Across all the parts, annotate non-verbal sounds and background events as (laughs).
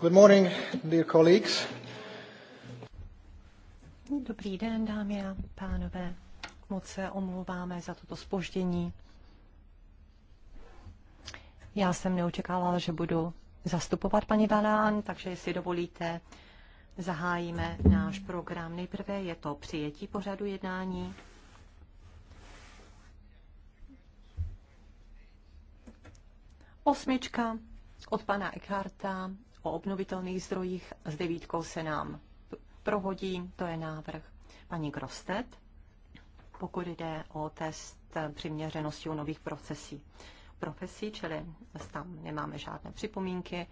Good morning, dear colleagues. Dobrý den, dámy a pánové. Moc se omlouváme za toto spoždění. Já jsem neočekávala, že budu zastupovat paní Valán, takže jestli dovolíte, zahájíme náš program. Nejprve je to přijetí pořadu jednání. Osmička od pana Eckharta o obnovitelných zdrojích s devítkou se nám prohodí, to je návrh paní Grostet, pokud jde o test přiměřenosti u nových procesí. profesí, čili tam nemáme žádné připomínky.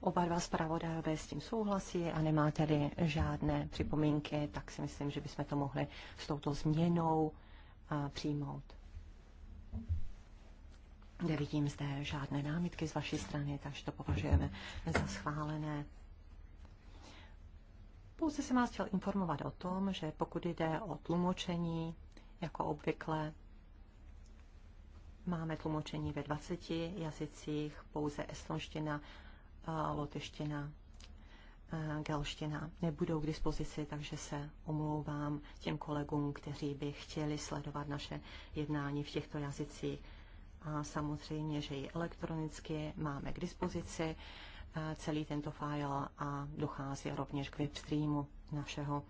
Oba dva zpravodajové s tím souhlasí a nemá tady žádné připomínky, tak si myslím, že bychom to mohli s touto změnou přijmout. Nevidím zde žádné námitky z vaší strany, takže to považujeme za schválené. Pouze jsem vás chtěl informovat o tom, že pokud jde o tlumočení, jako obvykle, máme tlumočení ve 20 jazycích, pouze estonština, eh, lotyština, eh, gelština nebudou k dispozici, takže se omlouvám těm kolegům, kteří by chtěli sledovat naše jednání v těchto jazycích a samozřejmě, že ji elektronicky máme k dispozici e, celý tento file a dochází rovněž k webstreamu našeho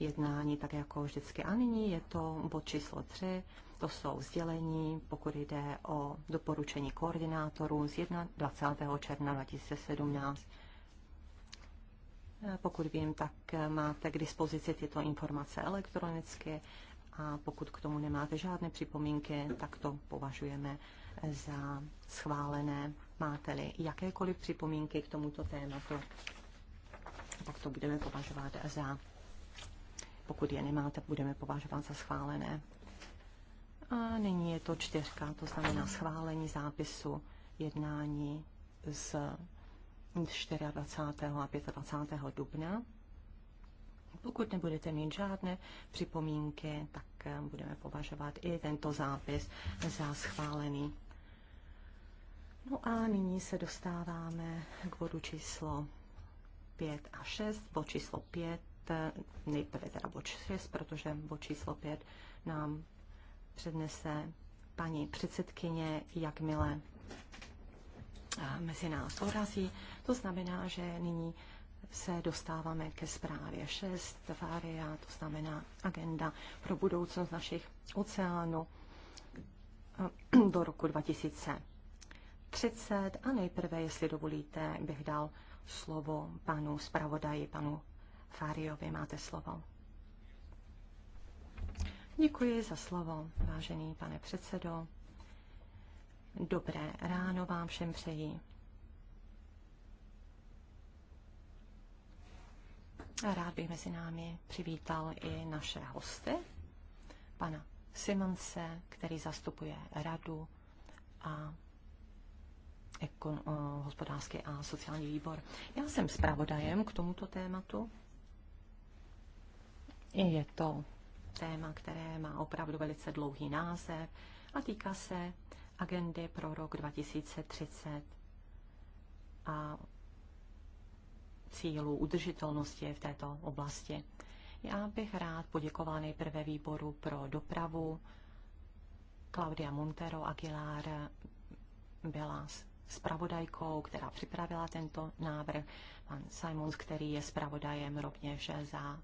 jednání, tak jako vždycky. A nyní je to bod číslo 3, to jsou sdělení, pokud jde o doporučení koordinátorů z 21. června 2017. E, pokud vím, tak e, máte k dispozici tyto informace elektronicky a pokud k tomu nemáte žádné připomínky, tak to považujeme za schválené. Máte-li jakékoliv připomínky k tomuto tématu, tak to budeme považovat za, pokud je nemáte, budeme považovat za schválené. A nyní je to čtyřka, to znamená schválení zápisu jednání z 24. a 25. dubna pokud nebudete mít žádné připomínky, tak eh, budeme považovat i tento zápis za schválený. No a nyní se dostáváme k bodu číslo 5 a 6. Bod číslo 5, eh, nejprve teda bod 6, protože bod číslo 5 nám přednese paní předsedkyně, jakmile eh, mezi nás dorazí. To znamená, že nyní se dostáváme ke zprávě 6 Varia, to znamená agenda pro budoucnost našich oceánů eh, do roku 2030. A nejprve, jestli dovolíte, bych dal slovo panu zpravodaji, panu Fariovi. Máte slovo. Děkuji za slovo, vážený pane předsedo. Dobré ráno vám všem přeji. A rád bych mezi námi přivítal i naše hosty, pana Simonse, který zastupuje radu a ekon, hospodářský a sociální výbor. Já jsem zpravodajem k tomuto tématu. Je to téma, které má opravdu velice dlouhý název a týká se agendy pro rok 2030 a cílů udržitelnosti v této oblasti. Já bych rád poděkoval nejprve výboru pro dopravu. Claudia Montero Aguilar byla zpravodajkou, která připravila tento návrh. Pan Simons, který je zpravodajem rovněž za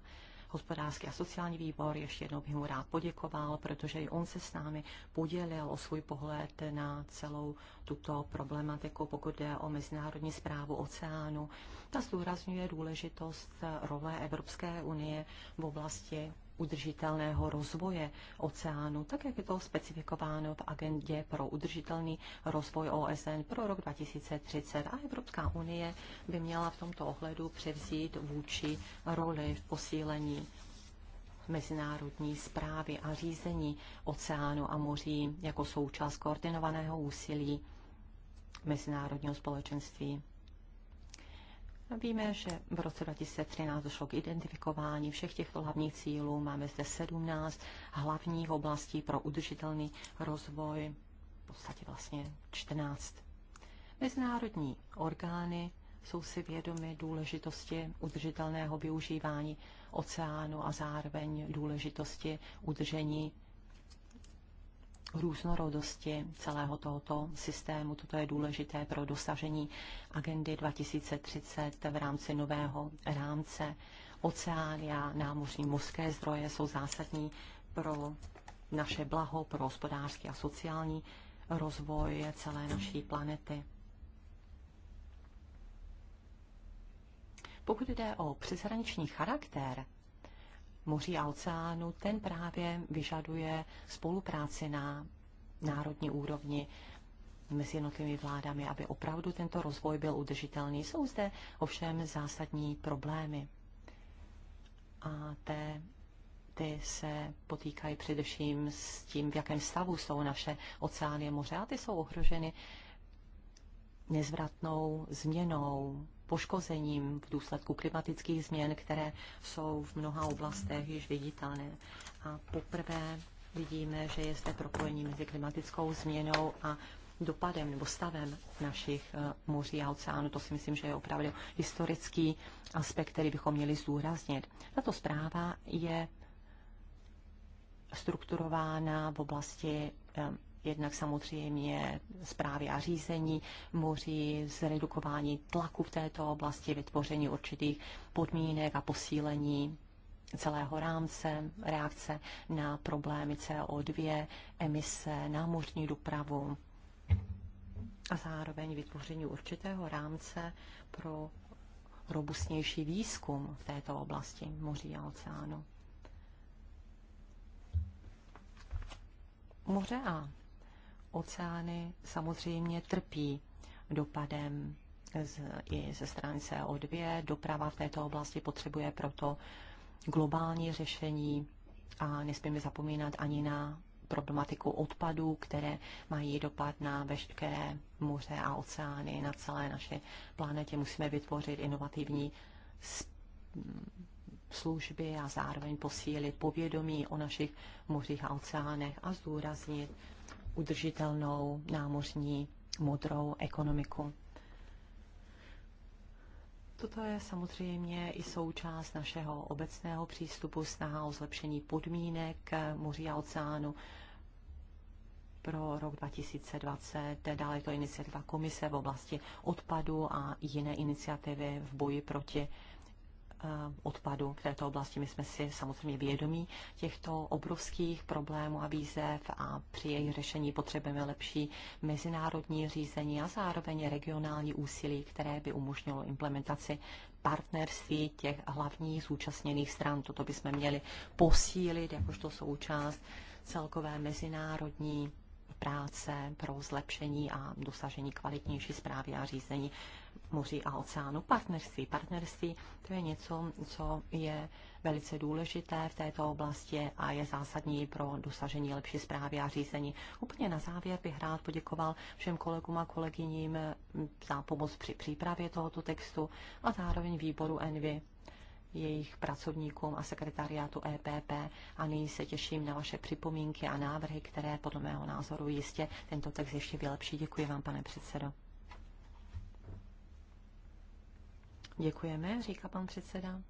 hospodářský a sociální výbor. Ještě jednou bych mu rád poděkoval, protože i on se s námi podělil o svůj pohled na celou tuto problematiku, pokud jde o mezinárodní zprávu oceánu. Ta zdůrazňuje důležitost role Evropské unie v oblasti udržitelného rozvoje oceánu, tak jak je to specifikováno v agendě pro udržitelný rozvoj OSN pro rok 2030. A Evropská unie by měla v tomto ohledu převzít vůči roli v posílení mezinárodní zprávy a řízení oceánu a moří jako součást koordinovaného úsilí mezinárodního společenství. Víme, že v roce 2013 došlo k identifikování všech těchto hlavních cílů. Máme zde 17 hlavních oblastí pro udržitelný rozvoj, v podstatě vlastně 14. Mezinárodní orgány jsou si vědomy důležitosti udržitelného využívání oceánu a zároveň důležitosti udržení různorodosti celého tohoto systému. Toto je důležité pro dosažení agendy 2030 v rámci nového rámce. Oceány a námořní mořské zdroje jsou zásadní pro naše blaho, pro hospodářský a sociální rozvoj celé naší planety. Pokud jde o přeshraniční charakter moří a oceánu, ten právě vyžaduje spolupráci na národní úrovni mezi jednotlivými vládami, aby opravdu tento rozvoj byl udržitelný. Jsou zde ovšem zásadní problémy. A té, ty se potýkají především s tím, v jakém stavu jsou naše oceány a moře. A ty jsou ohroženy nezvratnou změnou poškozením v důsledku klimatických změn, které jsou v mnoha oblastech již viditelné. A poprvé vidíme, že je zde propojení mezi klimatickou změnou a dopadem nebo stavem našich eh, moří a oceánů. To si myslím, že je opravdu historický aspekt, který bychom měli zdůraznit. Tato zpráva je strukturována v oblasti eh, jednak samozřejmě zprávy a řízení moří, zredukování tlaku v této oblasti, vytvoření určitých podmínek a posílení celého rámce reakce na problémy CO2, emise, námořní dopravu a zároveň vytvoření určitého rámce pro robustnější výzkum v této oblasti moří a oceánu. Moře a oceány samozřejmě trpí dopadem z, i ze strany CO2. Doprava v této oblasti potřebuje proto globální řešení a nesmíme zapomínat ani na problematiku odpadů, které mají dopad na veškeré moře a oceány na celé naše planetě. Musíme vytvořit inovativní mm, služby a zároveň posílit povědomí o našich mořích a oceánech a zdůraznit udržitelnou námořní modrou ekonomiku. Toto je samozřejmě i součást našeho obecného přístupu snaha o zlepšení podmínek moří a oceánu pro rok 2020. Dále je to iniciativa komise v oblasti odpadu a jiné iniciativy v boji proti Eh, odpadu v této oblasti. My jsme si samozřejmě vědomí těchto obrovských problémů a výzev a při jejich řešení potřebujeme lepší mezinárodní řízení a zároveň regionální úsilí, které by umožnilo implementaci partnerství těch hlavních zúčastněných stran. Toto bychom měli posílit jakožto součást celkové mezinárodní práce pro zlepšení a dosažení kvalitnější zprávy a řízení moří a oceánu. Partnerství. Partnerství to je něco, co je velice důležité v této oblasti a je zásadní pro dosažení lepší zprávy a řízení. Úplně na závěr bych rád poděkoval všem kolegům a kolegyním za pomoc při přípravě tohoto textu a zároveň výboru Envy jejich pracovníkům a sekretariátu EPP a nyní se těším na vaše připomínky a návrhy, které podle mého názoru jistě tento text ještě vylepší. Děkuji vám, pane předsedo. Děkujeme, říká pan předseda.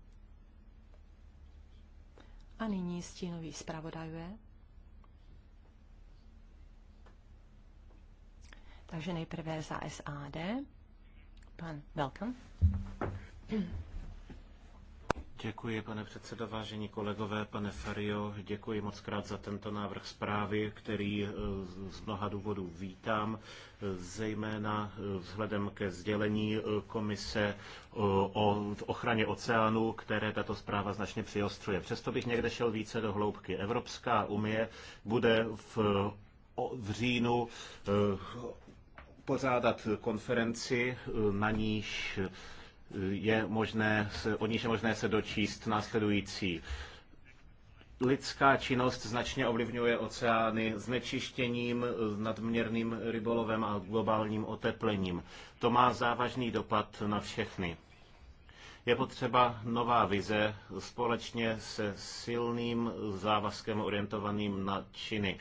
A nyní stínový zpravodajuje. Takže nejprve za SAD, pan Velkan. Děkuji, pane předsedo, vážení kolegové, pane Fario, děkuji moc krát za tento návrh zprávy, který eh, z mnoha důvodů vítám, eh, zejména eh, vzhledem ke sdělení komise o ochraně oceánu, které tato zpráva značně přiostřuje. Přesto bych někde šel více do hloubky. Evropská unie bude v, v říjnu pořádat konferenci, na níž je možné, od níž je možné se dočíst následující. Lidská činnost značně ovlivňuje oceány znečištěním, nadměrným rybolovem a globálním oteplením. To má závažný dopad na všechny. Je potřeba nová vize společně se silným závazkem orientovaným na činy.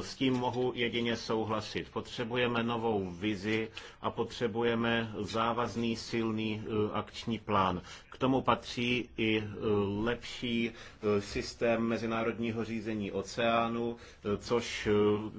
S tím mohu jedině souhlasit. Potřebujeme novou vizi a potřebujeme závazný silný eh, akční plán. K tomu patří i eh, lepší eh, systém mezinárodního řízení oceánu, což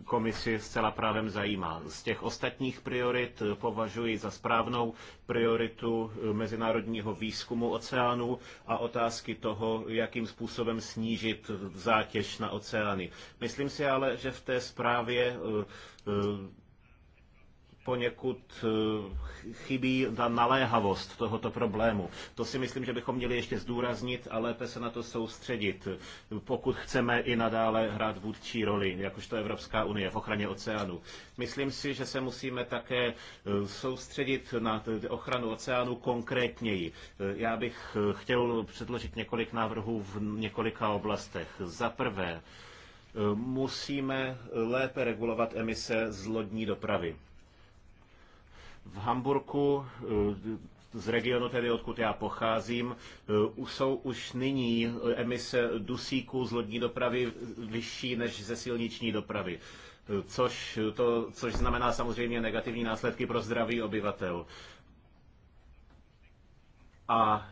komisi zcela právem zajímá. Z těch ostatních priorit považuji za správnou prioritu mezinárodního výzkumu oceánu a otázky toho, jakým způsobem snížit zátěž na oceány. Myslím si ale, že v v té zprávě eh, eh, poněkud eh, chybí ta naléhavost tohoto problému. To si myslím, že bychom měli ještě zdůraznit a lépe se na to soustředit, pokud chceme i nadále hrát vůdčí roli, jakožto Evropská unie v ochraně oceánu. Myslím si, že se musíme také soustředit na ochranu oceánu konkrétněji. Já bych chtěl předložit několik návrhů v několika oblastech. Za prvé, Musíme lépe regulovat emise z lodní dopravy. V Hamburku eh, z regionu tedy, odkud já pocházím, eh, jsou už nyní emise dusíků z lodní dopravy vyšší než ze silniční dopravy. Eh, což, to, což znamená samozřejmě negativní následky pro zdraví obyvatel. A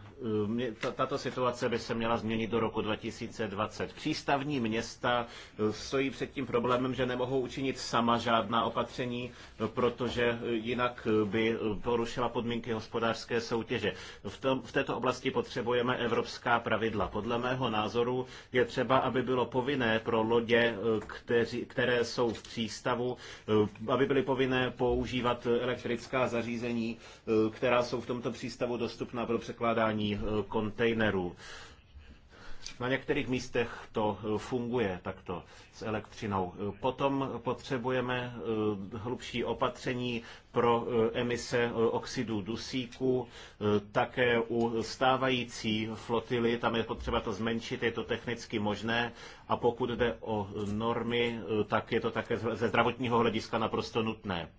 Eh, tato situace by se měla změnit do roku 2020. Přístavní města eh, stojí před tím problémem, že nemohou učinit sama žádná opatření, eh, protože jinak by porušila podmínky hospodářské soutěže. V, tom, v této oblasti potřebujeme evropská pravidla. Podle mého názoru je třeba, aby bylo povinné pro lodě, kteři, které jsou v přístavu, aby byly povinné používat elektrická zařízení, která jsou v tomto přístavu dostupná pro překládání Eh, kontejnerů. Na některých místech to eh, funguje takto s elektřinou. Eh, potom potřebujeme hlubší opatření pro emise oxidu dusíku, také u stávající flotily, tam je potřeba to zmenšit, je to technicky možné a pokud jde o normy, tak je to také ze zdravotního hlediska naprosto nutné.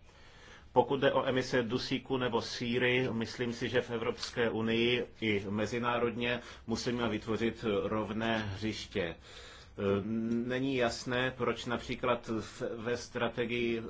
Pokud jde o emise dusíku nebo síry, myslím si, že v Evropské unii i mezinárodně musíme vytvořit rovné hřiště. Není jasné, proč například ve strategii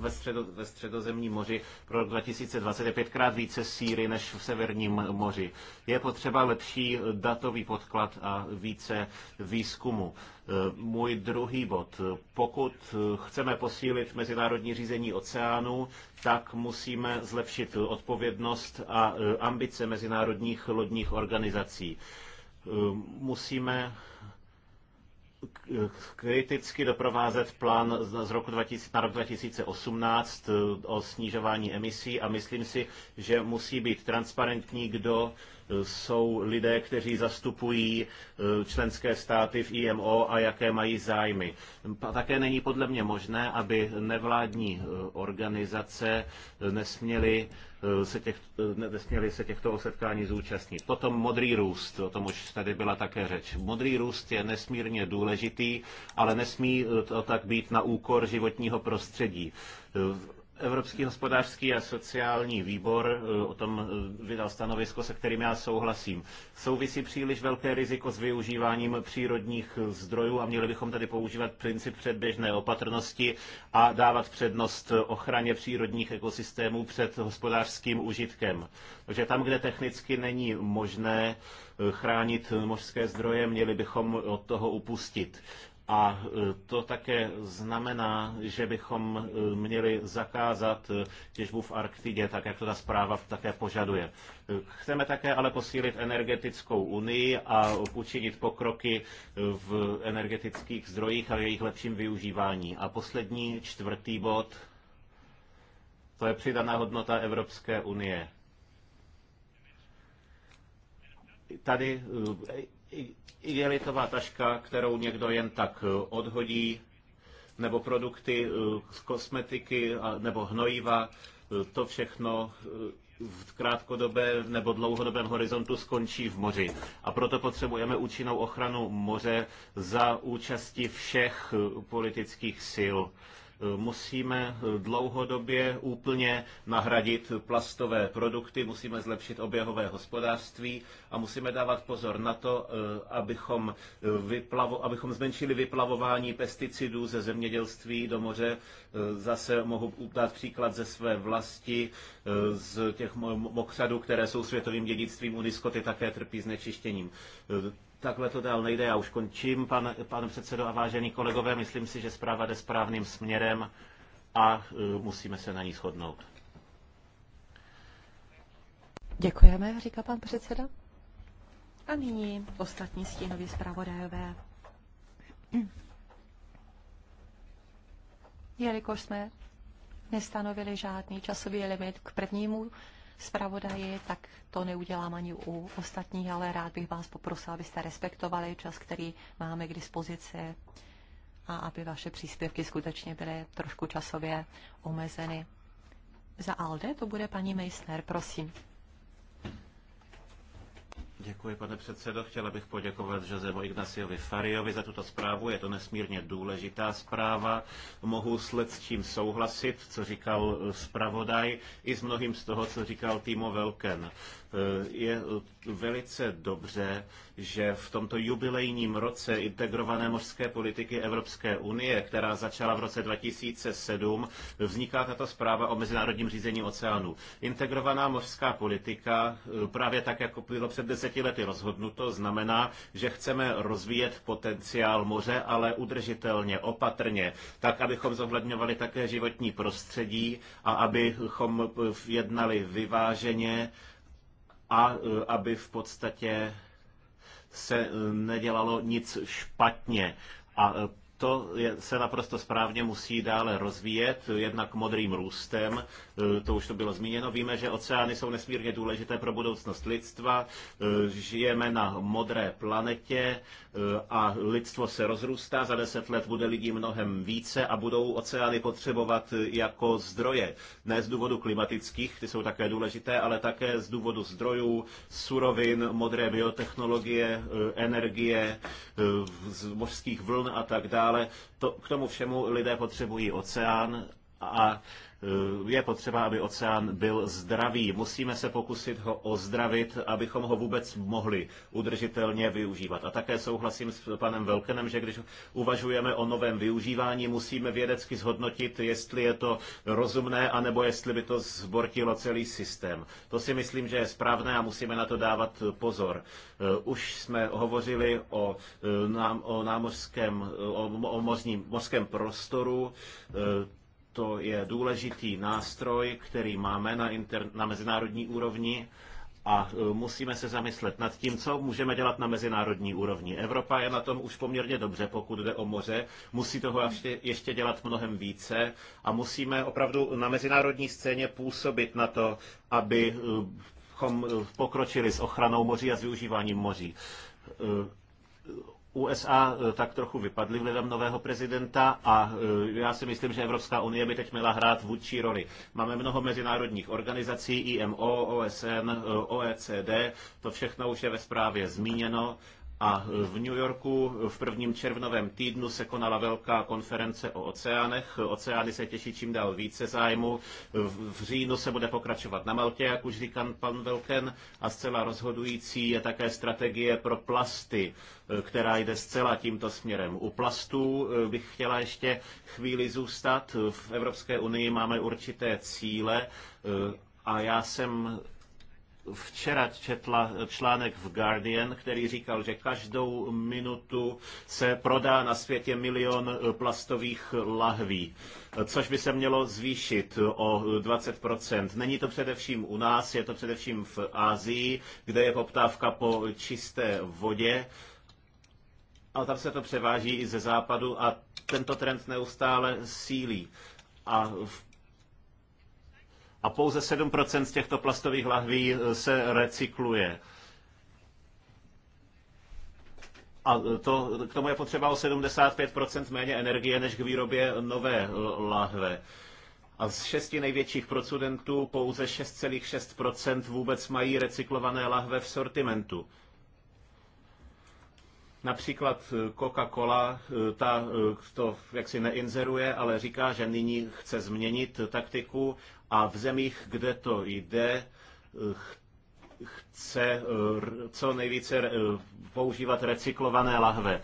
ve, středo, ve středozemním moři pro 2020 je pětkrát více síry než v severním moři. Je potřeba lepší datový podklad a více výzkumu. Eh, můj druhý bod. Pokud eh, chceme posílit mezinárodní řízení oceánů, tak musíme zlepšit odpovědnost a eh, ambice mezinárodních lodních organizací. Musíme kriticky doprovázet plán z roku 2000, na rok 2018 o snižování emisí a myslím si, že musí být transparentní, kdo jsou lidé, kteří zastupují eh, členské státy v IMO a jaké mají zájmy. Také není podle mě možné, aby nevládní eh, organizace eh, nesměly se, těch, nesměli se těchto setkání zúčastnit. Potom modrý růst, o tom už tady byla také řeč. Modrý růst je nesmírně důležitý, ale nesmí to tak být na úkor životního prostředí. Evropský hospodářský a sociální výbor eh, o tom eh, vydal stanovisko, se kterým já souhlasím. Souvisí příliš velké riziko s využíváním přírodních eh, zdrojů a měli bychom tady používat princip předběžné opatrnosti a dávat přednost ochraně přírodních ekosystémů před hospodářským užitkem. Takže tam, kde technicky není možné chránit mořské zdroje, měli bychom od toho upustit. A e, to také znamená, že bychom e, měli zakázat e, těžbu v Arktidě, tak jak to ta zpráva také požaduje. Chceme také ale posílit energetickou unii a učinit pokroky v energetických zdrojích a jejich lepším využívání. A poslední, čtvrtý bod, to je přidaná hodnota Evropské unie. Tady igelitová taška, kterou někdo jen tak e, odhodí, nebo produkty e, z kosmetiky nebo hnojiva, e, to všechno v krátkodobé nebo dlouhodobém horizontu skončí v moři. A proto potřebujeme účinnou ochranu moře za účasti všech politických sil Musíme dlouhodobě úplně nahradit plastové produkty, musíme zlepšit oběhové hospodářství a musíme dávat pozor na to, eh, abychom, eh, vyplavo, abychom zmenšili vyplavování pesticidů ze zemědělství do moře. Eh, zase mohu dát příklad ze své vlasti, z těch mokřadů, které jsou světovým dědictvím UNESCO, ty také trpí znečištěním. Takhle to dál nejde, já už končím, pan, pan předsedo a vážení kolegové, myslím si, že zpráva jde správným směrem a e, musíme se na ní shodnout. Děkujeme, říká pan předseda. A nyní ostatní stínoví zpravodajové. Jelikož jsme nestanovili žádný časový limit k prvnímu zpravodaji, tak to neudělám ani u ostatních, ale rád bych vás poprosil, abyste respektovali čas, který máme k dispozici a aby vaše příspěvky skutečně byly trošku časově omezeny. Za ALDE to bude paní Meissner, prosím. Děkuji, pane předsedo. Chtěla bych poděkovat Josebo Ignaciovi Fariovi za tuto zprávu. Je to nesmírně důležitá zpráva. Mohu s tím souhlasit, co říkal eh, zpravodaj, i s mnohým z toho, co říkal Timo Velken. Eh, Je eh, velice dobře, že v tomto jubilejním roce integrované mořské politiky Evropské unie, která začala v roce 2007, vzniká tato zpráva o mezinárodním řízení oceánů. Integrovaná mořská politika, eh, právě tak, jako bylo před deseti lety rozhodnuto, znamená, že chceme rozvíjet potenciál moře, ale udržitelně, opatrně, tak, abychom zohledňovali také životní prostředí a abychom eh, jednali vyváženě a eh, aby v podstatě se eh, nedělalo nic špatně. A eh, to je, se naprosto správně musí dále rozvíjet, jednak modrým růstem, Eh, to už to bylo zmíněno. Víme, že oceány jsou nesmírně důležité pro budoucnost lidstva, eh, žijeme na modré planetě eh, a lidstvo se rozrůstá, za deset let bude lidí mnohem více a budou oceány potřebovat jako zdroje. Ne z důvodu klimatických, ty jsou také důležité, ale také z důvodu zdrojů, surovin, modré biotechnologie, energie, z mořských vln a tak dále. To, k tomu všemu lidé potřebují oceán a e, je potřeba, aby oceán byl zdravý. Musíme se pokusit ho ozdravit, abychom ho vůbec mohli udržitelně využívat. A také souhlasím s panem Velkenem, že když uvažujeme o novém využívání, musíme vědecky zhodnotit, jestli je to rozumné, anebo jestli by to zbortilo celý systém. To si myslím, že je správné a musíme na to dávat pozor. E, už jsme hovořili o, e, nám, o námořském, o, o mořním, mořském prostoru, to je důležitý nástroj, který máme na, inter, na mezinárodní úrovni a e, musíme se zamyslet nad tím, co můžeme dělat na mezinárodní úrovni. Evropa je na tom už poměrně dobře, pokud jde o moře. Musí toho ještě, ještě dělat mnohem více a musíme opravdu na mezinárodní scéně působit na to, aby e, e, pokročili s ochranou moří a s využíváním moří USA eh, tak trochu vypadly vlivem nového prezidenta a eh, já si myslím, že Evropská unie by teď měla hrát vůdčí roli. Máme mnoho mezinárodních organizací, IMO, OSN, eh, OECD, to všechno už je ve zprávě zmíněno a e, v New Yorku v prvním červnovém týdnu se konala velká konference o oceánech. Oceány se těší čím dál více zájmu. V říjnu se bude pokračovat na Maltě, jak už říkal pan Velken. A zcela rozhodující je také strategie pro plasty, e, která jde zcela tímto směrem. U plastů e, bych chtěla ještě chvíli zůstat. V Evropské unii máme určité cíle a já jsem včera četla článek v Guardian, který říkal, že každou minutu se prodá na světě milion plastových lahví, což by se mělo zvýšit o 20%. Není to především u nás, je to především v Ázii, kde je poptávka po čisté vodě, ale tam se to převáží i ze západu a tento trend neustále sílí. A v a pouze 7% z těchto plastových lahví eh, se recykluje. A eh, to, k tomu je potřeba o 75% méně energie než k výrobě nové eh, lahve. A z šesti největších procentů pouze 6,6% vůbec mají recyklované lahve v sortimentu. Například Coca-Cola, ta to jaksi neinzeruje, ale říká, že nyní chce změnit taktiku a v zemích, kde to jde, eh, chce eh, co nejvíce eh, používat recyklované lahve.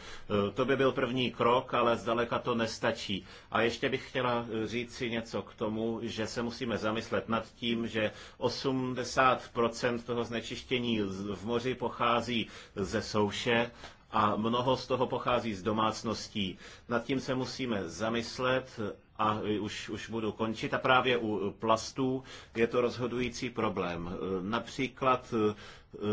To by byl první krok, ale zdaleka to nestačí. A ještě bych chtěla říct si něco k tomu, že se musíme zamyslet nad tím, že 80% toho znečištění v moři pochází ze souše a mnoho z toho pochází z domácností. Nad tím se musíme zamyslet a už, už budu končit. A právě u plastů je to rozhodující problém. Například eh,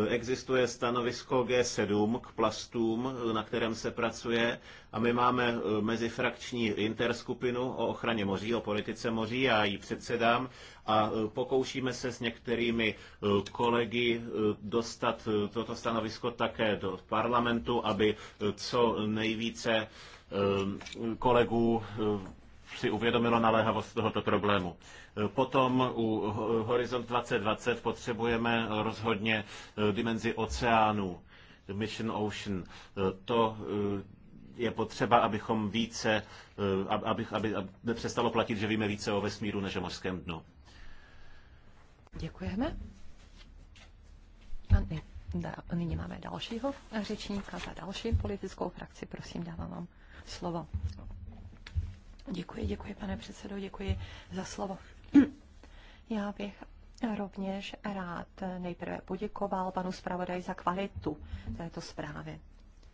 existuje stanovisko G7 k plastům, eh, na kterém se pracuje a my máme eh, mezifrakční interskupinu o ochraně moří, o politice moří, já ji předsedám a pokoušíme se s některými kolegy dostat toto stanovisko také do parlamentu, aby co nejvíce kolegů si uvědomilo naléhavost tohoto problému. E, potom u Horizont 2020 potřebujeme rozhodně e, dimenzi oceánů, Mission Ocean. E, to je potřeba, abychom více, aby, aby, aby přestalo platit, že víme více o vesmíru než o mořském dnu. Děkujeme. A ne, da, nyní máme dalšího řečníka za další politickou frakci. Prosím, dávám vám slovo. Děkuji, děkuji, pane předsedo, děkuji za slovo. (clears throat) Já bych rovněž rád nejprve poděkoval panu zpravodaj za kvalitu této zprávy.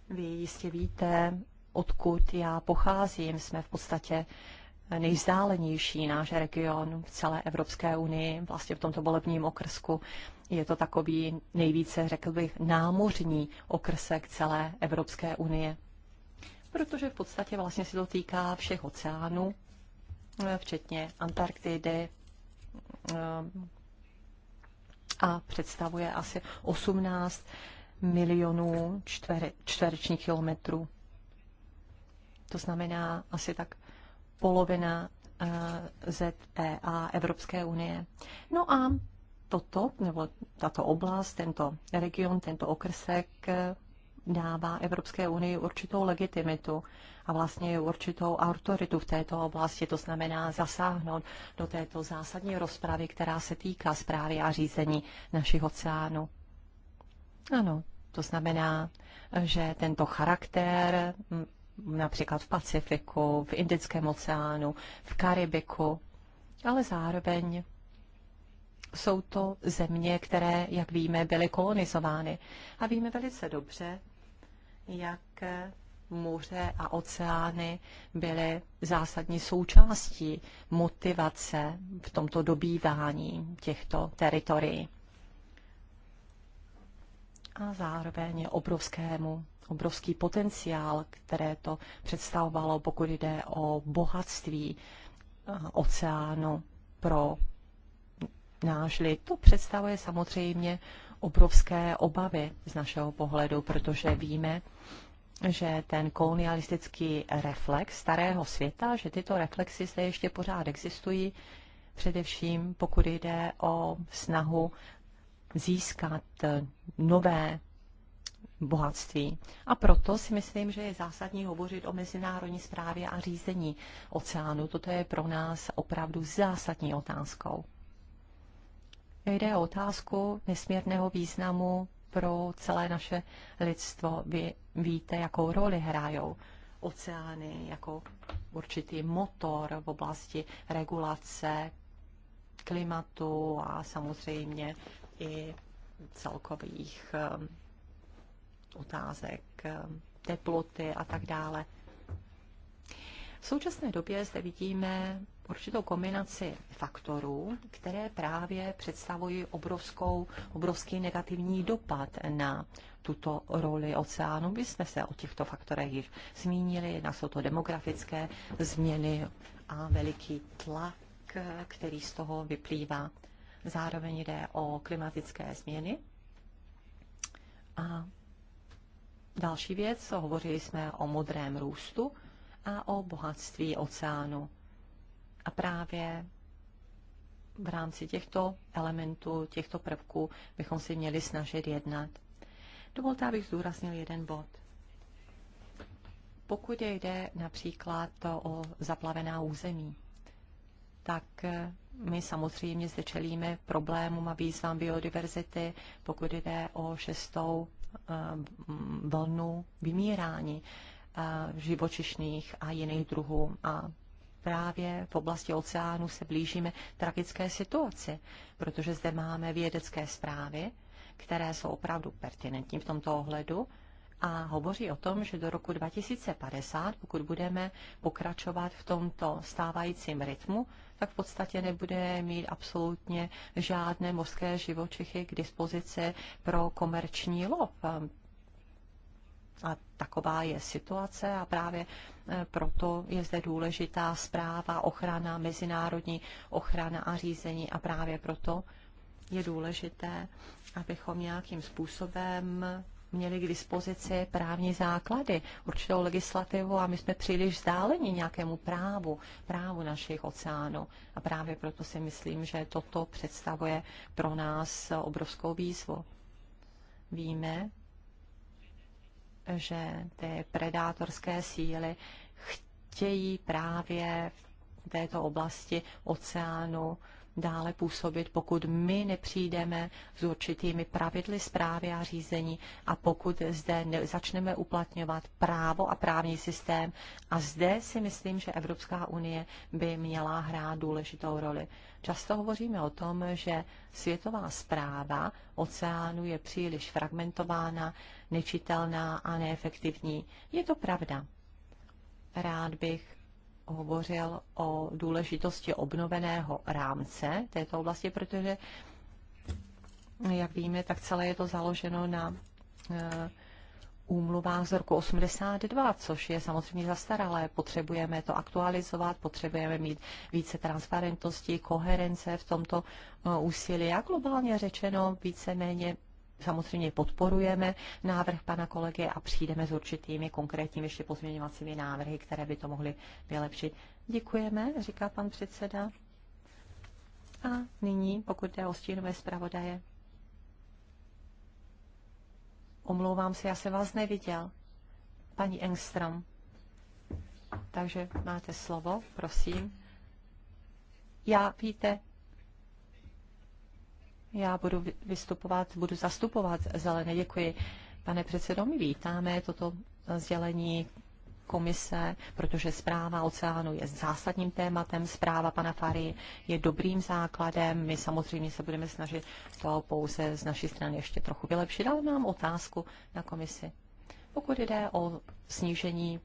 Vy jistě víte, odkud já pocházím, jsme v podstatě nejvzdálenější náš region v celé Evropské unii, vlastně v tomto volebním okrsku. Je to takový nejvíce, řekl bych, námořní okrsek celé Evropské unie protože v podstatě vlastně se to týká všech oceánů, eh, včetně Antarktidy eh, a představuje asi 18 milionů čtvere, čtverečních kilometrů. To znamená asi tak polovina eh, ZPA e Evropské unie. No a toto, nebo tato oblast, tento region, tento okrsek dává Evropské unii určitou legitimitu a vlastně určitou autoritu v této oblasti, to znamená zasáhnout do této zásadní rozpravy, která se týká zprávy a řízení našich oceánů. Ano, to znamená, že tento charakter například v Pacifiku, v Indickém oceánu, v Karibiku, ale zároveň jsou to země, které, jak víme, byly kolonizovány. A víme velice dobře, jak moře a oceány byly zásadní součástí motivace v tomto dobývání těchto teritorií. A zároveň je obrovskému, obrovský potenciál, které to představovalo, pokud jde o bohatství oceánu pro náš lid. To představuje samozřejmě obrovské obavy z našeho pohledu, protože víme, že ten kolonialistický reflex starého světa, že tyto reflexy zde ještě pořád existují, především pokud jde o snahu získat nové bohatství. A proto si myslím, že je zásadní hovořit o mezinárodní správě a řízení oceánu. Toto je pro nás opravdu zásadní otázkou. Jde o otázku nesmírného významu pro celé naše lidstvo. Vy víte, jakou roli hrajou oceány, jako určitý motor v oblasti regulace klimatu a samozřejmě i celkových um, otázek um, teploty a tak dále. V současné době zde vidíme určitou kombinaci faktorů, které právě představují obrovskou, obrovský negativní dopad na tuto roli oceánu. My jsme se o těchto faktorech již zmínili, jednak jsou to demografické změny a veliký tlak, který z toho vyplývá. Zároveň jde o klimatické změny a další věc, hovořili jsme o modrém růstu a o bohatství oceánu. A právě v rámci těchto elementů, těchto prvků bychom si měli snažit jednat. Dovolte, abych zdůraznil jeden bod. Pokud jde například to o zaplavená území, tak my samozřejmě zde čelíme problémům a výzvám biodiverzity, pokud jde o šestou eh, vlnu vymírání eh, živočišných a jiných druhů. A právě v oblasti oceánu se blížíme tragické situaci, protože zde máme vědecké zprávy, které jsou opravdu pertinentní v tomto ohledu a hovoří o tom, že do roku 2050, pokud budeme pokračovat v tomto stávajícím rytmu, tak v podstatě nebude mít absolutně žádné mořské živočichy k dispozici pro komerční lov. A taková je situace a právě e, proto je zde důležitá zpráva, ochrana, mezinárodní ochrana a řízení a právě proto je důležité, abychom nějakým způsobem měli k dispozici právní základy, určitou legislativu a my jsme příliš vzdáleni nějakému právu, právu našich oceánů. A právě proto si myslím, že toto představuje pro nás obrovskou výzvu. Víme, že ty predátorské síly chtějí právě v této oblasti oceánu dále působit, pokud my nepřijdeme s určitými pravidly zprávy a řízení a pokud zde začneme uplatňovat právo a právní systém. A zde si myslím, že Evropská unie by měla hrát důležitou roli. Často hovoříme o tom, že světová zpráva oceánu je příliš fragmentována, nečitelná a neefektivní. Je to pravda. Rád bych hovořil o důležitosti obnoveného rámce této oblasti, protože, jak víme, tak celé je to založeno na e, úmluvách z roku 82, což je samozřejmě zastaralé. Potřebujeme to aktualizovat, potřebujeme mít více transparentnosti, koherence v tomto e, úsilí a globálně řečeno víceméně samozřejmě podporujeme návrh pana kolegy a přijdeme s určitými konkrétními ještě pozměňovacími návrhy, které by to mohly vylepšit. Děkujeme, říká pan předseda. A nyní, pokud jde o stínové zpravodaje. Omlouvám se, já se vás neviděl. Paní Engstrom. Takže máte slovo, prosím. Já, víte, já budu vystupovat, budu zastupovat zelené. Děkuji, pane předsedo. My vítáme toto sdělení komise, protože zpráva oceánu je zásadním tématem, zpráva pana Fary je dobrým základem. My samozřejmě se budeme snažit to pouze z naší strany ještě trochu vylepšit, ale mám otázku na komisi. Pokud jde o snížení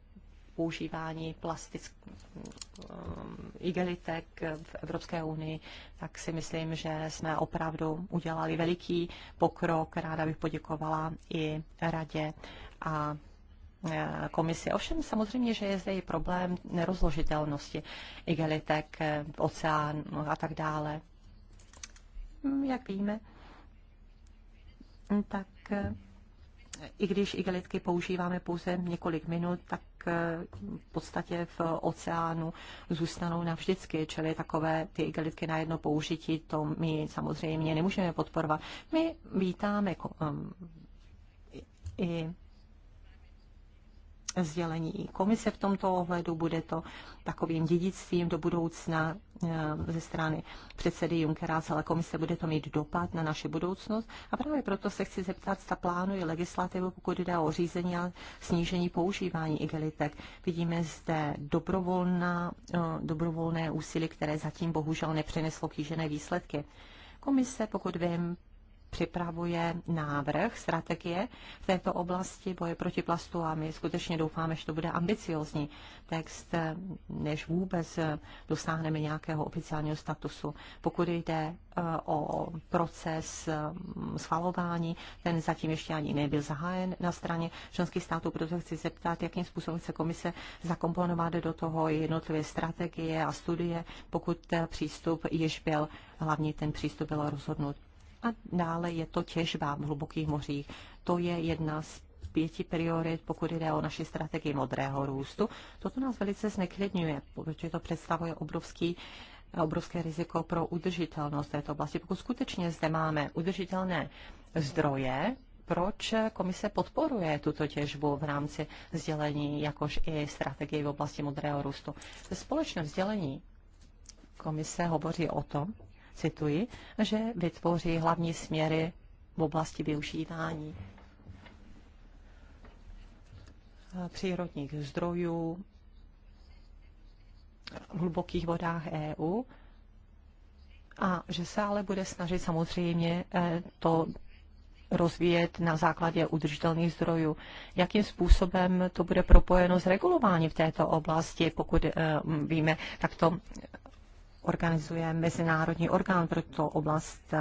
používání plastických um, igelitek v Evropské unii, tak si myslím, že jsme opravdu udělali veliký pokrok. Ráda bych poděkovala i radě a eh, komisi. Ovšem samozřejmě, že je zde i problém nerozložitelnosti igelitek, eh, oceán a tak dále. Mm, jak víme, tak eh, i když igelitky používáme pouze několik minut, tak eh, v podstatě v oceánu zůstanou navždycky, čili takové ty igelitky na jedno použití, to my samozřejmě nemůžeme podporovat. My vítáme ehm, i sdělení komise v tomto ohledu. Bude to takovým dědictvím do budoucna eh, ze strany předsedy Junckera, ale komise bude to mít dopad na naši budoucnost. A právě proto se chci zeptat, zda plánuje legislativu, pokud jde o řízení a snížení používání igelitek. Vidíme zde dobrovolná, eh, dobrovolné úsilí, které zatím bohužel nepřineslo kýžené výsledky. Komise, pokud vím, připravuje návrh strategie v této oblasti boje proti plastu a my skutečně doufáme, že to bude ambiciozní text, než vůbec dosáhneme nějakého oficiálního statusu. Pokud jde eh, o proces mm, schvalování, ten zatím ještě ani nebyl zahájen na straně členských států, proto chci zeptat, jakým způsobem chce komise zakomponovat do toho jednotlivé strategie a studie, pokud přístup již byl, hlavně ten přístup byl rozhodnut a dále je to těžba v hlubokých mořích. To je jedna z pěti priorit, pokud jde o naši strategii modrého růstu. Toto nás velice zneklidňuje, protože to představuje obrovský obrovské riziko pro udržitelnost této oblasti. Pokud skutečně zde máme udržitelné zdroje, proč komise podporuje tuto těžbu v rámci sdělení, jakož i strategii v oblasti modrého růstu. Ve společném sdělení komise hovoří o tom, cituji, že vytvoří hlavní směry v oblasti využívání přírodních zdrojů v hlubokých vodách EU a že se ale bude snažit samozřejmě eh, to rozvíjet na základě udržitelných zdrojů. Jakým způsobem to bude propojeno s regulováním v této oblasti, pokud eh, víme, tak to organizuje mezinárodní orgán pro tuto oblast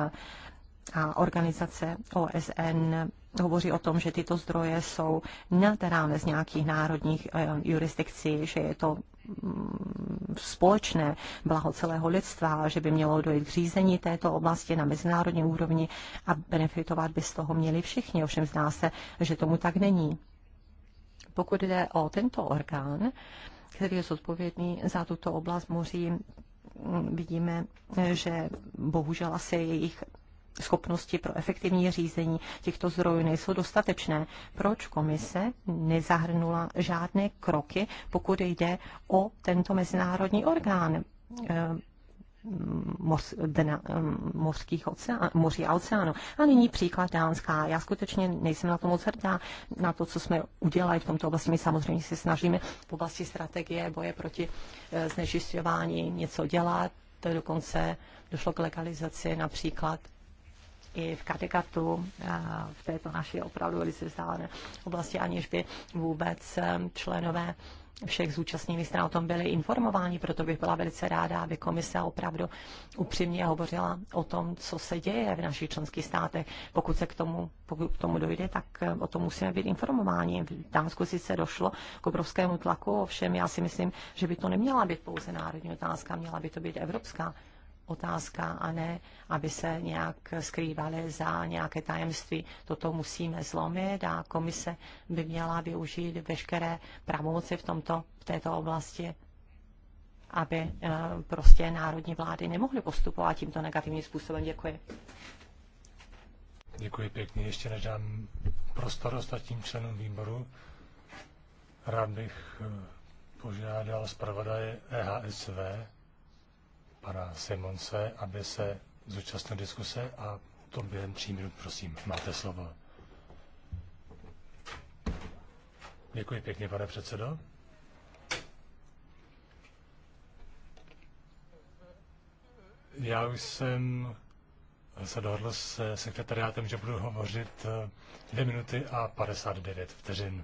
a organizace OSN hovoří o tom, že tyto zdroje jsou nad rámec nějakých národních eh, jurisdikcí, že je to mm, společné blaho celého lidstva, že by mělo dojít k řízení této oblasti na mezinárodní úrovni a benefitovat by z toho měli všichni. Ovšem zná se, že tomu tak není. Pokud jde o tento orgán, který je zodpovědný za tuto oblast moří, vidíme, že bohužel asi jejich schopnosti pro efektivní řízení těchto zdrojů nejsou dostatečné. Proč komise nezahrnula žádné kroky, pokud jde o tento mezinárodní orgán? mořských oceánů, moří a oceánů. A nyní příklad dánská. Já skutečně nejsem na to moc hrdá, na to, co jsme udělali v tomto oblasti. My samozřejmě se snažíme v oblasti strategie boje proti e, znečišťování něco dělat. Dokonce došlo k legalizaci například i v Kadekatu, v této naší opravdu velice vzdálené oblasti, aniž by vůbec členové všech zúčastněných stran o tom byli informováni, proto bych byla velice ráda, aby komise opravdu upřímně hovořila o tom, co se děje v našich členských státech. Pokud se k tomu, pokud k tomu dojde, tak eh, o tom musíme být informováni. V Dánsku sice došlo k obrovskému tlaku, ovšem já si myslím, že by to neměla být pouze národní otázka, měla by to být evropská otázka a ne, aby se nějak skrývaly za nějaké tajemství. Toto musíme zlomit a komise by měla využít veškeré pravomoci v, tomto, v této oblasti, aby eh, prostě národní vlády nemohly postupovat tímto negativním způsobem. Děkuji. Děkuji pěkně. Ještě než dám prostor ostatním členům výboru, rád bych eh, požádal zpravodaje EHSV, pana Simonce, aby se zúčastnil diskuse a to během tří minut, prosím. Máte slovo. Děkuji pěkně, pane předsedo. Já už jsem se dohodl se sekretariátem, že budu hovořit 2 minuty a 59 vteřin.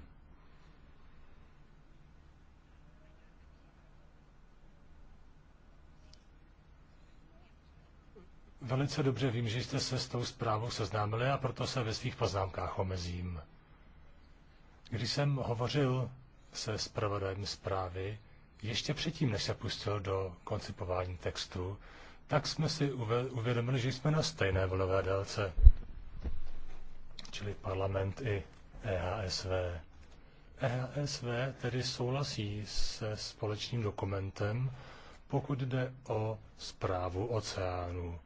Velice dobře vím, že jste se s tou zprávou seznámili a proto se ve svých poznámkách omezím. Když jsem hovořil se zpravodajem zprávy, ještě předtím, než se pustil do koncipování textu, tak jsme si uvědomili, že jsme na stejné volové délce, čili parlament i EHSV. EHSV tedy souhlasí se společným dokumentem, pokud jde o zprávu oceánu.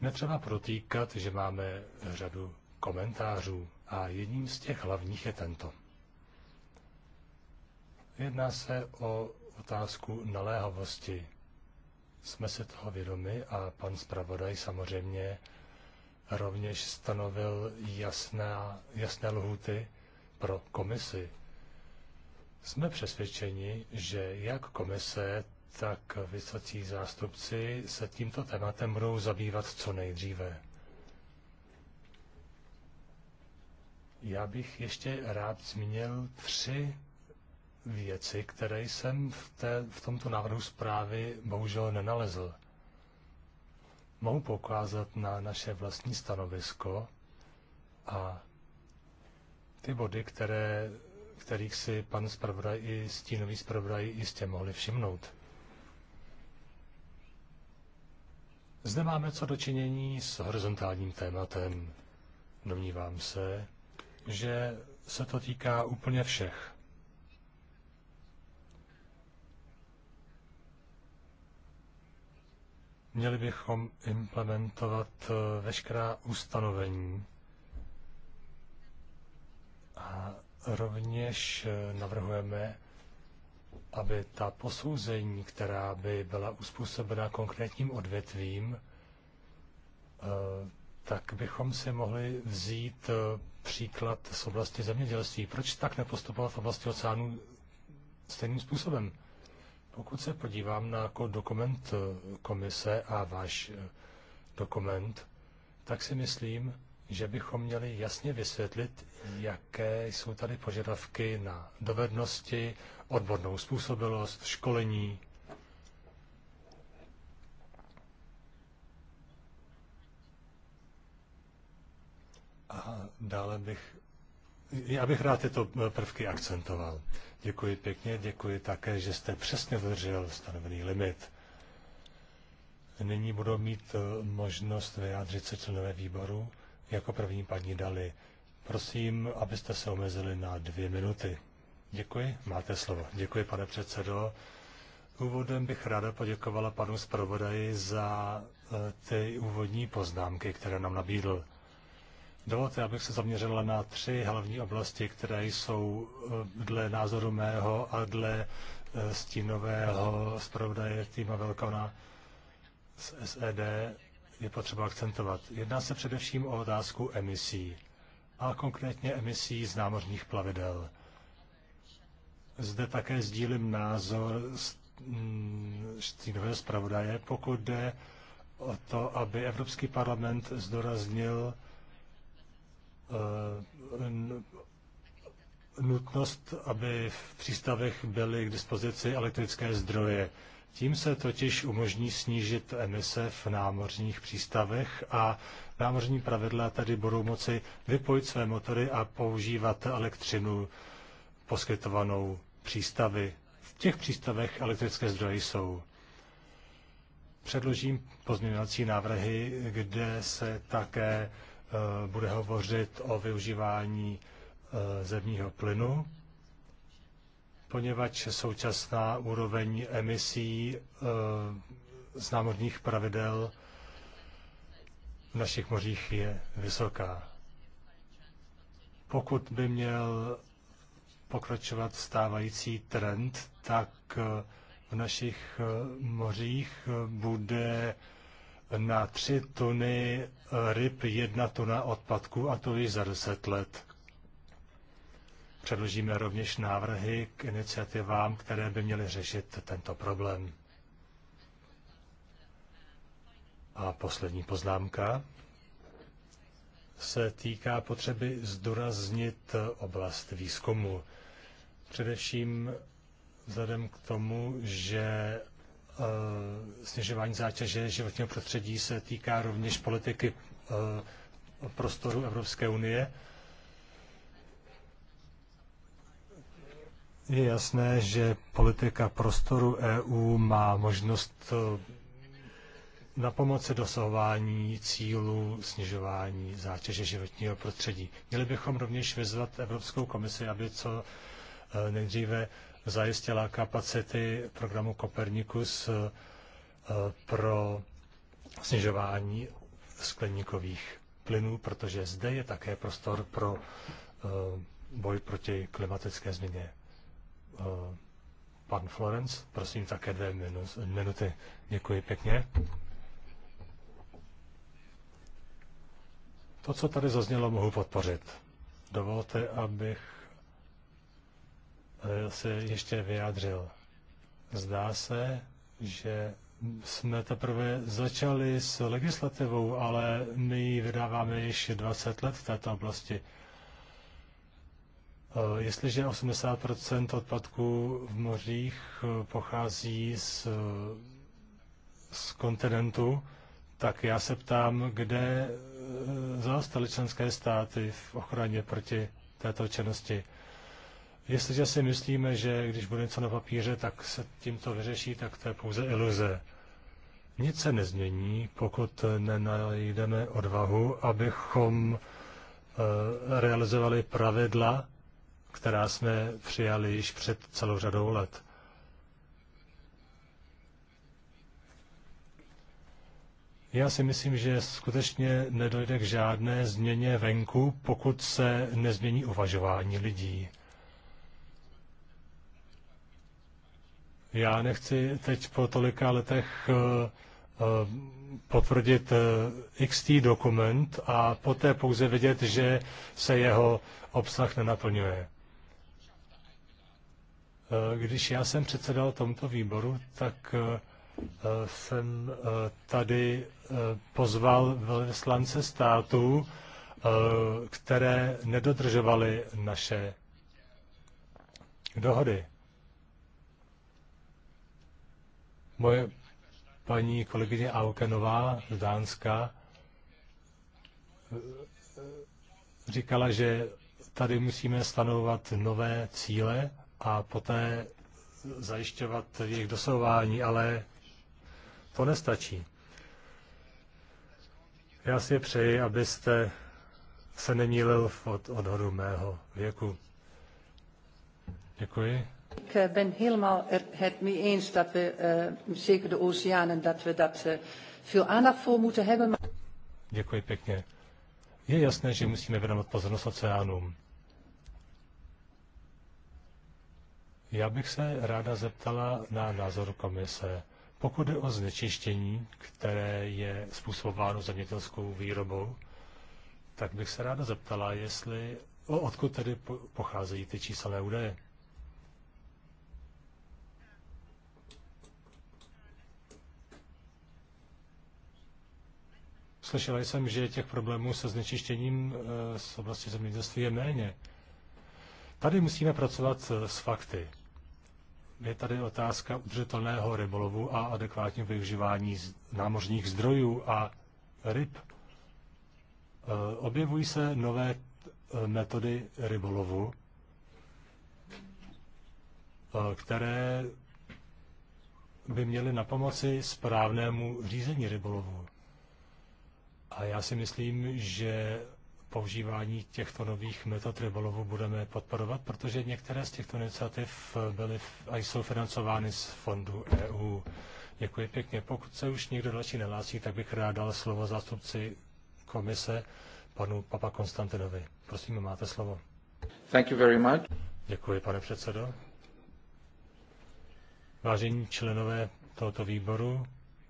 Netřeba protýkat, že máme řadu komentářů a jedním z těch hlavních je tento. Jedná se o otázku naléhavosti. Jsme se toho vědomi a pan zpravodaj samozřejmě rovněž stanovil jasná, jasné lhuty pro komisi. Jsme přesvědčeni, že jak komise, tak vysocí zástupci se tímto tématem budou zabývat co nejdříve. Já bych ještě rád zmínil tři věci, které jsem v, té, v tomto návrhu zprávy bohužel nenalezl. Mohu poukázat na naše vlastní stanovisko a ty body, které, kterých si pan zpravodaj i stínový zpravodaj jistě mohli všimnout. Zde máme co dočinění s horizontálním tématem. Domnívám se, že se to týká úplně všech. Měli bychom implementovat eh, veškerá ustanovení a rovněž eh, navrhujeme aby ta posouzení, která by byla uspůsobena konkrétním odvětvím, eh, tak bychom si mohli vzít eh, příklad z oblasti zemědělství. Proč tak nepostupovat v oblasti oceánů stejným způsobem? Pokud se podívám na jako dokument eh, komise a váš dokument, tak si myslím, že bychom měli jasně vysvětlit, jaké jsou tady požadavky na dovednosti, odbornou způsobilost, školení. A dále bych, já bych rád tyto prvky akcentoval. Děkuji pěkně, děkuji také, že jste přesně dodržel stanovený limit. Nyní budou mít eh, možnost vyjádřit se členové výboru. Jako první paní Dali. Prosím, abyste se omezili na dvě minuty. Děkuji, máte slovo. Děkuji, pane předsedo. Úvodem bych ráda poděkovala panu zpravodaji za eh, ty úvodní poznámky, které nám nabídl. Dovolte, abych se zaměřila na tři hlavní oblasti, které jsou eh, dle názoru mého a dle eh, stínového zpravodaje týma Velkona z SED je potřeba akcentovat. Jedná se především o otázku emisí a konkrétně emisí z námořních plavidel. Zde také sdílím názor mm, stínové zpravodaje, pokud jde o to, aby Evropský parlament zdoraznil eh, nutnost, aby v přístavech byly k dispozici elektrické zdroje. Tím se totiž umožní snížit emise v námořních přístavech a námořní pravidla tedy budou moci vypojit své motory a používat elektřinu poskytovanou přístavy. V těch přístavech elektrické zdroje jsou. Předložím pozměňovací návrhy, kde se také e, bude hovořit o využívání e, zemního plynu, poněvadž současná úroveň emisí e, z námořních pravidel v našich mořích je vysoká. Pokud by měl pokračovat stávající trend, tak eh, v našich eh, mořích eh, bude na tři tuny ryb jedna tuna odpadků a to již za deset let. Předložíme rovněž návrhy k iniciativám, které by měly řešit tento problém. A poslední poznámka se týká potřeby zdůraznit oblast výzkumu. Především vzhledem k tomu, že eh, snižování zátěže životního prostředí se týká rovněž politiky eh, prostoru Evropské unie. Je jasné, že politika prostoru EU má možnost eh, na pomoci dosahování cílů snižování zátěže životního prostředí. Měli bychom rovněž vyzvat Evropskou komisi, aby co Eh, nejdříve zajistila kapacity programu Copernicus eh, pro snižování skleníkových plynů, protože zde je také prostor pro eh, boj proti klimatické změně. Pan Florence, prosím také dvě minuty. Děkuji pěkně. To, co tady zaznělo, mohu podpořit. Dovolte, abych Eh, se ještě vyjádřil. Zdá se, že jsme teprve začali s legislativou, ale my ji vydáváme již 20 let v této oblasti. Eh, jestliže 80 odpadků v mořích eh, pochází z, z kontinentu, tak já se ptám, kde zaostaly členské státy v ochraně proti této činnosti. Jestliže si myslíme, že když bude něco na papíře, tak se tím to vyřeší, tak to je pouze iluze. Nic se nezmění, pokud nenajdeme odvahu, abychom eh, realizovali pravidla, která jsme přijali již před celou řadou let. Já si myslím, že skutečně nedojde k žádné změně venku, pokud se nezmění uvažování lidí. Já nechci teď po tolika letech eh, eh, potvrdit eh, XT dokument a poté pouze vidět, že se jeho obsah nenaplňuje. Když já jsem předsedal tomuto výboru, tak jsem tady pozval velvyslance států, které nedodržovaly naše dohody. Moje paní kolegyně Aukenová z Dánska eh, říkala, že tady musíme stanovovat nové cíle a poté zajišťovat jejich dosahování, ale to nestačí. Já si přeji, abyste se nemýlil od odhodu mého věku. Děkuji. Ik eh, ben helemaal er-, het mee eens dat we, uh, zeker de oceanen, dat we dat uh, veel aandacht voor moeten hebben. Maar... Děkuji pěkně. Je jasné, že musíme věnovat pozornost oceánům. Já bych se ráda zeptala na názor komise. Pokud je o znečištění, které je způsobováno zemědělskou výrobou, tak bych se ráda zeptala, jestli, odkud tedy pocházejí ty číselné údaje. Slyšela jsem, že těch problémů se znečištěním eh, z oblasti zemědělství je méně. Tady musíme pracovat eh, s fakty. Je tady otázka udržitelného rybolovu a adekvátního využívání námořních zdrojů a ryb. Eh, objevují se nové metody rybolovu, které by měly na pomoci správnému řízení rybolovu. A já si myslím, že používání těchto nových metod rybolovu budeme podporovat, protože některé z těchto iniciativ byly a jsou financovány z fondu EU. Děkuji pěkně. Pokud se už někdo další nelásí, tak bych rád dal slovo zástupci komise panu Papa Konstantinovi. Prosím, máte slovo. Thank you very much. Děkuji, pane předsedo. Vážení členové tohoto výboru,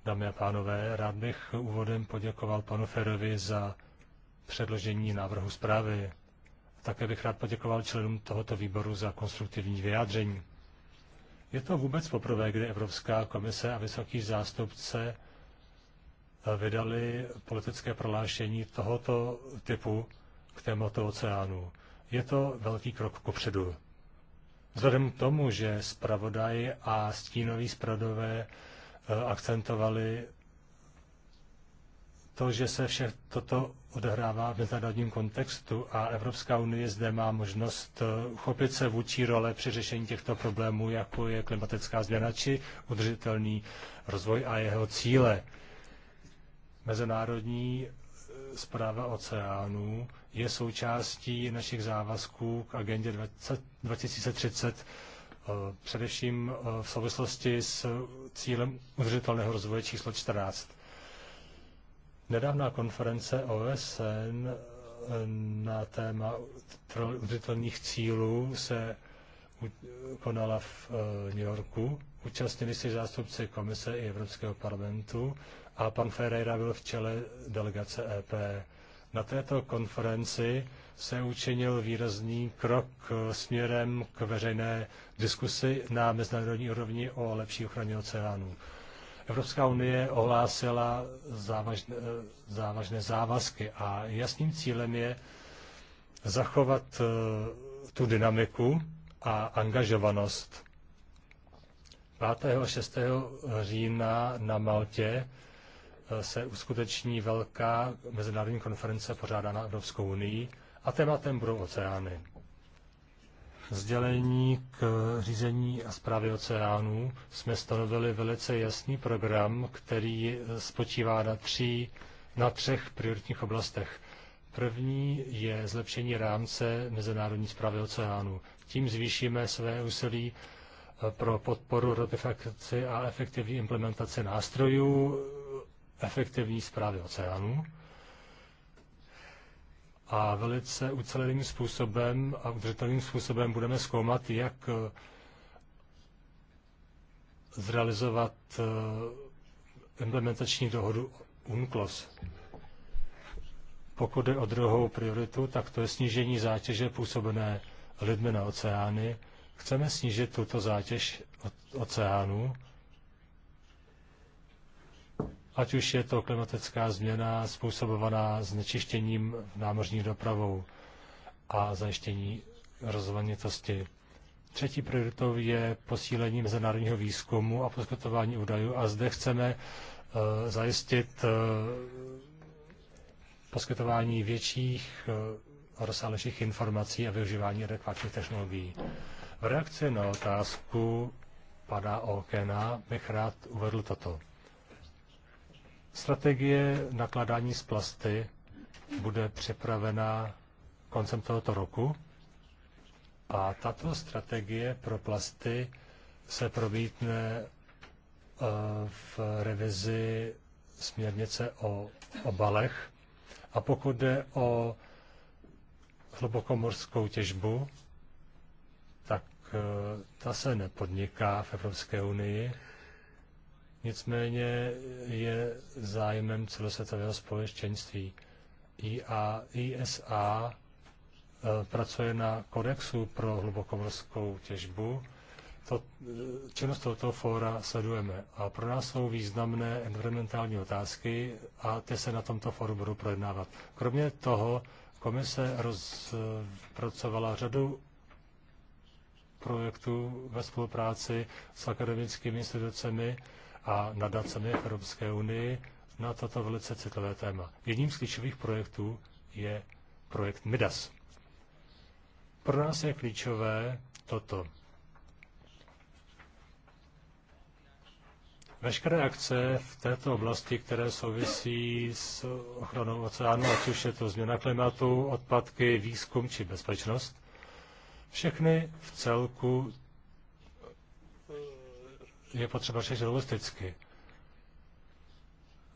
Dámy a pánové, rád bych úvodem poděkoval panu Ferovi za předložení návrhu zprávy. Také bych rád poděkoval členům tohoto výboru za konstruktivní vyjádření. Je to vůbec poprvé, kdy Evropská komise a vysoký zástupce vydali politické prohlášení tohoto typu k tématu oceánu. Je to velký krok kupředu. Vzhledem k tomu, že zpravodaj a stínoví zpravodové Eh, akcentovali to, že se vše toto odehrává v mezinárodním kontextu a Evropská unie zde má možnost eh, uchopit se vůči role při řešení těchto problémů, jako je klimatická změna či udržitelný rozvoj a jeho cíle. Mezinárodní eh, zpráva oceánů je součástí našich závazků k agendě 20, 2030 Eh, především eh, v souvislosti s cílem udržitelného rozvoje číslo 14. Nedávná konference OSN eh, na téma udržitelných cílů se konala v New Yorku. Účastnili se zástupci komise i Evropského parlamentu a pan Ferreira byl v čele delegace EP. Na této konferenci se učinil výrazný krok eh, směrem k veřejné diskusi na mezinárodní úrovni o lepší ochraně oceánů. Evropská unie ohlásila závažné, eh, závažné závazky a jasným cílem je zachovat eh, tu dynamiku a angažovanost. 5. a 6. října na Maltě se uskuteční velká mezinárodní konference pořádaná Evropskou unii a tématem budou oceány. Vzdělení k řízení a zprávě oceánů jsme stanovili velice jasný program, který spočívá na, tří, na třech prioritních oblastech. První je zlepšení rámce mezinárodní zprávy oceánů. Tím zvýšíme své úsilí eh, pro podporu ratifikaci a efektivní implementaci nástrojů efektivní zprávy oceánů a velice uceleným způsobem a udržitelným způsobem budeme zkoumat, jak eh, zrealizovat eh, implementační dohodu UNCLOS. Pokud je o druhou prioritu, tak to je snížení zátěže působené lidmi na oceány. Chceme snížit tuto zátěž oceánů ať už je to klimatická změna způsobovaná znečištěním námořní dopravou a zajištění rozvanitosti. Třetí prioritou je posílení mezinárodního výzkumu a poskytování údajů a zde chceme uh, zajistit uh, poskytování větších uh, rozsáhlejších informací a využívání adekvátních technologií. V reakci na otázku pana Okena bych rád uvedl toto. Strategie nakladání z plasty bude připravena koncem tohoto roku a tato strategie pro plasty se promítne e, v revizi směrnice o obalech. A pokud jde o hlubokomorskou těžbu, tak e, ta se nepodniká v Evropské unii nicméně je zájmem celosvětového společenství. IA, ISA e, pracuje na kodexu pro hlubokomorskou těžbu. To, e, činnost tohoto fóra sledujeme. A pro nás jsou významné environmentální otázky a ty se na tomto fóru budou projednávat. Kromě toho komise rozpracovala řadu projektů ve spolupráci s akademickými institucemi a nadacemi Evropské unii na toto velice citlivé téma. Jedním z klíčových projektů je projekt MIDAS. Pro nás je klíčové toto. Veškeré akce v této oblasti, které souvisí s ochranou oceánu, ať už je to změna klimatu, odpadky, výzkum či bezpečnost, všechny v celku je potřeba řešit holisticky.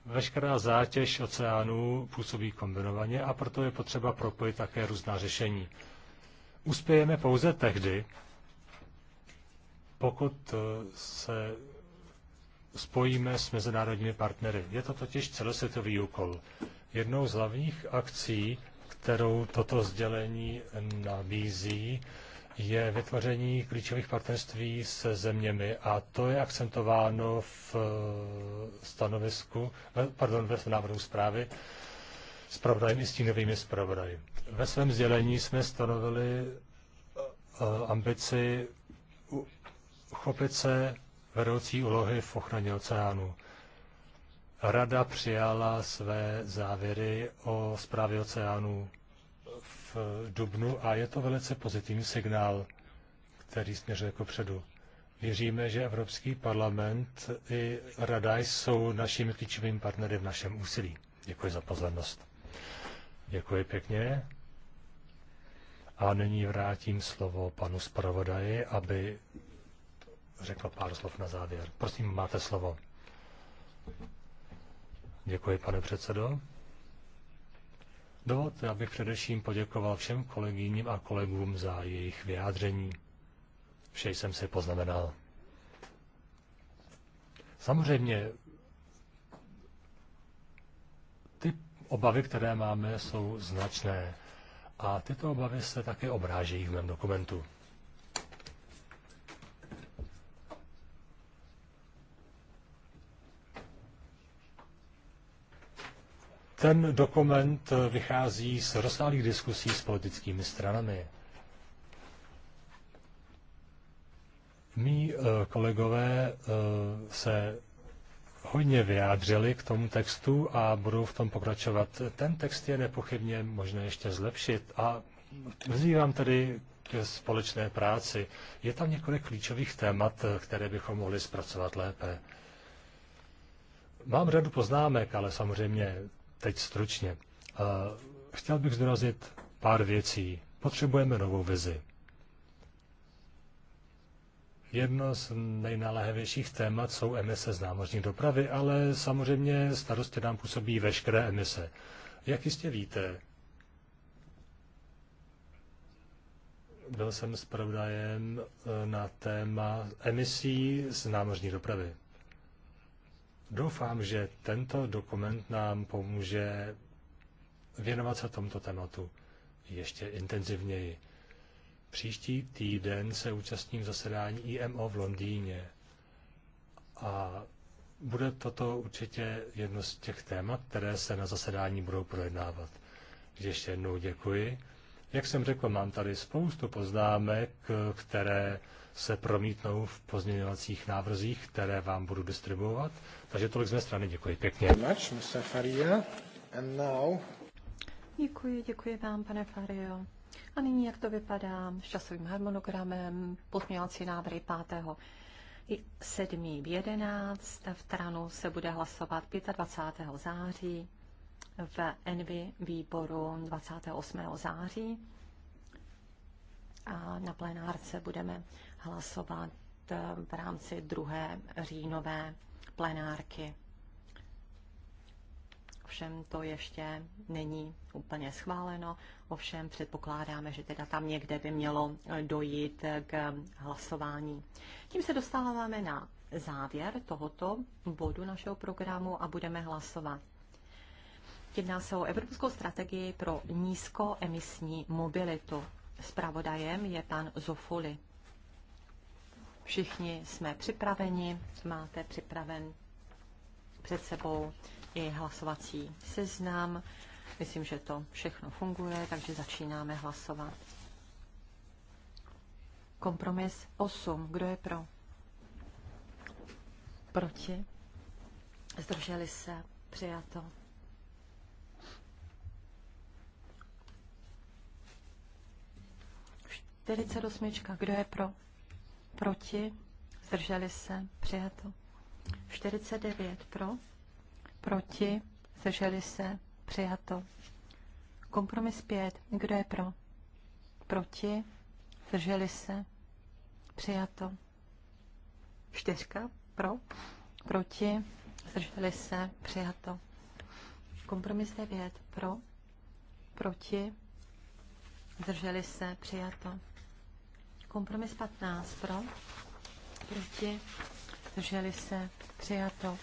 Veškerá zátěž oceánů působí kombinovaně a proto je potřeba propojit také různá řešení. Uspějeme pouze tehdy, pokud eh, se spojíme s mezinárodními partnery. Je to totiž celosvětový úkol. Jednou z hlavních akcí, kterou toto sdělení nabízí, je vytvoření klíčových partnerství se zeměmi a to je akcentováno v eh, stanovisku, pardon, ve návrhu zprávy s pravdajem i stínovými zpravodaji. Ve svém sdělení jsme stanovili eh, eh, ambici uchopit se vedoucí úlohy v ochraně oceánu. Rada přijala své závěry o zprávě oceánů Dubnu a je to velice pozitivní signál, který směřuje jako předu. Věříme, že Evropský parlament i Rada jsou našimi klíčovými partnery v našem úsilí. Děkuji za pozornost. Děkuji pěkně. A nyní vrátím slovo panu zpravodaji, aby řekl pár slov na závěr. Prosím, máte slovo. Děkuji, pane předsedo. Dovolte, abych především poděkoval všem kolegyním a kolegům za jejich vyjádření. Vše jsem si poznamenal. Samozřejmě ty obavy, které máme, jsou značné a tyto obavy se také obrážejí v mém dokumentu. Ten dokument eh, vychází z rozsáhlých diskusí s politickými stranami. Mí eh, kolegové eh, se hodně vyjádřili k tomu textu a budou v tom pokračovat. Ten text je nepochybně možné ještě zlepšit a vyzývám tedy k společné práci. Je tam několik klíčových témat, které bychom mohli zpracovat lépe. Mám řadu poznámek, ale samozřejmě Teď stručně. Eh, chtěl bych zdorazit pár věcí. Potřebujeme novou vizi. Jedno z nejnaléhavějších témat jsou emise z námořní dopravy, ale samozřejmě starostě nám působí veškeré emise. Jak jistě víte, byl jsem zpravodajem eh, na téma emisí z námořní dopravy. Doufám, že tento dokument nám pomůže věnovat se tomuto tématu ještě intenzivněji. Příští týden se účastním zasedání IMO v Londýně a bude toto určitě jedno z těch témat, které se na zasedání budou projednávat. Ještě jednou děkuji. Jak jsem řekl, mám tady spoustu poznámek, které se promítnou v pozměňovacích návrzích, které vám budu distribuovat. Takže tolik z mé strany, děkuji pěkně. Děkuji, děkuji vám, pane Fario. A nyní, jak to vypadá s časovým harmonogramem, pozměňovací návrhy 5. 7. 11. v Tranu se bude hlasovat 25. září, v Envy výboru 28. září a na plenárce budeme hlasovat eh, v rámci druhé říjnové plenárky. Ovšem to ještě není úplně schváleno, ovšem předpokládáme, že teda tam někde by mělo dojít k hlasování. Tím se dostáváme na závěr tohoto bodu našeho programu a budeme hlasovat. Jedná se o Evropskou strategii pro nízkoemisní mobilitu. Spravodajem je pan Zofuli. Všichni jsme připraveni, máte připraven před sebou i hlasovací seznam. Myslím, že to všechno funguje, takže začínáme hlasovat. Kompromis 8. Kdo je pro? Proti? Zdrželi se? Přijato. Čtyřicet osmička. Kdo je pro? proti, zdrželi se, přijato. 49 pro, proti, zdrželi se, přijato. Kompromis 5, kdo je pro, proti, zdrželi se, přijato. 4 pro, proti, zdrželi se, přijato. Kompromis 9 pro, proti, zdrželi se, přijato. Kompromis 15 pro, proti, zdrželi se, přijato.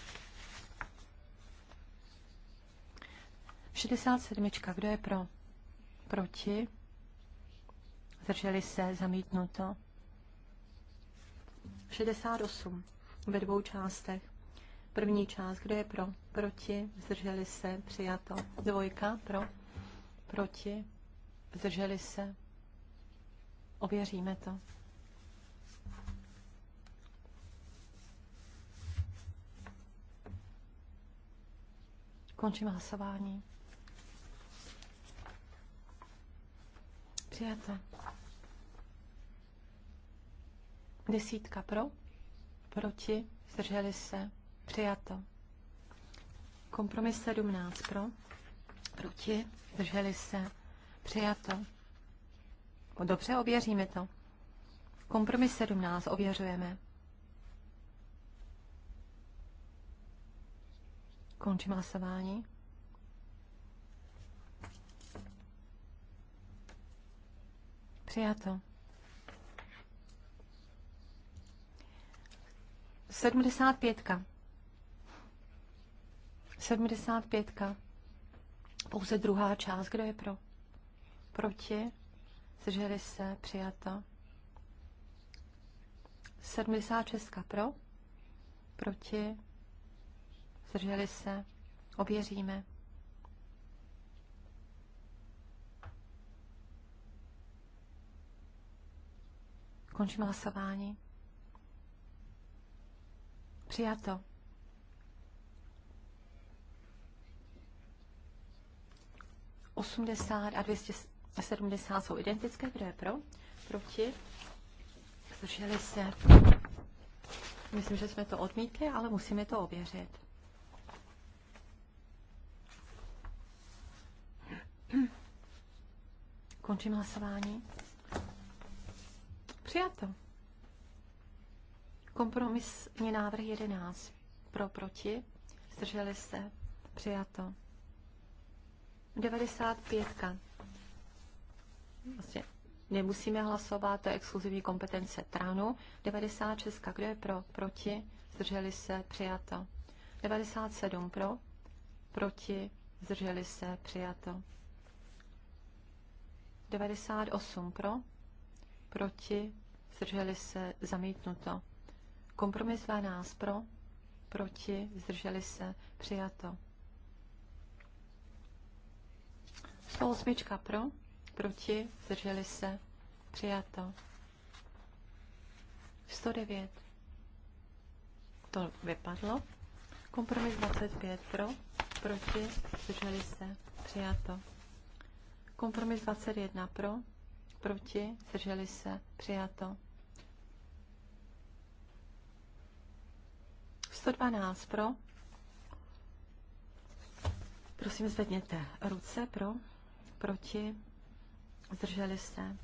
67. Kdo je pro? Proti? Zdrželi se, zamítnuto. 68. Ve dvou částech. První část, kdo je pro? Proti? Zdrželi se, přijato. Dvojka, pro? Proti? Zdrželi se, Ověříme to. Končím hlasování. Přijete. Desítka pro, proti, zdrželi se, přijato. Kompromis 17 pro, proti, zdrželi se, přijato. Dobře, ověříme to. Kompromis 17 ověřujeme. Končím hlasování. Přijato. 75. 75. Pouze druhá část. Kdo je pro? Proti? zdrželi se, přijato. 76 pro, proti, zdrželi se, ověříme. Končím hlasování. Přijato. Osmdesát a 200, a 70 jsou identické, kdo je pro, proti, zdrželi se. Myslím, že jsme to odmítli, ale musíme to ověřit. Končím hlasování. Přijato. Kompromisní návrh 11. Pro, proti. Zdrželi se. Přijato. 95 vlastně nemusíme hlasovat, to je exkluzivní kompetence TRANu. 96, kdo je pro, proti, zdrželi se, přijato. 97 pro, proti, zdrželi se, přijato. 98 pro, proti, zdrželi se, zamítnuto. Kompromis 12 pro, proti, zdrželi se, přijato. 108 pro, proti, zdrželi se, přijato. 109. To vypadlo. Kompromis 25 pro, proti, zdrželi se, přijato. Kompromis 21 pro, proti, zdrželi se, přijato. 112 pro. Prosím, zvedněte ruce pro, proti, Zdrželi se?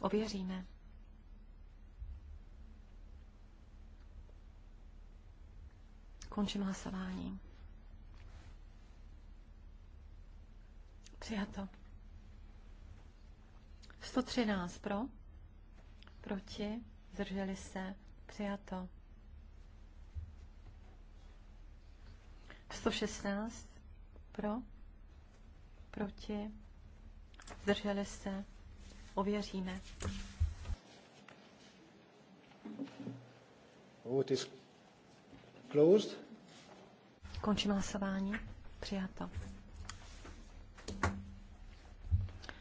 Ověříme. Končím hlasování. Přijato. 113 pro, proti, zdrželi se, přijato. 116 pro, proti, zdrželi se, ověříme. Vote is closed. Končím hlasování. Přijato.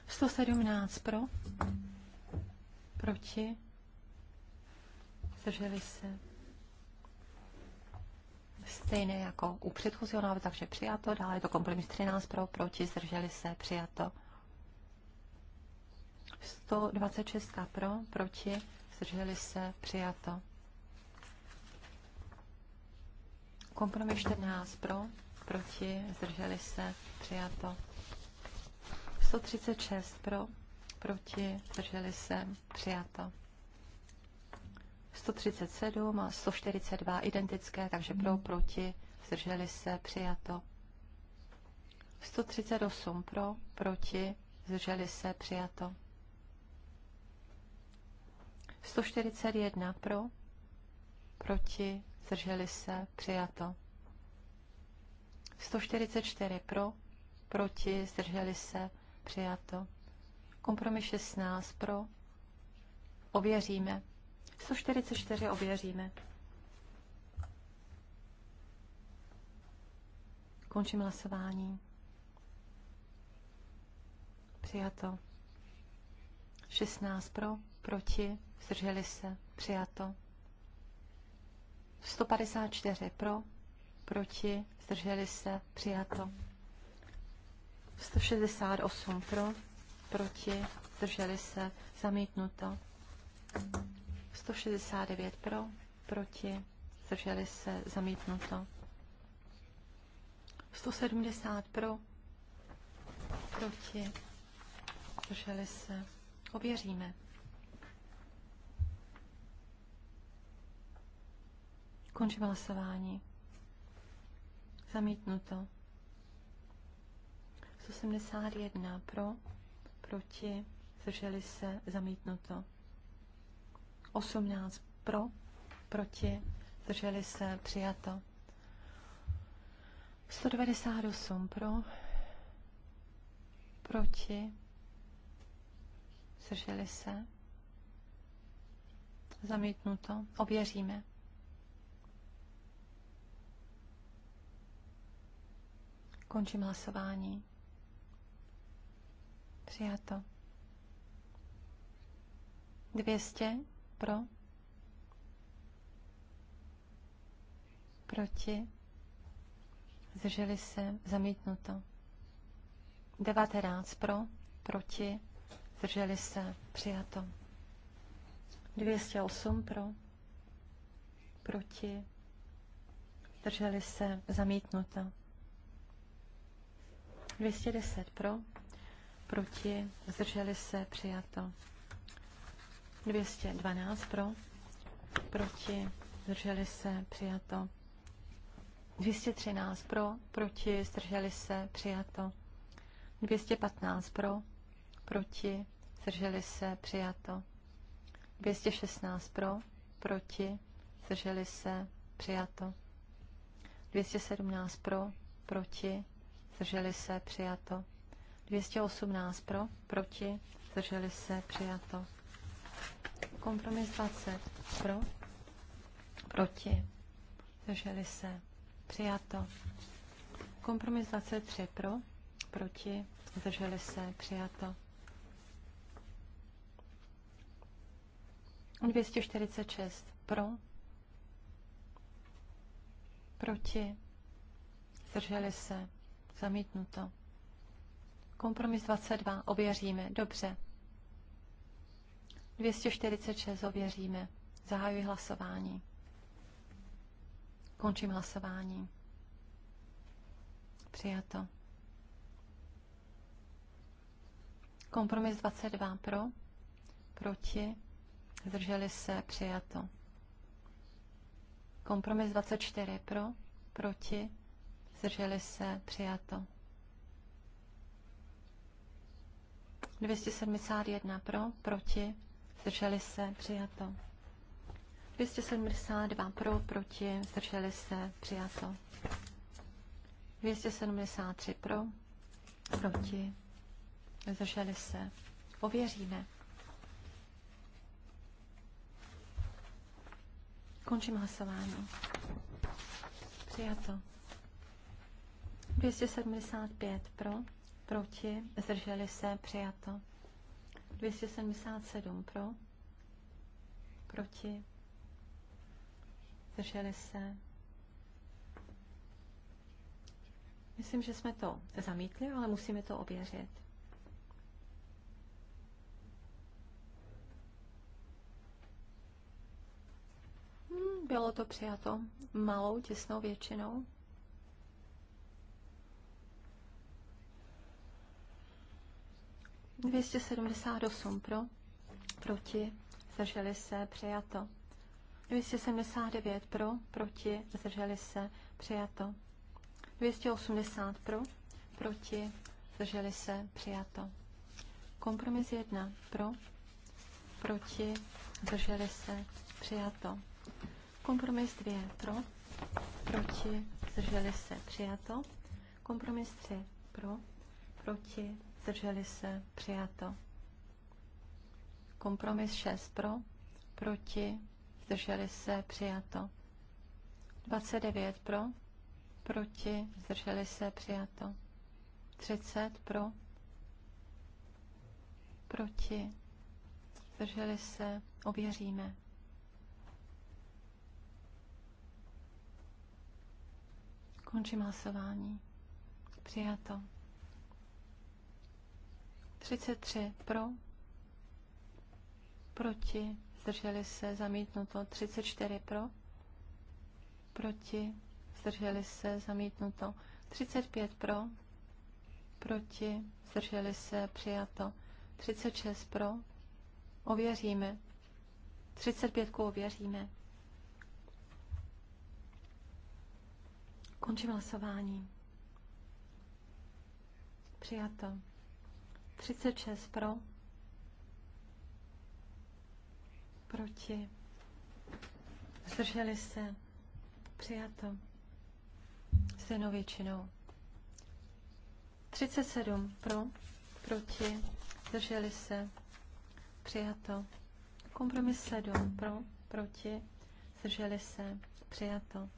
117 pro, proti, zdrželi se. Stejné jako u předchozího návrhu, takže přijato. Dále je to kompromis 13 pro, proti, zdrželi se, přijato. 126 pro, proti, zdrželi se, přijato. Kompromis 14 pro, proti, zdrželi se, přijato. 136 pro, proti, zdrželi se, přijato. 137 a 142 identické, takže pro, proti, zdrželi se, přijato. 138 pro, proti, zdrželi se, přijato. 141 pro, proti, zdrželi se, přijato. 144 pro, proti, zdrželi se, přijato. Kompromis 16 pro, ověříme. 144 ověříme. Končím hlasování. Přijato. 16 pro, proti, zdrželi se, přijato. 154 pro, proti, zdrželi se, přijato. 168 pro, proti, zdrželi se, zamítnuto. 169 pro, proti, zdrželi se, zamítnuto. 170 pro, proti, zdrželi se. Ověříme. Končím hlasování. Zamítnuto. 171 pro, proti, zdrželi se, zamítnuto. 18 pro, proti, zdrželi se, přijato. 198 pro, proti, zdrželi se, zamítnuto. Ověříme. Končím hlasování. Přijato. 200 pro. Proti. Zdrželi se. Zamítnuto. 19 pro. Proti. Zdrželi se. Přijato. 208 pro. Proti. Zdrželi se. Zamítnuto. 210 pro, proti, zdrželi se, přijato. 212 pro, proti, zdrželi se, přijato. 213 pro, proti, zdrželi se, přijato. 215 pro, proti, zdrželi se, přijato. 216 pro, proti, zdrželi se, přijato. 217 pro, proti, zdrželi se, přijato. 218 pro, proti, zdrželi se, přijato. Kompromis 20 pro, proti, zdrželi se, přijato. Kompromis 23 pro, proti, zdrželi se, přijato. 246 pro, proti, zdrželi se, Zamítnuto. Kompromis 22. Ověříme. Dobře. 246. Ověříme. Zahajuji hlasování. Končím hlasování. Přijato. Kompromis 22 pro, proti, zdrželi se, přijato. Kompromis 24 pro, proti, zdrželi se, přijato. 271 pro, proti, zdrželi se, přijato. 272 pro, proti, zdrželi se, přijato. 273 pro, proti, zdrželi se. Ověříme. Končím hlasování. Přijato. 275 pro, proti, zdrželi se, přijato. 277 pro, proti, zdrželi se. Myslím, že jsme to zamítli, ale musíme to ověřit. Hm, bylo to přijato malou těsnou většinou. 278 pro, proti, zdrželi se, přijato. 279 pro, proti, zdrželi se, přijato. 280 pro, proti, zdrželi se, přijato. Kompromis 1 pro, proti, zdrželi se, přijato. Kompromis 2 pro, proti, zdrželi se, přijato. Kompromis 3 pro, proti, zdrželi se, přijato. Kompromis 6 pro, proti, zdrželi se, přijato. 29 pro, proti, zdrželi se, přijato. 30 pro, proti, zdrželi se, ověříme. Končím hlasování. Přijato. 33 pro, proti, zdrželi se, zamítnuto. 34 pro, proti, zdrželi se, zamítnuto. 35 pro, proti, zdrželi se, přijato. 36 pro, ověříme. 35 ověříme. Končím hlasování. Přijato. 36 pro, proti, zdrželi se, přijato, stejnou většinou. 37 pro, proti, zdrželi se, přijato. Kompromis 7 pro, proti, zdrželi se, přijato.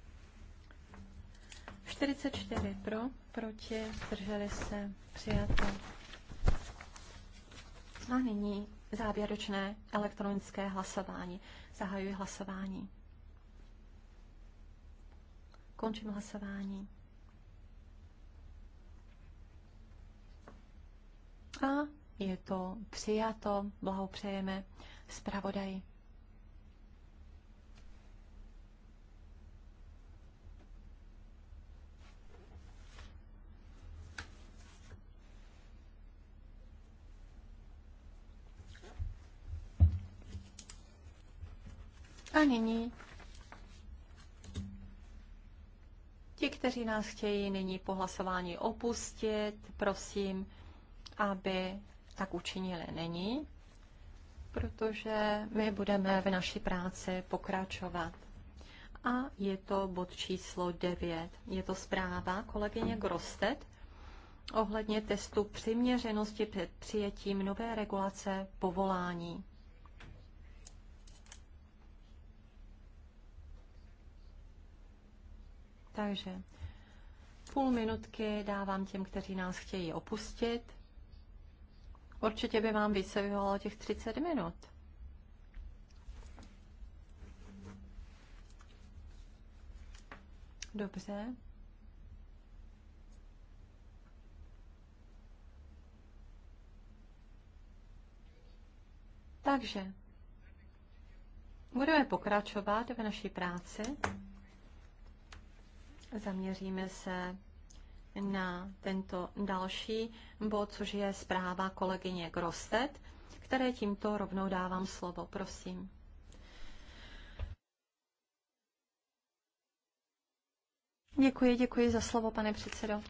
44 pro, proti, zdrželi se, přijato. A nyní závěrečné elektronické hlasování. Zahajuji hlasování. Končím hlasování. A je to přijato. Blahopřejeme zpravodaji. A nyní ti, kteří nás chtějí nyní po hlasování opustit, prosím, aby tak učinili nyní, protože my budeme v naší práci pokračovat. A je to bod číslo 9. Je to zpráva kolegyně Grostet ohledně testu přiměřenosti před přijetím nové regulace povolání. Takže půl minutky dávám těm, kteří nás chtějí opustit. Určitě by vám více vyvolalo těch 30 minut. Dobře. Takže budeme pokračovat v naší práci. Zaměříme se na tento další bod, což je zpráva kolegyně Grostet, které tímto rovnou dávám slovo. Prosím. Děkuji, děkuji za slovo, pane předsedo.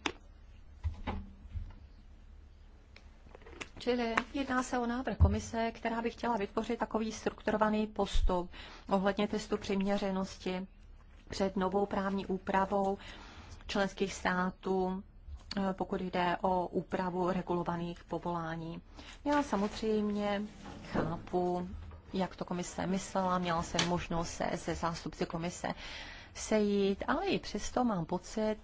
Čili jedná se o návrh komise, která by chtěla vytvořit takový strukturovaný postup ohledně testu přiměřenosti před novou právní úpravou členských států, eh, pokud jde o úpravu regulovaných povolání. Já samozřejmě chápu, jak to komise myslela, měla jsem možnost se se zástupci komise sejít, ale i přesto mám pocit,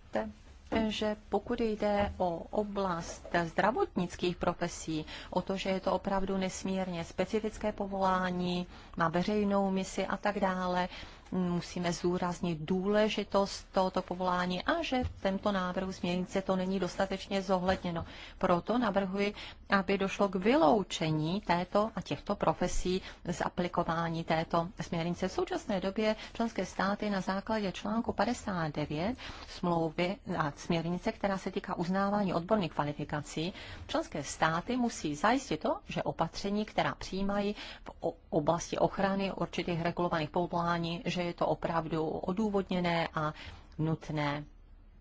že pokud jde o oblast zdravotnických profesí, o to, že je to opravdu nesmírně specifické povolání, má veřejnou misi a tak dále, musíme zúraznit důležitost tohoto povolání a že v tento návrhu směrnice to není dostatečně zohledněno. Proto navrhuji, aby došlo k vyloučení této a těchto profesí z aplikování této směrnice. V současné době členské státy na základě článku 59 smlouvy a směrnice, která se týká uznávání odborných kvalifikací, členské státy musí zajistit to, že opatření, která přijímají v oblasti ochrany určitých regulovaných povolání, že je to opravdu odůvodněné a nutné.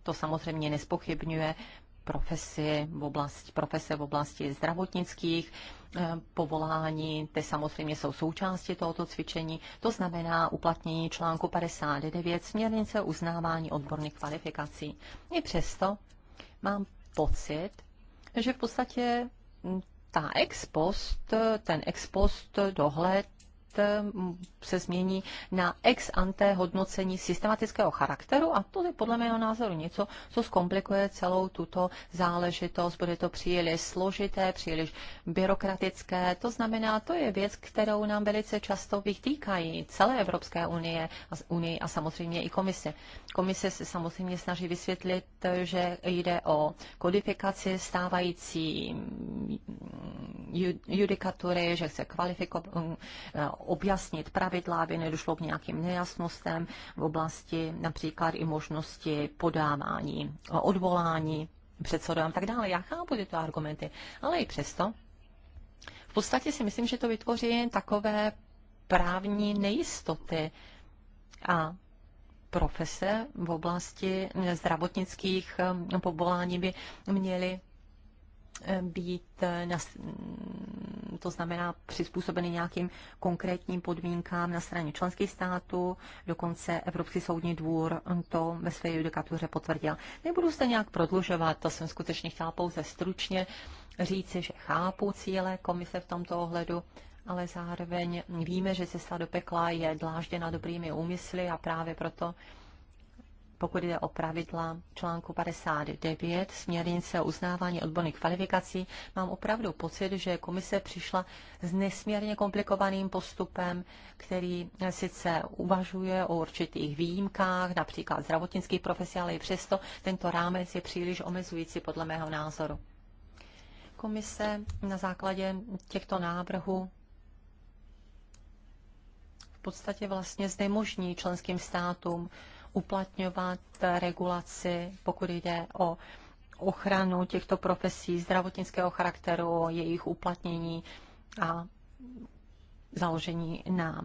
To samozřejmě nespochybňuje profesi v oblasti, profese v oblasti zdravotnických eh, povolání, ty samozřejmě jsou součástí tohoto cvičení, to znamená uplatnění článku 59 směrnice uznávání odborných kvalifikací. I přesto mám pocit, že v podstatě mm, ta ex post, ten ex post dohled se změní na ex ante hodnocení systematického charakteru a to je podle mého názoru něco, co zkomplikuje celou tuto záležitost. Bude to příliš složité, příliš byrokratické. To znamená, to je věc, kterou nám velice často vytýkají celé Evropské unie a, unii a samozřejmě i komise. Komise se samozřejmě snaží vysvětlit, že jde o kodifikaci stávající judikatury, že chce kvalifikovat objasnit pravidla, aby nedošlo k nějakým nejasnostem v oblasti například i možnosti podávání, odvolání předsedům a tak dále. Já chápu tyto argumenty, ale i přesto v podstatě si myslím, že to vytvoří takové právní nejistoty a profese v oblasti zdravotnických eh, povolání by měly být, eh, na, to znamená přizpůsobeny nějakým konkrétním podmínkám na straně členských států, dokonce Evropský soudní dvůr to ve své judikatuře potvrdil. Nebudu se nějak prodlužovat, to jsem skutečně chtěla pouze stručně říci, že chápu cíle komise v tomto ohledu, ale zároveň víme, že cesta do pekla je dlážděna dobrými úmysly a právě proto pokud jde o pravidla článku 59 směrnice o uznávání odborných kvalifikací, mám opravdu pocit, že komise přišla s nesmírně komplikovaným postupem, který sice uvažuje o určitých výjimkách, například zdravotnických profesí, ale i přesto tento rámec je příliš omezující podle mého názoru. Komise na základě těchto návrhů v podstatě vlastně znemožní členským státům uplatňovat regulaci, pokud jde o ochranu těchto profesí zdravotnického charakteru, jejich uplatnění a založení na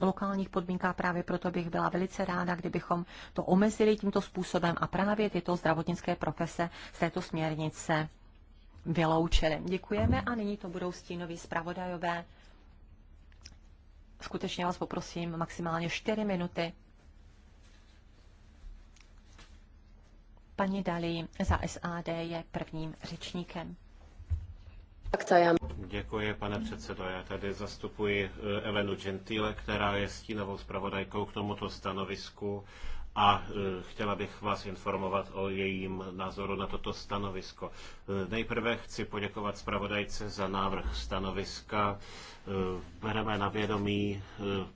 lokálních podmínkách. Právě proto bych byla velice ráda, kdybychom to omezili tímto způsobem a právě tyto zdravotnické profese z této směrnice vyloučili. Děkujeme a nyní to budou stínoví zpravodajové. Skutečně vás poprosím maximálně 4 minuty Paní Dalí za SAD je prvním řečníkem. Děkuji, pane předsedo. Já tady zastupuji eh, Elenu Gentile, která je stínovou zpravodajkou k tomuto stanovisku a e, chtěla bych vás informovat o jejím názoru na toto stanovisko. E, nejprve chci poděkovat zpravodajce za návrh stanoviska. E, bereme na vědomí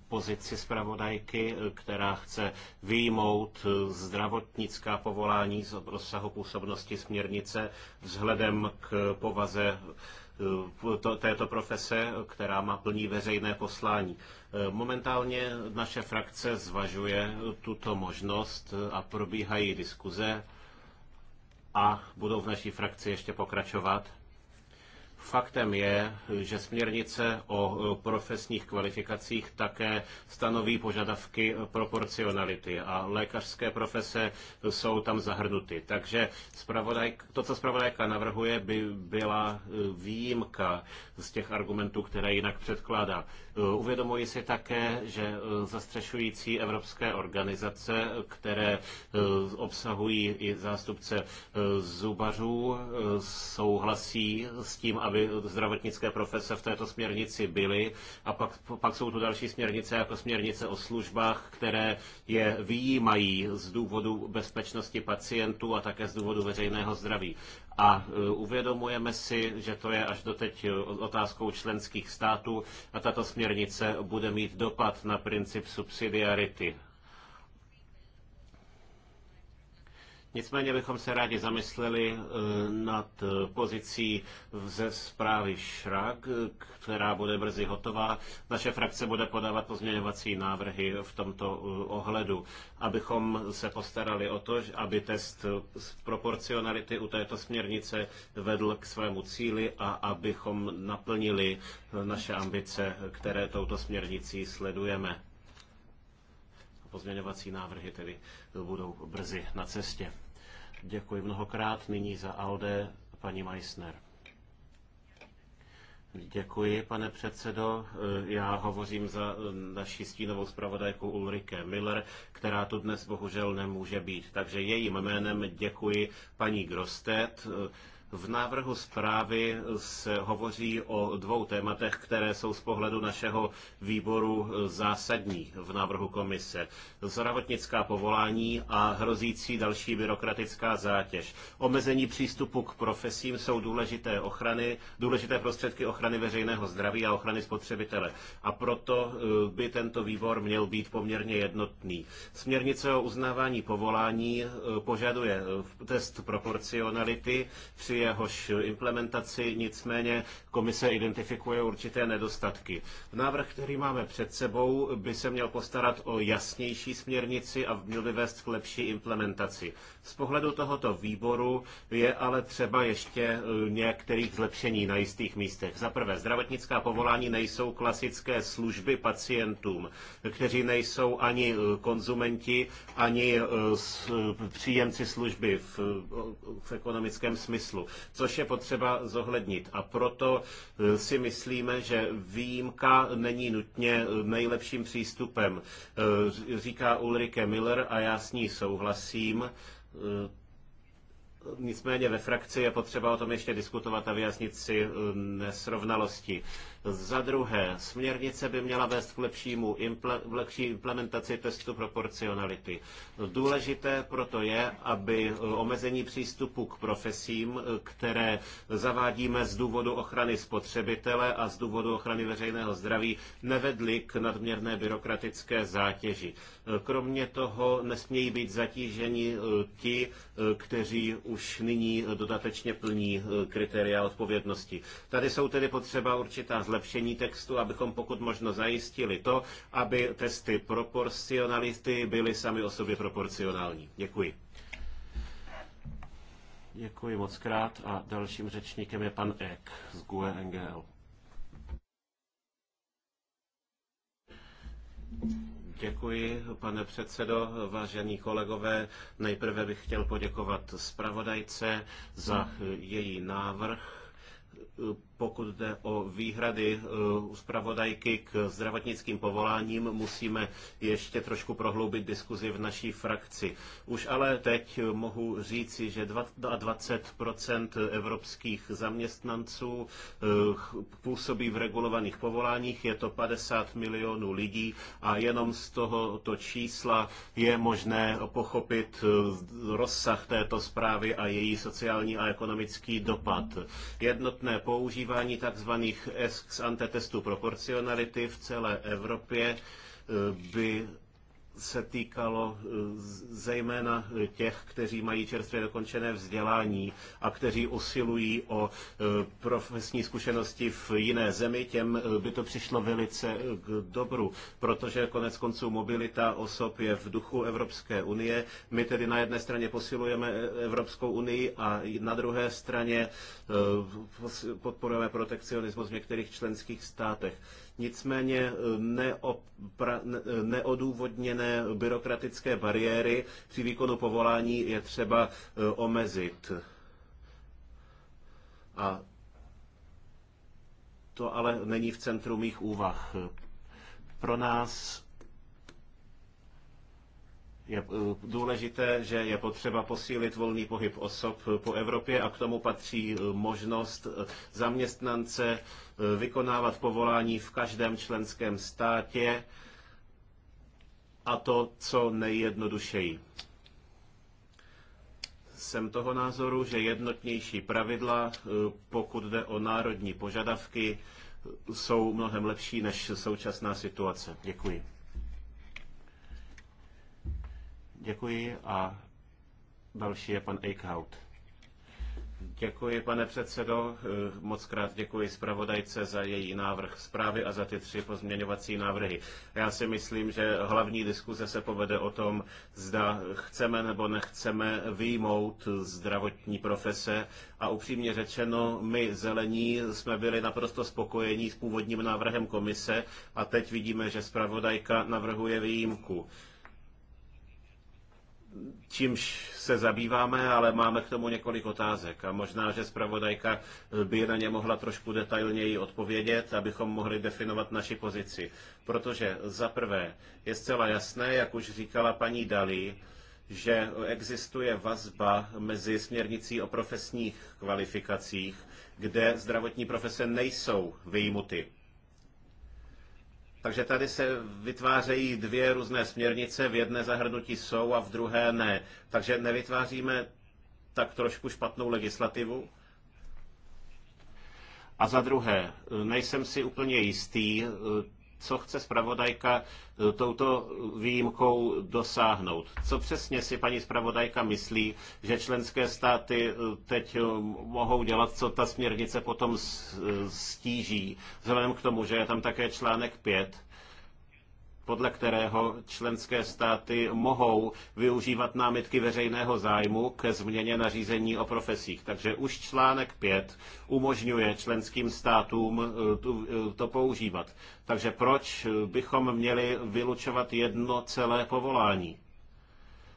pozici zpravodajky, která chce výjmout zdravotnická povolání z rozsahu působnosti směrnice vzhledem k povaze této profese, která má plní veřejné poslání. Momentálně naše frakce zvažuje tuto možnost a probíhají diskuze a budou v naší frakci ještě pokračovat. Faktem je, že směrnice o e, profesních kvalifikacích také stanoví požadavky e, proporcionality a lékařské profese jsou tam zahrnuty. Takže to, co zpravodajka navrhuje, by byla e, výjimka z těch argumentů, které jinak předkládá. Uvědomuji si také, že zastřešující evropské organizace, které obsahují i zástupce zubařů, souhlasí s tím, aby zdravotnické profese v této směrnici byly. A pak, pak jsou tu další směrnice, jako směrnice o službách, které je vyjímají z důvodu bezpečnosti pacientů a také z důvodu veřejného zdraví. A e, uvědomujeme si, že to je až doteď e, otázkou členských států a tato směrnice bude mít dopad na princip subsidiarity. Nicméně bychom se rádi zamysleli eh, nad eh, pozicí ze zprávy Šrak, která bude brzy hotová. Naše frakce bude podávat pozměňovací návrhy v tomto eh, ohledu, abychom se postarali o to, aby test proporcionality u této směrnice vedl k svému cíli a abychom naplnili naše ambice, které touto směrnicí sledujeme. Pozměňovací návrhy tedy budou brzy na cestě. Děkuji mnohokrát. Nyní za ALDE paní Meissner. Děkuji, pane předsedo. Já hovořím za naší stínovou zpravodajku Ulrike Miller, která tu dnes bohužel nemůže být. Takže jejím jménem děkuji paní Grostet, v návrhu zprávy se hovoří o dvou tématech, které jsou z pohledu našeho výboru zásadní v návrhu komise. Zdravotnická povolání a hrozící další byrokratická zátěž. Omezení přístupu k profesím jsou důležité, ochrany, důležité prostředky ochrany veřejného zdraví a ochrany spotřebitele. A proto eh, by tento výbor měl být poměrně jednotný. Směrnice o uznávání povolání eh, požaduje eh, test proporcionality při jehož implementaci, nicméně komise identifikuje určité nedostatky. Návrh, který máme před sebou, by se měl postarat o jasnější směrnici a měl by vést k lepší implementaci. Z pohledu tohoto výboru je ale třeba ještě eh, některých zlepšení na jistých místech. Za prvé, zdravotnická povolání nejsou klasické služby pacientům, kteří nejsou ani eh, konzumenti, ani eh, příjemci služby v, v ekonomickém smyslu což je potřeba zohlednit. A proto eh, si myslíme, že výjimka není nutně eh, nejlepším přístupem. Eh, říká Ulrike Miller a já s ní souhlasím. Nicméně ve frakci je potřeba o tom ještě diskutovat a vyjasnit si nesrovnalosti. Za druhé, směrnice by měla vést k lepšímu, k lepší implementaci testu proporcionality. Důležité proto je, aby eh, omezení přístupu k profesím, eh, které zavádíme z důvodu ochrany spotřebitele a z důvodu ochrany veřejného zdraví, nevedly k nadměrné byrokratické zátěži. Eh, kromě toho nesmějí být zatíženi ti, kteří už nyní dodatečně plní kritéria odpovědnosti. Tady jsou tedy potřeba určitá zlepšení textu, abychom pokud možno zajistili to, aby testy proporcionality byly sami o sobě proporcionální. Děkuji. Děkuji moc krát a dalším řečníkem je pan Ek z GUE NGL. Děkuji, pane předsedo, vážení kolegové. Nejprve bych chtěl poděkovat zpravodajce za její návrh pokud jde o výhrady eh, u zpravodajky k zdravotnickým povoláním, musíme ještě trošku prohloubit diskuzi v naší frakci. Už ale teď eh, mohu říci, že 20 evropských zaměstnanců eh, působí v regulovaných povoláních, je to 50 milionů lidí a jenom z tohoto čísla je možné pochopit rozsah této zprávy a její sociální a ekonomický dopad. Jednotné používání používání tzv. ex ante testů proporcionality v celé Evropě eh, by se týkalo eh, zejména těch, kteří mají čerstvě dokončené vzdělání a kteří usilují o eh, profesní zkušenosti v jiné zemi, těm eh, by to přišlo velice k dobru, protože konec konců mobilita osob je v duchu Evropské unie. My tedy na jedné straně posilujeme Evropskou unii a na druhé straně podporujeme protekcionismus v některých členských státech nicméně eh, neopra, eh, neodůvodněné byrokratické bariéry při výkonu povolání je třeba eh, omezit. A to ale není v centru mých úvah. Pro nás je eh, důležité, že je potřeba posílit volný pohyb osob eh, po Evropě a k tomu patří eh, možnost zaměstnance vykonávat povolání v každém členském státě a to co nejjednodušeji. Jsem toho názoru, že jednotnější pravidla, pokud jde o národní požadavky, jsou mnohem lepší než současná situace. Děkuji. Děkuji a další je pan Eichhout. Děkuji, pane předsedo. Eh, moc krát děkuji zpravodajce za její návrh zprávy a za ty tři pozměňovací návrhy. Já si myslím, že hlavní diskuze se povede o tom, zda chceme nebo nechceme výjmout zdravotní profese. A upřímně řečeno, my zelení jsme byli naprosto spokojení s původním návrhem komise a teď vidíme, že zpravodajka navrhuje výjimku čímž se zabýváme, ale máme k tomu několik otázek a možná, že zpravodajka by na ně mohla trošku detailněji odpovědět, abychom mohli definovat naši pozici. Protože za prvé je zcela jasné, jak už říkala paní Dalí, že existuje vazba mezi směrnicí o profesních kvalifikacích, kde zdravotní profese nejsou vyjmuty takže tady se vytvářejí dvě různé směrnice, v jedné zahrnutí jsou a v druhé ne. Takže nevytváříme tak trošku špatnou legislativu? A za druhé, nejsem si úplně jistý co chce zpravodajka e, touto výjimkou dosáhnout. Co přesně si paní zpravodajka myslí, že členské státy e, teď e, mohou dělat, co ta směrnice potom stíží, vzhledem k tomu, že je tam také článek 5 podle kterého členské státy mohou využívat námitky veřejného zájmu ke změně nařízení o profesích. Takže už článek 5 umožňuje členským státům eh, eh, to používat. Takže proč eh, bychom měli vylučovat jedno celé povolání?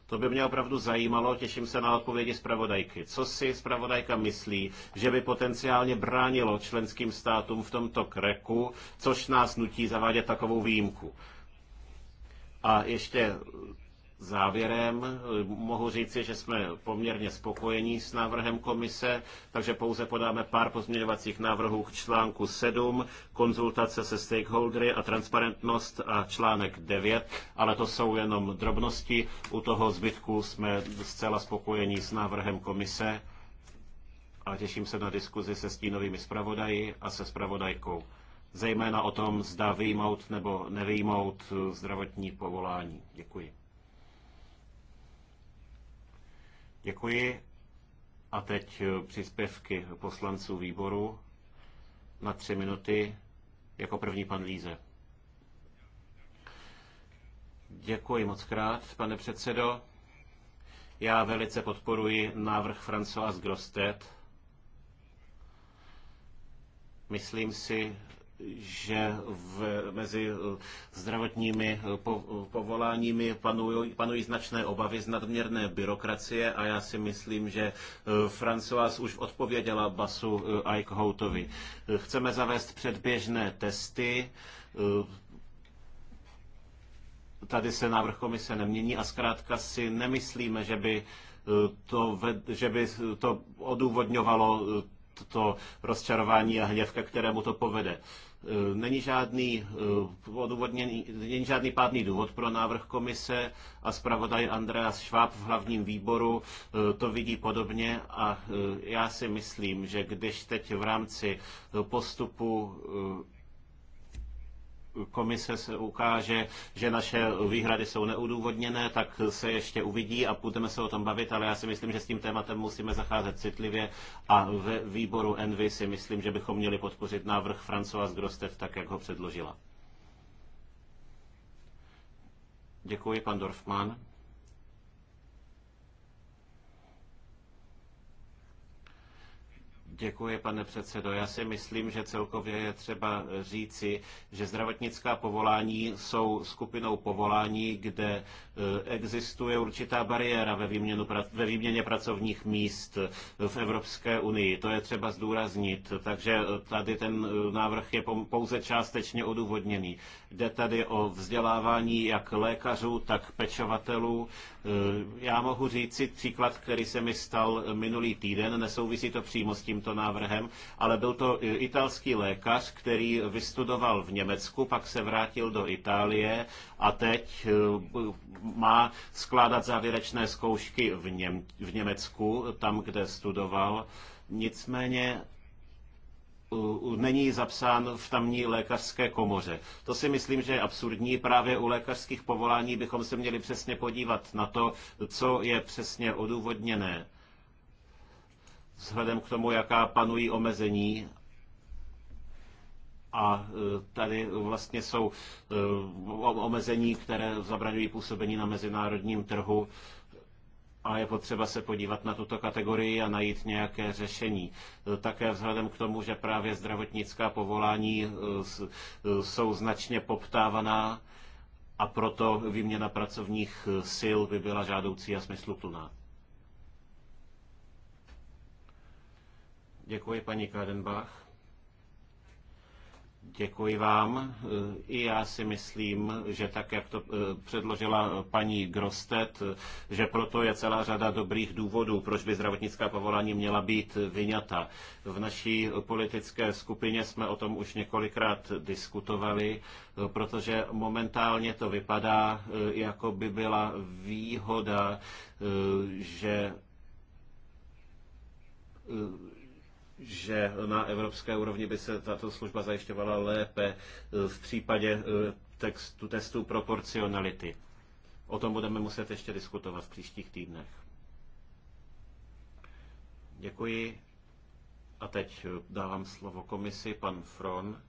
To by mě opravdu zajímalo, těším se na odpovědi zpravodajky. Co si zpravodajka myslí, že by potenciálně bránilo členským státům v tomto kreku, což nás nutí zavádět takovou výjimku? A ještě Závěrem mohu říci, že jsme poměrně spokojení s návrhem komise, takže pouze podáme pár pozměňovacích návrhů k článku 7, konzultace se stakeholdery a transparentnost a článek 9, ale to jsou jenom drobnosti. U toho zbytku jsme zcela spokojení s návrhem komise a těším se na diskuzi se stínovými zpravodaji a se zpravodajkou zejména o tom, zda vyjmout nebo nevyjmout zdravotní povolání. Děkuji. Děkuji. A teď eh, příspěvky poslanců výboru na tři minuty. Jako první pan Líze. Děkuji moc krát, pane předsedo. Já velice podporuji návrh François Grostet. Myslím si, že v, mezi zdravotními povoláními panují, panují značné obavy z nadměrné byrokracie a já si myslím, že eh, François už odpověděla basu eh, Eichhoutovi. Eh, chceme zavést předběžné testy, tady se návrh komise nemění a zkrátka si nemyslíme, že by to, že by to odůvodňovalo to rozčarování a hněv, ke kterému to povede. E, není žádný, e, není žádný pádný důvod pro návrh komise a zpravodaj Andreas Schwab v hlavním výboru e, to vidí podobně a já si myslím, že když teď v rámci postupu komise se ukáže, že naše výhrady jsou neudůvodněné, tak se ještě uvidí a budeme se o tom bavit, ale já si myslím, že s tím tématem musíme zacházet citlivě a ve výboru Envy si myslím, že bychom měli podpořit návrh Francois Grostev tak, jak ho předložila. Děkuji, pan Dorfman. Děkuji, pane předsedo. Já si myslím, že celkově je třeba říci, že zdravotnická povolání jsou skupinou povolání, kde Eh, existuje určitá bariéra ve, výměnu, ve výměně pracovních míst v Evropské unii. To je třeba zdůraznit, takže eh, tady ten eh, návrh je pouze částečně odůvodněný. Jde tady o vzdělávání jak lékařů, tak pečovatelů. Já mohu říci příklad, který se mi stal minulý týden, nesouvisí to přímo s tímto návrhem, ale byl to italský lékař, který vystudoval v Německu, pak se vrátil do Itálie a teď má skládat závěrečné zkoušky v, Něm, v Německu, tam, kde studoval. Nicméně není zapsán v tamní lékařské komoře. To si myslím, že je absurdní. Právě u lékařských povolání bychom se měli přesně podívat na to, co je přesně odůvodněné. Vzhledem k tomu, jaká panují omezení a e, tady vlastně jsou e, omezení, které zabraňují působení na mezinárodním trhu a je potřeba se podívat na tuto kategorii a najít nějaké řešení. E, také vzhledem k tomu, že právě zdravotnická povolání jsou značně poptávaná a proto výměna pracovních sil by byla žádoucí a smysluplná. Děkuji paní Kadenbach. Děkuji vám. I já si myslím, že tak, jak to eh, předložila paní Grostet, že proto je celá řada dobrých důvodů, proč by zdravotnická povolání měla být vyňata. V naší politické skupině jsme o tom už několikrát diskutovali, eh, protože momentálně to vypadá, eh, jako by byla výhoda, že že na evropské úrovni by se tato služba zajišťovala lépe eh, v případě eh, textu, testu proporcionality. O tom budeme muset ještě diskutovat v příštích týdnech. Děkuji. A teď eh, dávám slovo komisi, pan Fron.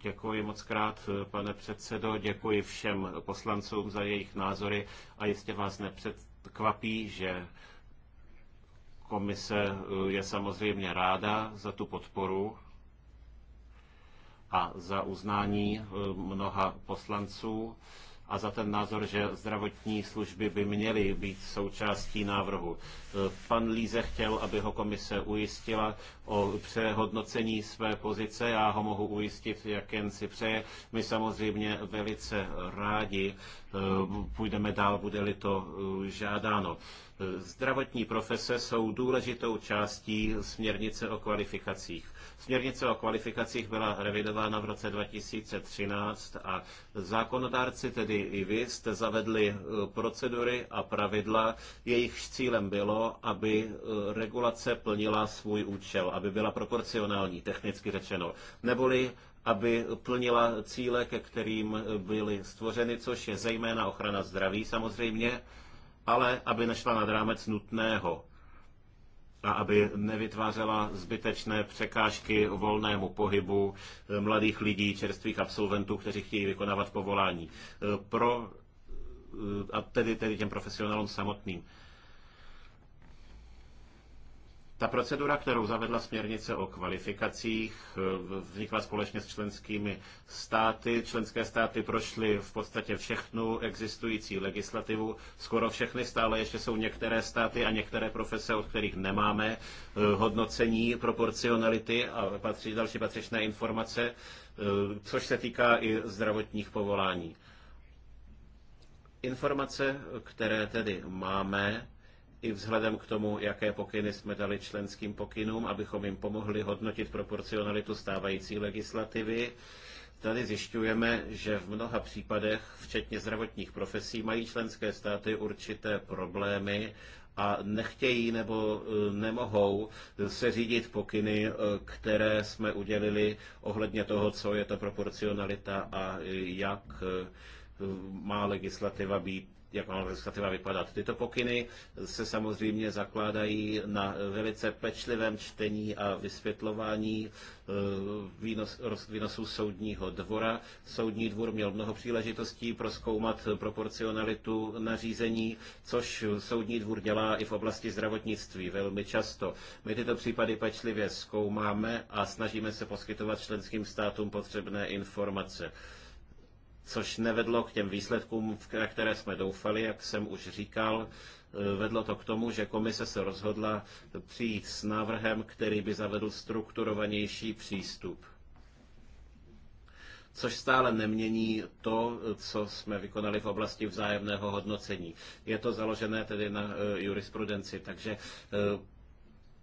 Děkuji moc krát, pane předsedo, děkuji všem poslancům za jejich názory a jistě vás nepředkvapí, že Komise eh, je samozřejmě ráda za tu podporu a za uznání eh, mnoha poslanců a za ten názor, že zdravotní služby by měly být součástí návrhu. Eh, pan Líze chtěl, aby ho komise ujistila o přehodnocení své pozice. Já ho mohu ujistit, jak jen si přeje. My samozřejmě velice rádi půjdeme dál, bude-li to žádáno. Zdravotní profese jsou důležitou částí směrnice o kvalifikacích. Směrnice o kvalifikacích byla revidována v roce 2013 a zákonodárci, tedy i vy, jste zavedli eh, procedury a pravidla, jejichž cílem bylo, aby eh, regulace plnila svůj účel, aby byla proporcionální, technicky řečeno. Neboli aby plnila cíle, ke kterým byly stvořeny, což je zejména ochrana zdraví samozřejmě, ale aby nešla nad rámec nutného a aby nevytvářela zbytečné překážky volnému pohybu eh, mladých lidí, čerstvých absolventů, kteří chtějí vykonávat povolání. Eh, pro, eh, a tedy, tedy těm profesionálům samotným. Ta procedura, kterou zavedla směrnice o kvalifikacích, e, vznikla společně s členskými státy. Členské státy prošly v podstatě všechnu existující legislativu, skoro všechny, stále ještě jsou některé státy a některé profese, od kterých nemáme e, hodnocení proporcionality a patří, další patřičné informace, e, což se týká i zdravotních povolání. Informace, které tedy máme, i vzhledem k tomu, jaké pokyny jsme dali členským pokynům, abychom jim pomohli hodnotit proporcionalitu stávající legislativy. Tady zjišťujeme, že v mnoha případech, včetně zdravotních profesí, mají členské státy určité problémy a nechtějí nebo e, nemohou se řídit pokyny, e, které jsme udělili ohledně toho, co je to proporcionalita a jak e, má legislativa být jak má legislativa vypadat. Tyto pokyny se samozřejmě zakládají na velice pečlivém čtení a vysvětlování eh, výnos, výnosů soudního dvora. Soudní dvůr měl mnoho příležitostí proskoumat proporcionalitu nařízení, což soudní dvůr dělá i v oblasti zdravotnictví velmi často. My tyto případy pečlivě zkoumáme a snažíme se poskytovat členským státům potřebné informace což nevedlo k těm výsledkům, na které jsme doufali, jak jsem už říkal. E, vedlo to k tomu, že komise se rozhodla přijít s návrhem, který by zavedl strukturovanější přístup. Což stále nemění to, co jsme vykonali v oblasti vzájemného hodnocení. Je to založené tedy na e, jurisprudenci, takže e,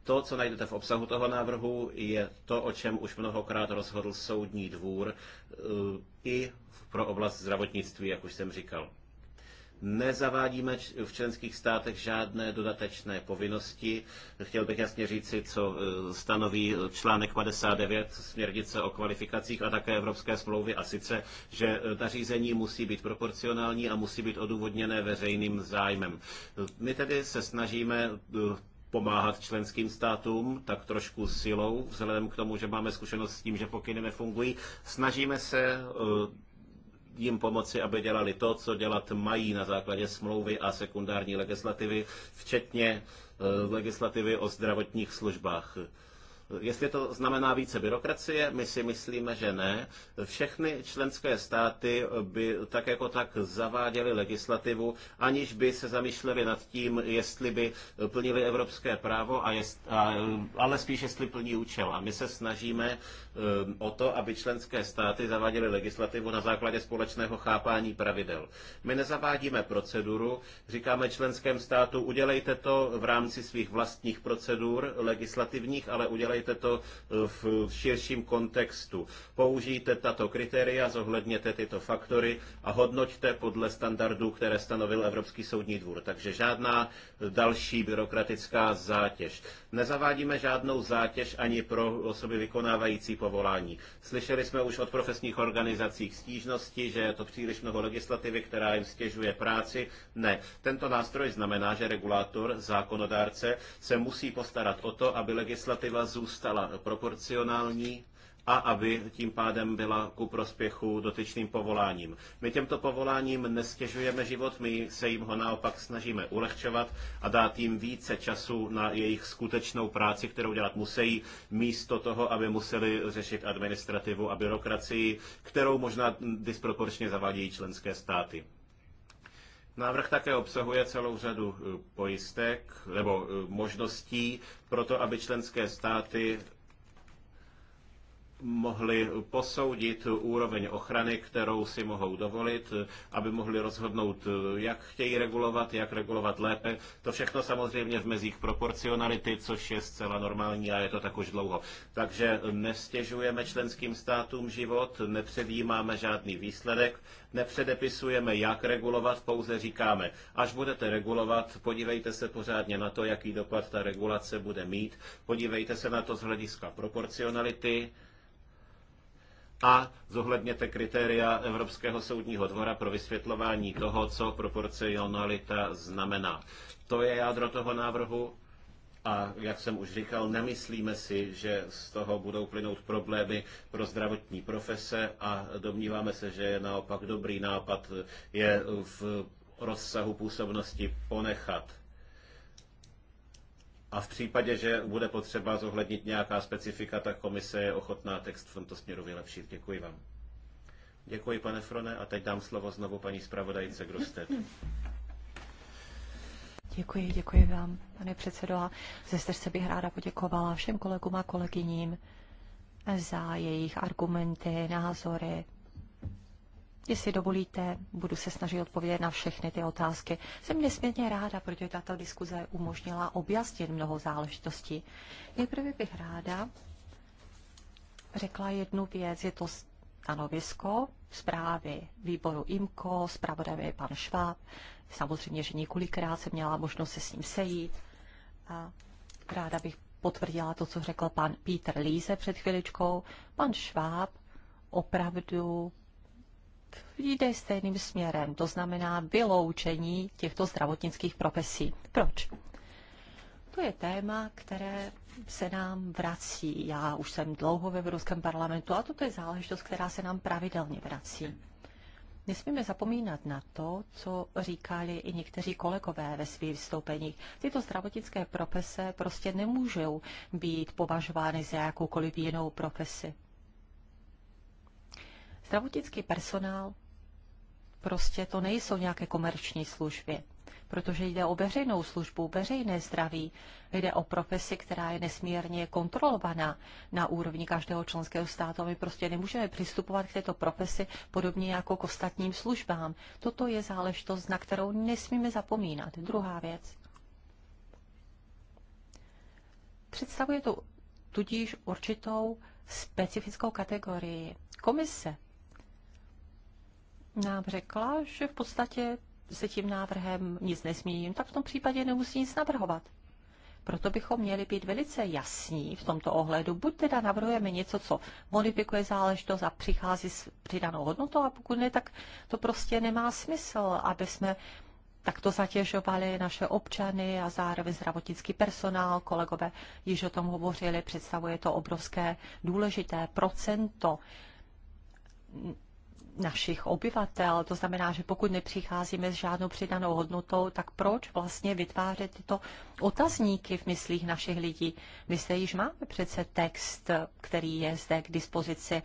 to, co najdete v obsahu toho návrhu, je to, o čem už mnohokrát rozhodl soudní dvůr i pro oblast zdravotnictví, jak už jsem říkal. Nezavádíme v členských státech žádné dodatečné povinnosti. Chtěl bych jasně říci, co e, stanoví článek 59 směrnice o kvalifikacích a také Evropské smlouvy a sice, že nařízení e, musí být proporcionální a musí být odůvodněné veřejným zájmem. My tedy se snažíme e, pomáhat členským státům, tak trošku silou, vzhledem k tomu, že máme zkušenost s tím, že pokyny nefungují. Snažíme se jim pomoci, aby dělali to, co dělat mají na základě smlouvy a sekundární legislativy, včetně eh, legislativy o zdravotních službách. Jestli to znamená více byrokracie, my si myslíme, že ne. Všechny členské státy by tak jako tak zaváděly legislativu, aniž by se zamýšleli nad tím, jestli by plnili evropské právo, a jest, a, ale spíš jestli plní účel. A my se snažíme eh, o to, aby členské státy zaváděly legislativu na základě společného chápání pravidel. My nezavádíme proceduru, říkáme členském státu, udělejte to v rámci svých vlastních procedur legislativních, ale udělejte dělejte to eh, v širším kontextu. Použijte tato kritéria, zohledněte tyto faktory a hodnoťte podle standardů, které stanovil Evropský soudní dvůr. Takže žádná eh, další byrokratická zátěž. Nezavádíme žádnou zátěž ani pro osoby vykonávající povolání. Slyšeli jsme už od profesních organizací stížnosti, že je to příliš mnoho legislativy, která jim stěžuje práci. Ne. Tento nástroj znamená, že regulátor, zákonodárce se musí postarat o to, aby legislativa zůstala zůstala proporcionální a aby tím pádem byla ku prospěchu dotyčným povoláním. My těmto povoláním nestěžujeme život, my se jim ho naopak snažíme ulehčovat a dát jim více času na jejich skutečnou práci, kterou dělat musí, místo toho, aby museli řešit administrativu a byrokracii, kterou možná disproporčně zavádějí členské státy. Návrh také obsahuje celou řadu eh, pojistek nebo eh, možností pro to, aby členské státy mohli posoudit úroveň ochrany, kterou si mohou dovolit, aby mohli rozhodnout, jak chtějí regulovat, jak regulovat lépe. To všechno samozřejmě v mezích proporcionality, což je zcela normální a je to tak už dlouho. Takže nestěžujeme členským státům život, nepředjímáme žádný výsledek, nepředepisujeme, jak regulovat, pouze říkáme, až budete regulovat, podívejte se pořádně na to, jaký dopad ta regulace bude mít, podívejte se na to z hlediska proporcionality, a zohledněte kritéria Evropského soudního dvora pro vysvětlování toho, co proporcionalita znamená. To je jádro toho návrhu a jak jsem už říkal, nemyslíme si, že z toho budou plynout problémy pro zdravotní profese a domníváme se, že je naopak dobrý nápad je v rozsahu působnosti ponechat. A v případě, že bude potřeba zohlednit nějaká specifika, tak komise je ochotná text v tomto směru vylepšit. Děkuji vám. Děkuji, pane Frone, a teď dám slovo znovu paní zpravodajce Grostet. Děkuji, děkuji vám, pane předsedo. A ze se bych ráda poděkovala všem kolegům a kolegyním za jejich argumenty, názory, Jestli dovolíte, budu se snažit odpovědět na všechny ty otázky. Jsem nesmírně ráda, protože tato diskuze umožnila objasnit mnoho záležitostí. Nejprve bych ráda řekla jednu věc. Je to stanovisko zprávy výboru IMCO, zpravodaj pan Šváb. Samozřejmě, že několikrát jsem měla možnost se s ním sejít. A ráda bych potvrdila to, co řekl pan Peter Líze před chviličkou. Pan Šváb opravdu jde stejným směrem, to znamená vyloučení těchto zdravotnických profesí. Proč? To je téma, které se nám vrací. Já už jsem dlouho ve Evropském parlamentu a toto je záležitost, která se nám pravidelně vrací. Nesmíme zapomínat na to, co říkali i někteří kolegové ve svých vystoupeních. Tyto zdravotnické profese prostě nemůžou být považovány za jakoukoliv jinou profesi. Zdravotnický personál prostě to nejsou nějaké komerční služby, protože jde o veřejnou službu, veřejné zdraví, jde o profesi, která je nesmírně kontrolovaná na úrovni každého členského státu. My prostě nemůžeme přistupovat k této profesi podobně jako k ostatním službám. Toto je záležitost, na kterou nesmíme zapomínat. Druhá věc. Představuje to tudíž určitou specifickou kategorii. Komise nám řekla, že v podstatě se tím návrhem nic nezměním, tak v tom případě nemusí nic navrhovat. Proto bychom měli být velice jasní v tomto ohledu. Buď teda navrhujeme něco, co modifikuje záležitost a přichází s přidanou hodnotou, a pokud ne, tak to prostě nemá smysl, aby jsme takto zatěžovali naše občany a zároveň zdravotnický personál. Kolegové již o tom hovořili, představuje to obrovské důležité procento našich obyvatel. To znamená, že pokud nepřicházíme s žádnou přidanou hodnotou, tak proč vlastně vytvářet tyto otazníky v myslích našich lidí? My se již máme přece text, který je zde k dispozici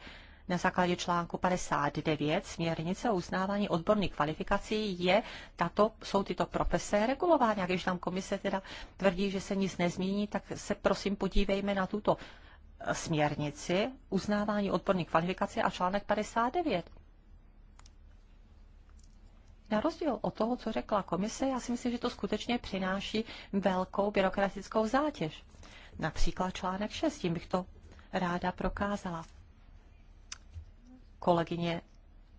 na základě článku 59 směrnice o uznávání odborných kvalifikací je tato, jsou tyto profese regulovány. A když tam komise teda tvrdí, že se nic nezmění, tak se prosím podívejme na tuto směrnici uznávání odborných kvalifikací a článek 59. Na rozdíl od toho, co řekla komise, já si myslím, že to skutečně přináší velkou byrokratickou zátěž. Například článek 6, tím bych to ráda prokázala. Kolegyně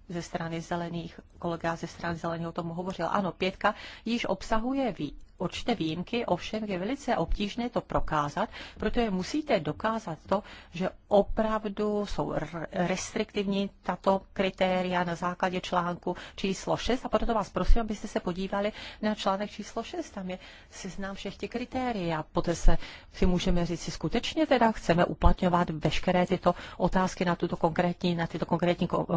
ze strany zelených, kolega ze strany zeleného o tom hovořil. Ano, pětka již obsahuje ví, určité výjimky, ovšem je velice obtížné to prokázat, protože musíte dokázat to, že opravdu jsou restriktivní tato kritéria na základě článku číslo 6 a proto vás prosím, abyste se podívali na článek číslo 6, tam je seznám všech těch kritérií a poté se si můžeme říct, si skutečně teda chceme uplatňovat veškeré tyto otázky na tuto konkrétní, na tyto konkrétní eh,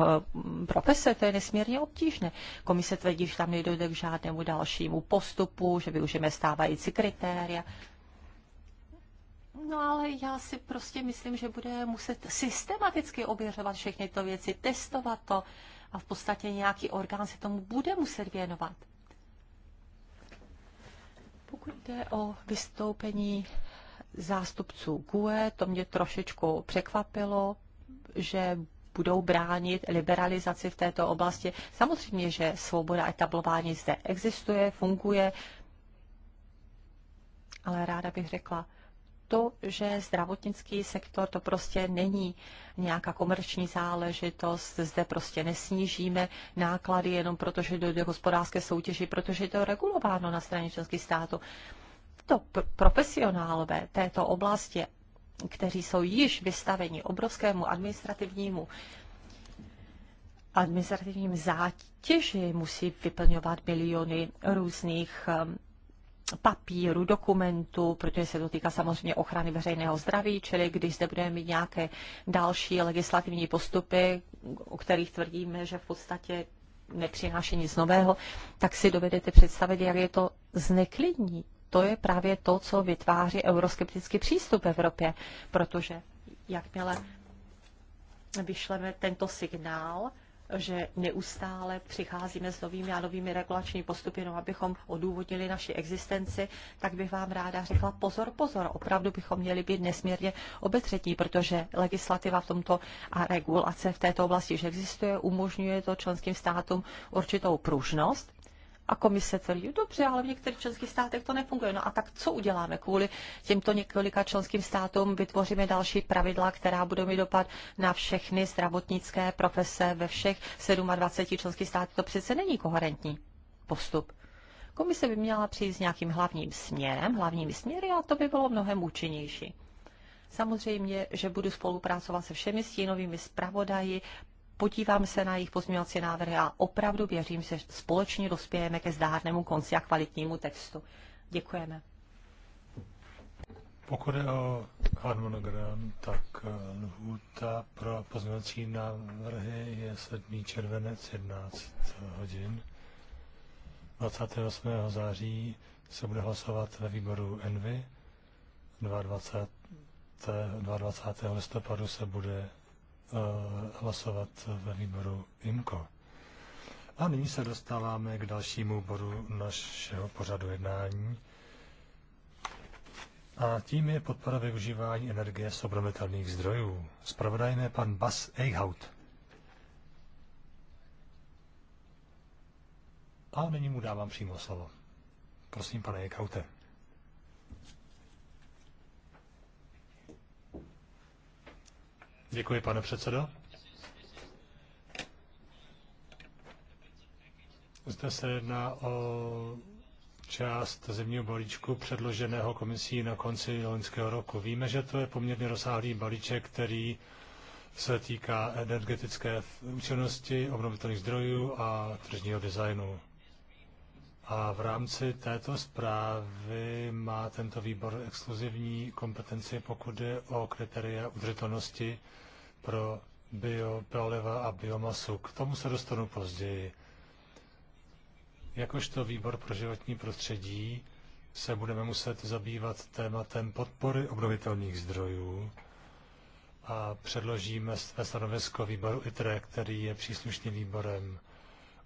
profese, to je nesmírně obtížné. Komise tvrdí, že tam nedojde k žádnému dalšímu postupu, že by použijeme stávající kritéria. No ale já si prostě myslím, že bude muset systematicky ověřovat všechny to věci, testovat to a v podstatě nějaký orgán se tomu bude muset věnovat. Pokud jde o vystoupení zástupců GUE, to mě trošičku překvapilo, že budou bránit liberalizaci v této oblasti. Samozřejmě, že svoboda etablování zde existuje, funguje, ale ráda bych řekla, to, že zdravotnický sektor to prostě není nějaká komerční záležitost, zde prostě nesnížíme náklady jenom protože dojde hospodářské soutěži, protože je to regulováno na straně členských států. To pr- profesionálové této oblasti, kteří jsou již vystaveni obrovskému administrativnímu administrativním zátěži musí vyplňovat miliony různých um, papíru, dokumentu, protože se to týká samozřejmě ochrany veřejného zdraví, čili když zde budeme mít nějaké další legislativní postupy, o kterých tvrdíme, že v podstatě nepřináší nic nového, tak si dovedete představit, jak je to zneklidní. To je právě to, co vytváří euroskeptický přístup v Evropě, protože jakmile vyšleme tento signál, že neustále přicházíme s novými a novými regulačními postupy, no abychom odůvodnili naši existenci, tak bych vám ráda řekla pozor, pozor, opravdu bychom měli být nesmírně obezřetní, protože legislativa v tomto a regulace v této oblasti, že existuje, umožňuje to členským státům určitou pružnost, a komise tvrdí, dobře, ale v některých členských státech to nefunguje. No a tak co uděláme kvůli těmto několika členským státům? Vytvoříme další pravidla, která budou mít dopad na všechny zdravotnické profese ve všech 27 členských státech. To přece není koherentní postup. Komise by měla přijít s nějakým hlavním směrem, hlavními směry a to by bylo mnohem účinnější. Samozřejmě, že budu spolupracovat se všemi stínovými zpravodaji, podívám se na jejich pozměňovací návrhy a opravdu věřím, že společně dospějeme ke zdárnému konci a kvalitnímu textu. Děkujeme. Pokud je o harmonogram, tak eh, lhůta pro pozměňovací návrhy je 7. červenec 11 hodin. 28. září se bude hlasovat ve výboru Envy. 22. 22. listopadu se bude Eh, hlasovat ve výboru IMCO. A nyní se dostáváme k dalšímu bodu našeho pořadu jednání. A tím je podpora využívání energie z obnovitelných zdrojů. Spravodajem pan Bas Eichhout. A nyní mu dávám přímo slovo. Prosím, pane Eichhoute. Děkuji, pane předsedo. Zde se jedná o část zimního balíčku předloženého komisí na konci loňského roku. Víme, že to je poměrně rozsáhlý balíček, který se týká energetické účinnosti, obnovitelných zdrojů a tržního designu. A v rámci této zprávy má tento výbor exkluzivní kompetenci, pokud jde o kritéria udržitelnosti pro biopaliva a biomasu. K tomu se dostanu později. Jakožto výbor pro životní prostředí se budeme muset zabývat tématem podpory obnovitelných zdrojů a předložíme své stanovisko výboru ITRE, který je příslušným výborem.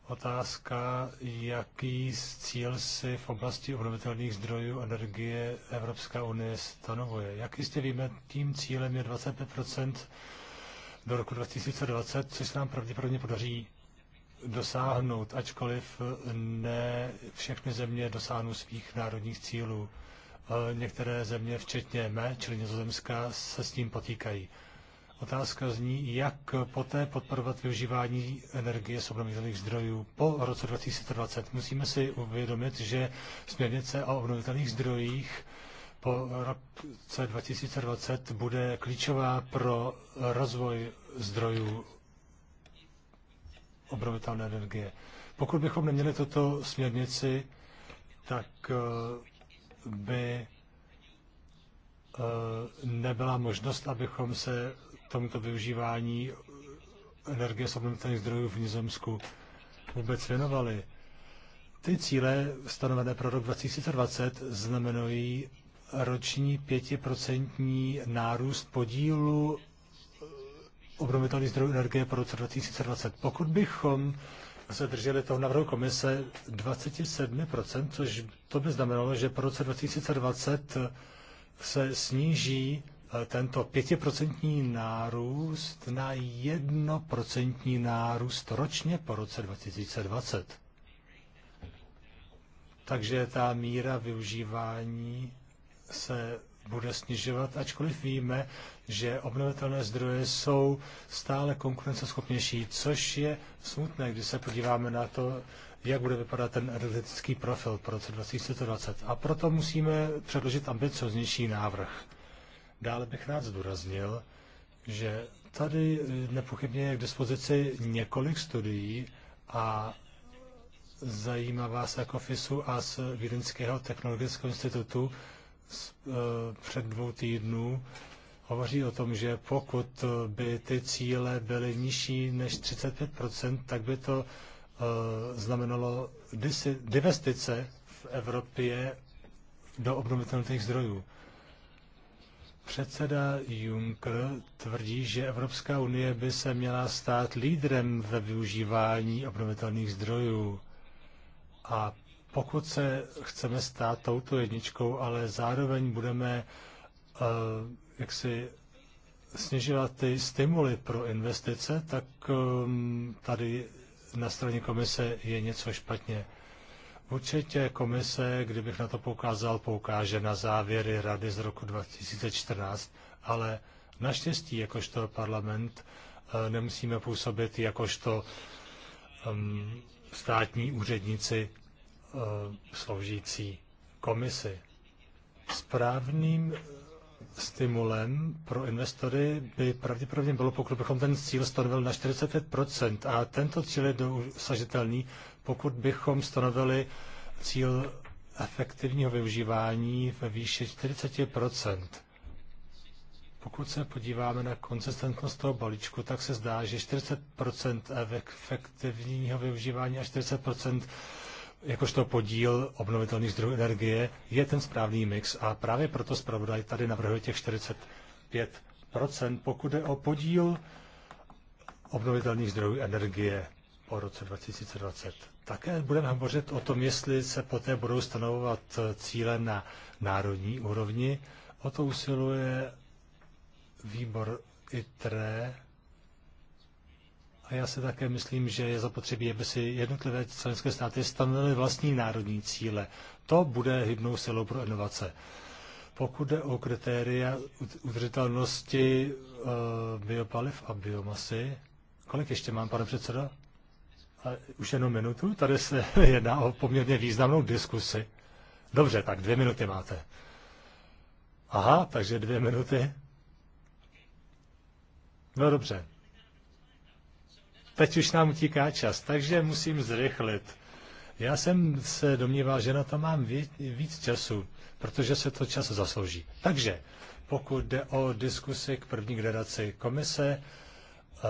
Otázka, jaký cíl si v oblasti obnovitelných zdrojů energie Evropská unie stanovuje. Jak jistě víme, tím cílem je 25 do roku 2020, což se nám pravděpodobně podaří dosáhnout, ačkoliv ne všechny země dosáhnou svých národních cílů. E, některé země, včetně mé, čili Nizozemská, se s tím potýkají. Otázka zní, jak poté podporovat využívání energie z obnovitelných zdrojů po roce 2020. Musíme si uvědomit, že směrnice o obnovitelných zdrojích po roce 2020 bude klíčová pro rozvoj zdrojů obnovitelné energie. Pokud bychom neměli toto směrnici, tak eh, by eh, nebyla možnost, abychom se tomto využívání energie z obnovitelných zdrojů v Nizozemsku vůbec věnovali. Ty cíle stanovené pro rok 2020 znamenají roční pětiprocentní nárůst podílu obnovitelných zdrojů energie pro rok 2020. Pokud bychom se drželi toho návrhu komise 27%, což to by znamenalo, že pro roce 2020 se sníží tento pětiprocentní nárůst na jednoprocentní nárůst ročně po roce 2020. Takže ta míra využívání se bude snižovat, ačkoliv víme, že obnovitelné zdroje jsou stále konkurenceschopnější, což je smutné, když se podíváme na to, jak bude vypadat ten energetický profil pro roce 2020. A proto musíme předložit ambicioznější návrh. Dále bych rád zdůraznil, že tady nepochybně je k dispozici několik studií a zajímá vás jako FISu a z Vídeňského technologického institutu z, e, před dvou týdnů hovoří o tom, že pokud by ty cíle byly nižší než 35%, tak by to e, znamenalo divestice v Evropě do obnovitelných zdrojů. Předseda Juncker tvrdí, že Evropská unie by se měla stát lídrem ve využívání obnovitelných zdrojů. A pokud se chceme stát touto jedničkou, ale zároveň budeme uh, jaksi snižovat ty stimuly pro investice, tak um, tady na straně komise je něco špatně. Určitě komise, kdybych na to poukázal, poukáže na závěry rady z roku 2014, ale naštěstí, jakožto parlament, eh, nemusíme působit jakožto um, státní úředníci um, sloužící komisi. Správným eh, stimulem pro investory by pravděpodobně bylo, pokud bychom ten cíl stanovil na 45 a tento cíl je dosažitelný pokud bychom stanovili cíl efektivního využívání ve výši 40 Pokud se podíváme na konsistentnost toho balíčku, tak se zdá, že 40 efektivního využívání a 40 jakožto podíl obnovitelných zdrojů energie je ten správný mix a právě proto zpravodaj tady navrhuje těch 45 pokud je o podíl obnovitelných zdrojů energie po roce 2020. Také budeme hovořit o tom, jestli se poté budou stanovovat cíle na národní úrovni. O to usiluje výbor ITRE. A já si také myslím, že je zapotřebí, aby si jednotlivé členské státy stanovily vlastní národní cíle. To bude hybnou silou pro inovace. Pokud jde o kritéria udržitelnosti eh, biopaliv a biomasy, kolik ještě mám, pane předsedo? Už jenom minutu, tady se (laughs) jedná o poměrně významnou diskusi. Dobře, tak dvě minuty máte. Aha, takže dvě minuty. No dobře. Teď už nám utíká čas, takže musím zrychlit. Já jsem se domníval, že na to mám víc, víc času, protože se to čas zaslouží. Takže, pokud jde o diskusi k první generaci komise, Eh,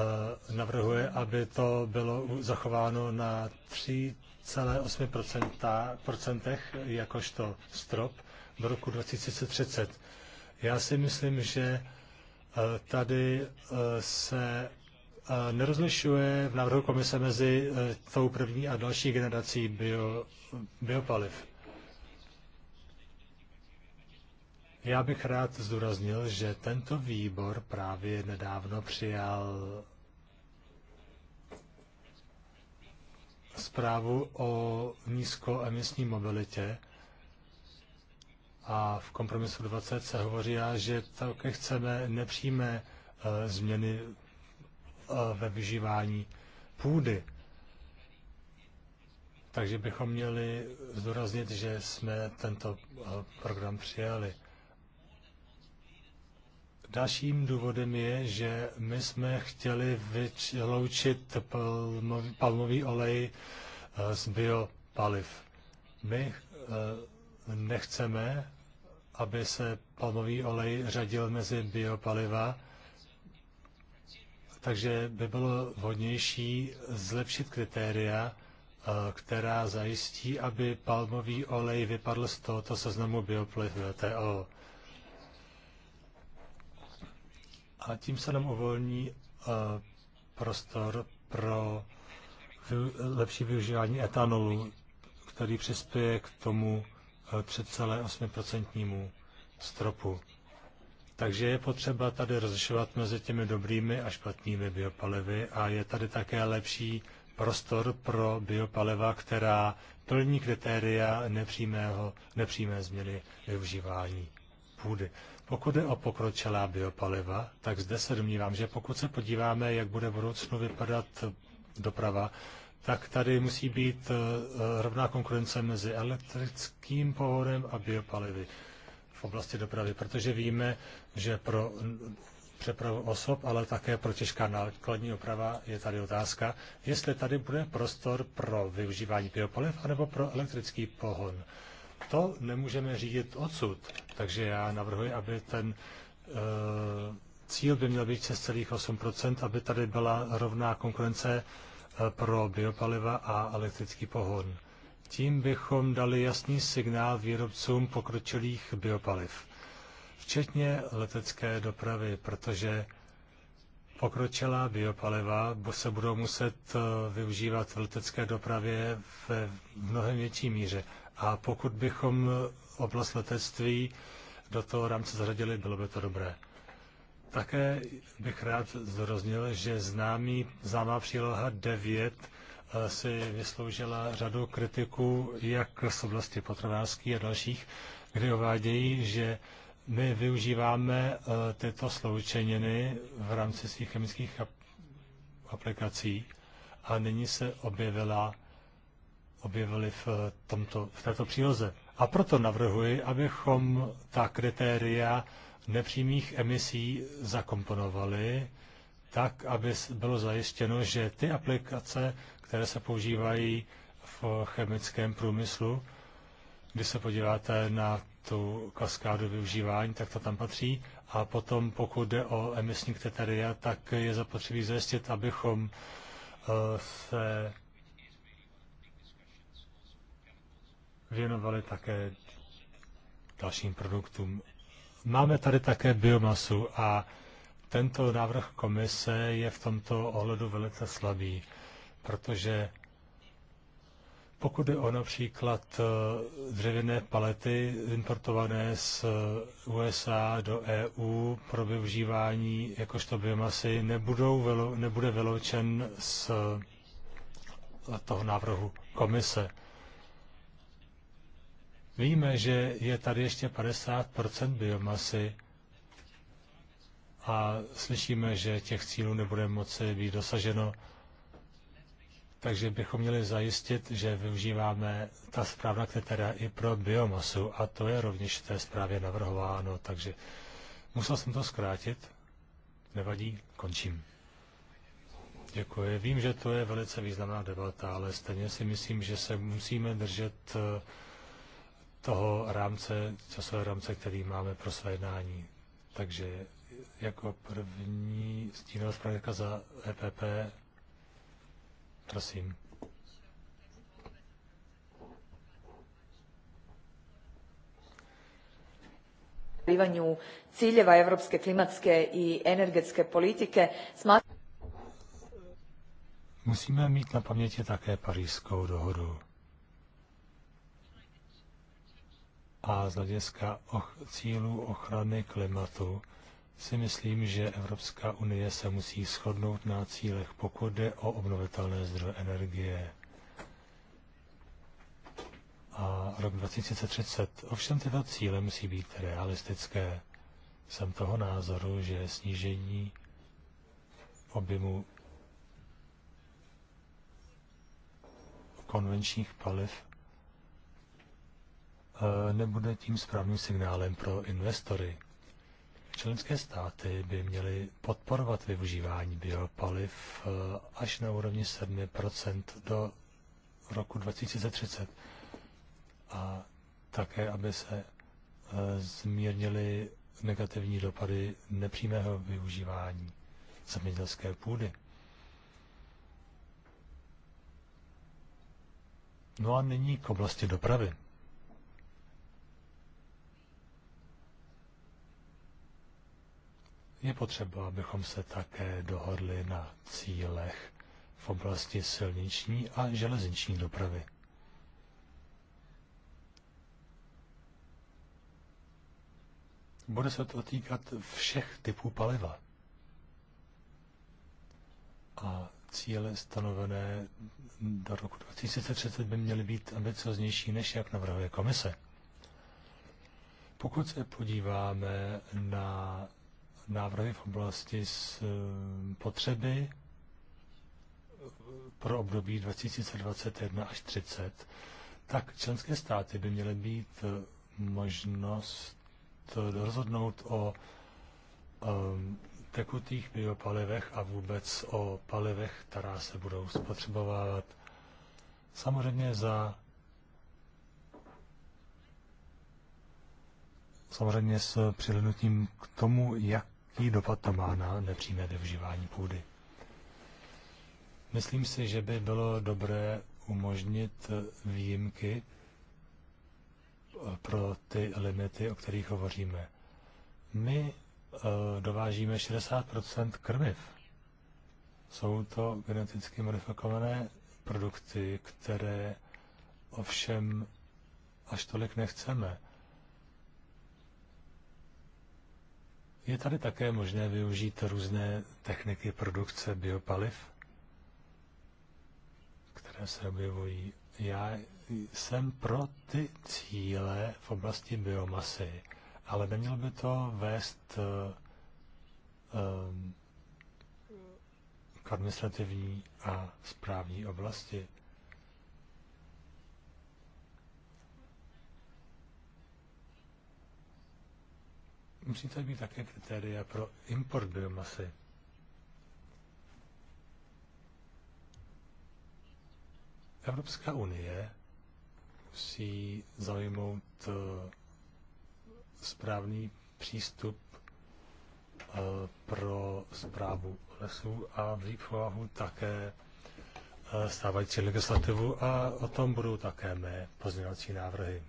navrhuje, aby to bylo zachováno na 3,8% jakožto strop do roku 2030. Já si myslím, že eh, tady eh, se nerozlišuje v návrhu komise mezi tou první a další generací bio, biopaliv. Já bych rád zdůraznil, že tento výbor právě nedávno přijal zprávu o nízkoemisní mobilitě a v kompromisu 20 se hovoří, že také chceme nepřímé e, změny e, ve vyžívání půdy. Takže bychom měli zdůraznit, že jsme tento e, program přijali. Dalším důvodem je, že my jsme chtěli vyloučit palmový, palmový olej eh, z biopaliv. My eh, nechceme, aby se palmový olej řadil mezi biopaliva, takže by bylo vhodnější zlepšit kritéria, eh, která zajistí, aby palmový olej vypadl z tohoto seznamu biopaliv VTO. a tím se nám uvolní eh, prostor pro lepší využívání etanolu, který přispěje k tomu 3,8% eh, stropu. Takže je potřeba tady rozlišovat mezi těmi dobrými a špatnými biopalivy a je tady také lepší prostor pro biopaliva, která plní kritéria nepřímého, nepřímé změny využívání půdy. Pokud je o pokročilá biopaliva, tak zde se domnívám, že pokud se podíváme, jak bude v budoucnu vypadat doprava, tak tady musí být eh, rovná konkurence mezi elektrickým pohonem a biopalivy v oblasti dopravy, protože víme, že pro přepravu osob, ale také pro těžká nákladní doprava je tady otázka, jestli tady bude prostor pro využívání biopaliv anebo pro elektrický pohon to nemůžeme řídit odsud. Takže já navrhuji, aby ten eh, cíl by měl být 6,8%, aby tady byla rovná konkurence eh, pro biopaliva a elektrický pohon. Tím bychom dali jasný signál výrobcům pokročilých biopaliv, včetně letecké dopravy, protože pokročilá biopaliva se budou muset eh, využívat v letecké dopravě v mnohem větší míře. A pokud bychom oblast letectví do toho rámce zařadili, bylo by to dobré. Také bych rád zdoroznil, že známý, známá příloha 9 eh, si vysloužila řadu kritiků, jak z oblasti potravářský a dalších, kdy uvádějí, že my využíváme eh, tyto sloučeniny v rámci svých chemických aplikací a nyní se objevila objevily v, eh, tomto, v této příloze. A proto navrhuji, abychom ta kritéria nepřímých emisí zakomponovali tak, aby bylo zajištěno, že ty aplikace, které se používají v chemickém průmyslu, když se podíváte na tu kaskádu využívání, tak to tam patří. A potom, pokud jde o emisní kritéria, tak je zapotřebí zajistit, abychom eh, se věnovali také dalším produktům. Máme tady také biomasu a tento návrh komise je v tomto ohledu velice slabý, protože pokud je o například eh, dřevěné palety importované z eh, USA do EU pro využívání jakožto biomasy, nebudou, nebude vyloučen z eh, toho návrhu komise. Víme, že je tady ještě 50 biomasy a slyšíme, že těch cílů nebude moci být dosaženo. Takže bychom měli zajistit, že využíváme ta správná kritéria i pro biomasu a to je rovněž v té zprávě navrhováno. Takže musel jsem to zkrátit. Nevadí, končím. Děkuji. Vím, že to je velice významná debata, ale stejně si myslím, že se musíme držet eh, toho rámce, časového rámce, který máme pro své jednání. Takže jako první stínová zpravodajka za EPP, prosím. ostvarivanju ciljeva europske klimatske i energetske politike. Musíme mít na paměti také pařížskou dohodu. a z hlediska och- cílů ochrany klimatu si myslím, že Evropská unie se musí shodnout na cílech, pokud jde o obnovitelné zdroje energie. A rok 2030. Ovšem tyto cíle musí být realistické. Jsem toho názoru, že snížení objemu konvenčních paliv E, nebude tím správným signálem pro investory. Členské státy by měly podporovat využívání biopaliv e, až na úrovni 7 do roku 2030 a také, aby se e, zmírnily negativní dopady nepřímého využívání zemědělské půdy. No a nyní k oblasti dopravy. Je potřeba, abychom se také dohodli na cílech v oblasti silniční a železniční dopravy. Bude se to týkat všech typů paliva. A cíle stanovené do roku 2030 by měly být ambicioznější, než jak navrhuje komise. Pokud se podíváme na návrhy v oblasti s eh, potřeby pro období 2021 až 30, tak členské státy by měly být eh, možnost eh, rozhodnout o tekutých biopalivech a vůbec o palivech, která se budou spotřebovávat. Samozřejmě za samozřejmě s přihlednutím k tomu, jak jaký dopad to má na nepřímé využívání půdy. Myslím si, že by bylo dobré umožnit výjimky pro ty limity, o kterých hovoříme. My eh, dovážíme 60 krmiv. Jsou to geneticky modifikované produkty, které ovšem až tolik nechceme. Je tady také možné využít různé techniky produkce biopaliv, které se objevují. Já jsem pro ty cíle v oblasti biomasy, ale nemělo by to vést eh, eh, k administrativní a správní oblasti. Musíte mít také kritéria pro import biomasy. Evropská unie musí zaujmout eh, správný přístup eh, pro zprávu lesů a vzít v úvahu také eh, stávající legislativu a o tom budou také mé pozměňovací návrhy.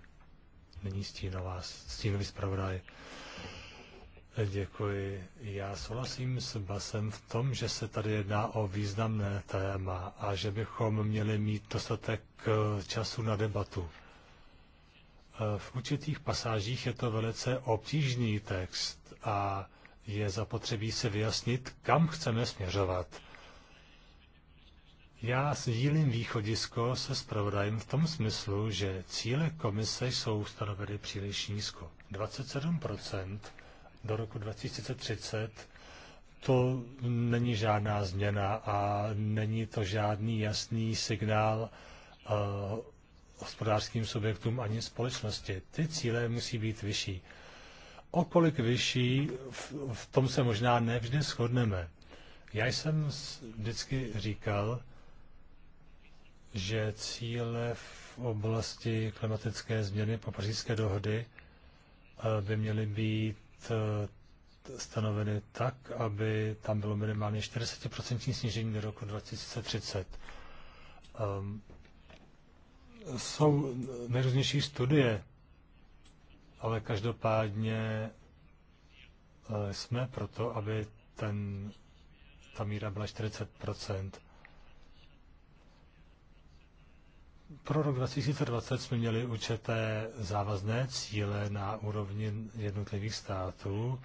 Nyní stínová, stínový zpravodaj. Děkuji. Já souhlasím s Basem v tom, že se tady jedná o významné téma a že bychom měli mít dostatek eh, času na debatu. Eh, v určitých pasážích je to velice obtížný text a je zapotřebí se vyjasnit, kam chceme směřovat. Já sdílím východisko se zpravodajem v tom smyslu, že cíle komise jsou stanoveny příliš nízko. 27 do roku 2030, to není žádná změna a není to žádný jasný signál uh, hospodářským subjektům ani společnosti. Ty cíle musí být vyšší. Okolik vyšší, v, v tom se možná nevždy shodneme. Já jsem vždycky říkal, že cíle v oblasti klimatické změny po pařížské dohody eh, by měly být Eh, stanoveny tak, aby tam bylo minimálně 40% snížení do roku 2030. Ehm, jsou nejrůznější studie, ale každopádně eh, jsme proto, aby ten, ta míra byla 40 pro rok 2020 jsme měli určité závazné cíle na úrovni jednotlivých států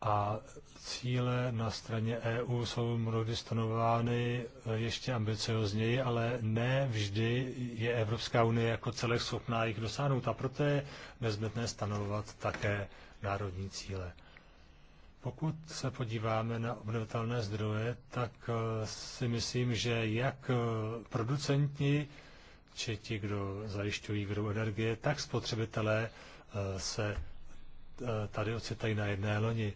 a cíle na straně EU jsou mnohdy stanovány ještě ambiciozněji, ale ne vždy je Evropská unie jako celek schopná jich dosáhnout a proto je nezbytné stanovovat také národní cíle. Pokud se podíváme na obnovitelné zdroje, tak eh, si myslím, že jak eh, producenti, či ti, kdo zajišťují výrobu energie, tak spotřebitelé eh, se eh, tady ocitají na jedné loni.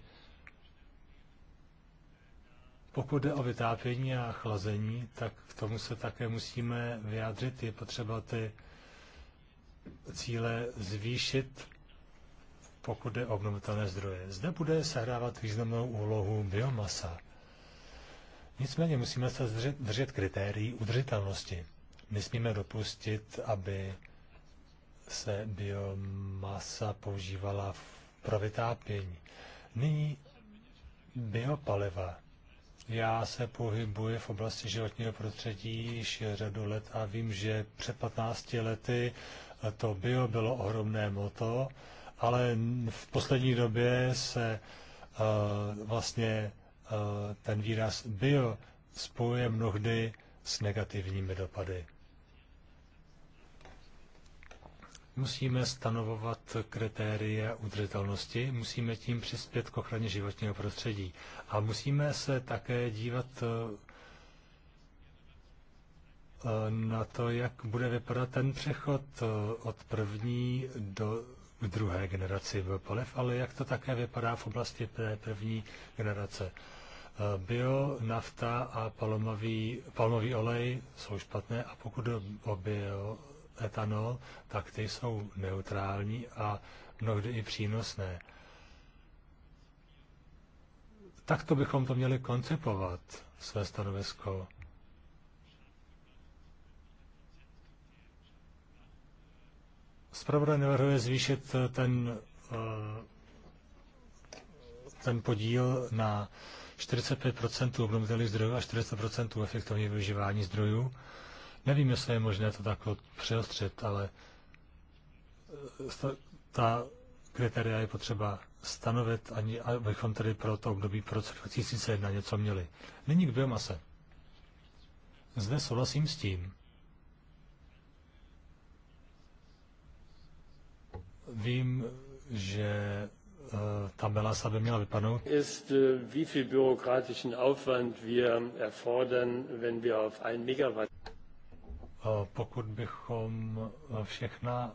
Pokud jde o vytápění a chlazení, tak k tomu se také musíme vyjádřit. Je potřeba ty cíle zvýšit, pokud jde o obnovitelné zdroje. Zde bude sehrávat významnou úlohu biomasa. Nicméně musíme se držet, kritérií udržitelnosti. Nesmíme dopustit, aby se biomasa používala pro vytápění. Nyní biopaliva. Já se pohybuji v oblasti životního prostředí již řadu let a vím, že před 15 lety to bio bylo ohromné moto, ale v poslední době se uh, vlastně uh, ten výraz bio spojuje mnohdy s negativními dopady. Musíme stanovovat kritéria udržitelnosti, musíme tím přispět k ochraně životního prostředí. A musíme se také dívat eh, na to, jak bude vypadat ten přechod eh, od první do druhé generaci biopaliv, ale jak to také vypadá v oblasti té první generace. Eh, bio, nafta a palmový, palmový olej jsou špatné a pokud o bio etanol, tak ty jsou neutrální a mnohdy i přínosné. Tak to bychom to měli koncipovat, své stanovisko. Zpravodaj navrhuje zvýšit ten, eh, ten podíl na 45 obnovitelných zdrojů a 40 efektivní využívání zdrojů. Nevím, jestli je možné to takhle přeostřit, ale eh, ta kritéria je potřeba stanovit, ani abychom tedy pro to období pro roce 2001 něco měli. Nyní k biomase. Zde souhlasím s tím. Vím, že eh, ta Belasa by měla vypadnout. Ist, eh, wie viel bürokratischen Aufwand wir erfordern, wenn wir auf 1 Megawatt pokud bychom všechna,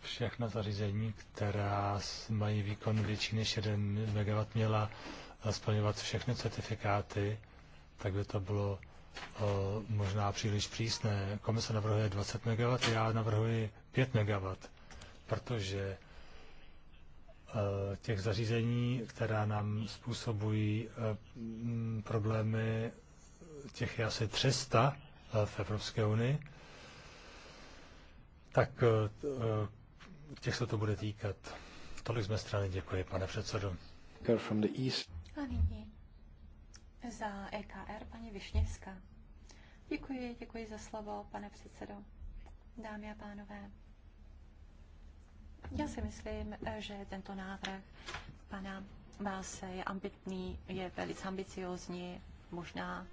všechna zařízení, která mají výkon větší než 1 MW, měla splňovat všechny certifikáty, tak by to bylo možná příliš přísné. Komise navrhuje 20 MW, já navrhuji 5 MW, protože těch zařízení, která nám způsobují problémy, těch je asi 300 v Evropské unii tak eh, eh, těch se to bude týkat. Tolik z mé strany děkuji, pane předsedo. From the east. A nyní za EKR paní Višněvská. Děkuji, děkuji za slovo, pane předsedo. Dámy a pánové, já si myslím, že tento návrh pana Váse je ambitný, je velice ambiciozní, možná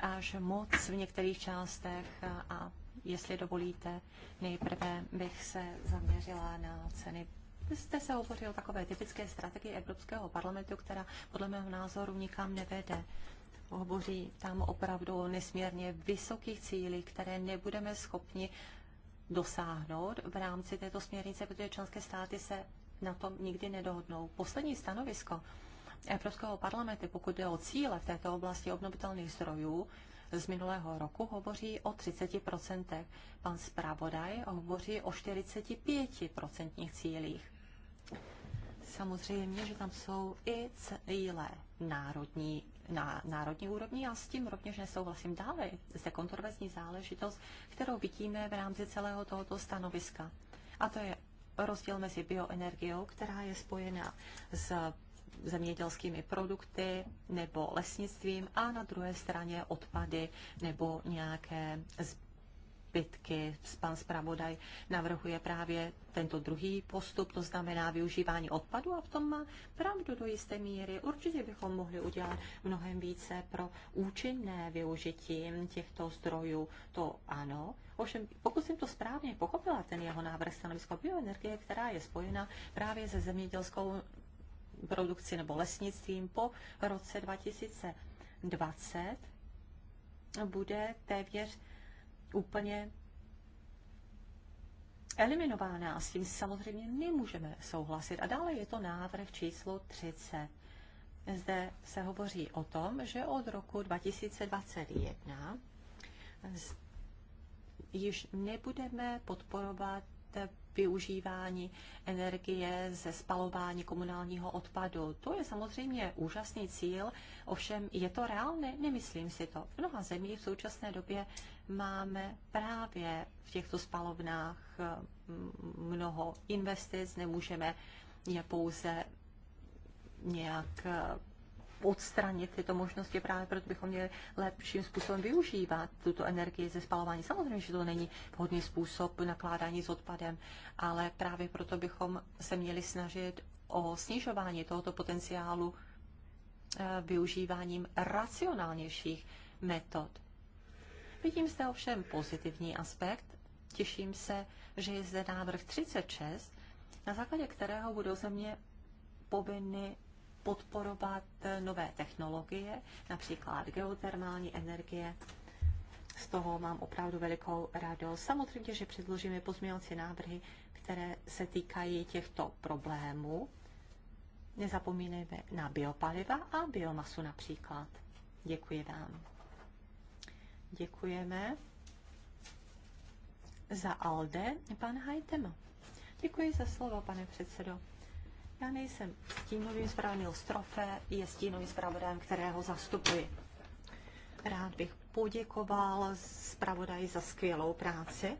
až moc v některých částech a jestli dovolíte, nejprve bych se zaměřila na ceny jste se hovořil o takové typické strategii Evropského parlamentu, která podle mého názoru nikam nevede. Hovoří tam opravdu o nesmírně vysokých cílech, které nebudeme schopni dosáhnout v rámci této směrnice, protože členské státy se na tom nikdy nedohodnou. Poslední stanovisko Evropského parlamentu, pokud jde o cíle v této oblasti obnovitelných zdrojů, z minulého roku hovoří o 30%. Pan zpravodaj hovoří o 45% cílích. Samozřejmě, že tam jsou i cíle národní, na národní úrovni a s tím rovněž nesouhlasím dále. Zde kontroverzní záležitost, kterou vidíme v rámci celého tohoto stanoviska. A to je rozdíl mezi bioenergiou, která je spojena s zemědělskými produkty nebo lesnictvím a na druhé straně odpady nebo nějaké zbytky. Pan zpravodaj navrhuje právě tento druhý postup, to znamená využívání odpadu a v tom má pravdu do jisté míry. Určitě bychom mohli udělat mnohem více pro účinné využití těchto zdrojů, to ano. Ovšem, pokud jsem to správně pochopila, ten jeho návrh stanovisko bioenergie, která je spojena právě se zemědělskou produkci nebo lesnictvím po roce 2020 bude téměř úplně eliminována a s tím samozřejmě nemůžeme souhlasit. A dále je to návrh číslo 30. Zde se hovoří o tom, že od roku 2021 již nebudeme podporovat využívání energie ze spalování komunálního odpadu. To je samozřejmě úžasný cíl, ovšem je to reálné? Nemyslím si to. V mnoha zemích v současné době máme právě v těchto spalovnách mm, mnoho investic, nemůžeme je pouze nějak odstranit tyto možnosti, právě proto bychom měli lepším způsobem využívat tuto energii ze spalování. Samozřejmě, že to není vhodný způsob nakládání s odpadem, ale právě proto bychom se měli snažit o snižování tohoto potenciálu eh, využíváním racionálnějších metod. Vidím zde ovšem pozitivní aspekt. Těším se, že je zde návrh 36, na základě kterého budou země povinny podporovat nové technologie, například geotermální energie. Z toho mám opravdu velikou radost. Samozřejmě, že předložíme pozměňovací návrhy, které se týkají těchto problémů. Nezapomínejme na biopaliva a biomasu například. Děkuji vám. Děkujeme za ALDE, pan Hajtema. Děkuji za slovo, pane předsedo. Já nejsem stínovým zpravodajem Ostrofe, je stínovým zpravodajem, kterého zastupuji. Rád bych poděkoval zpravodaji za skvělou práci.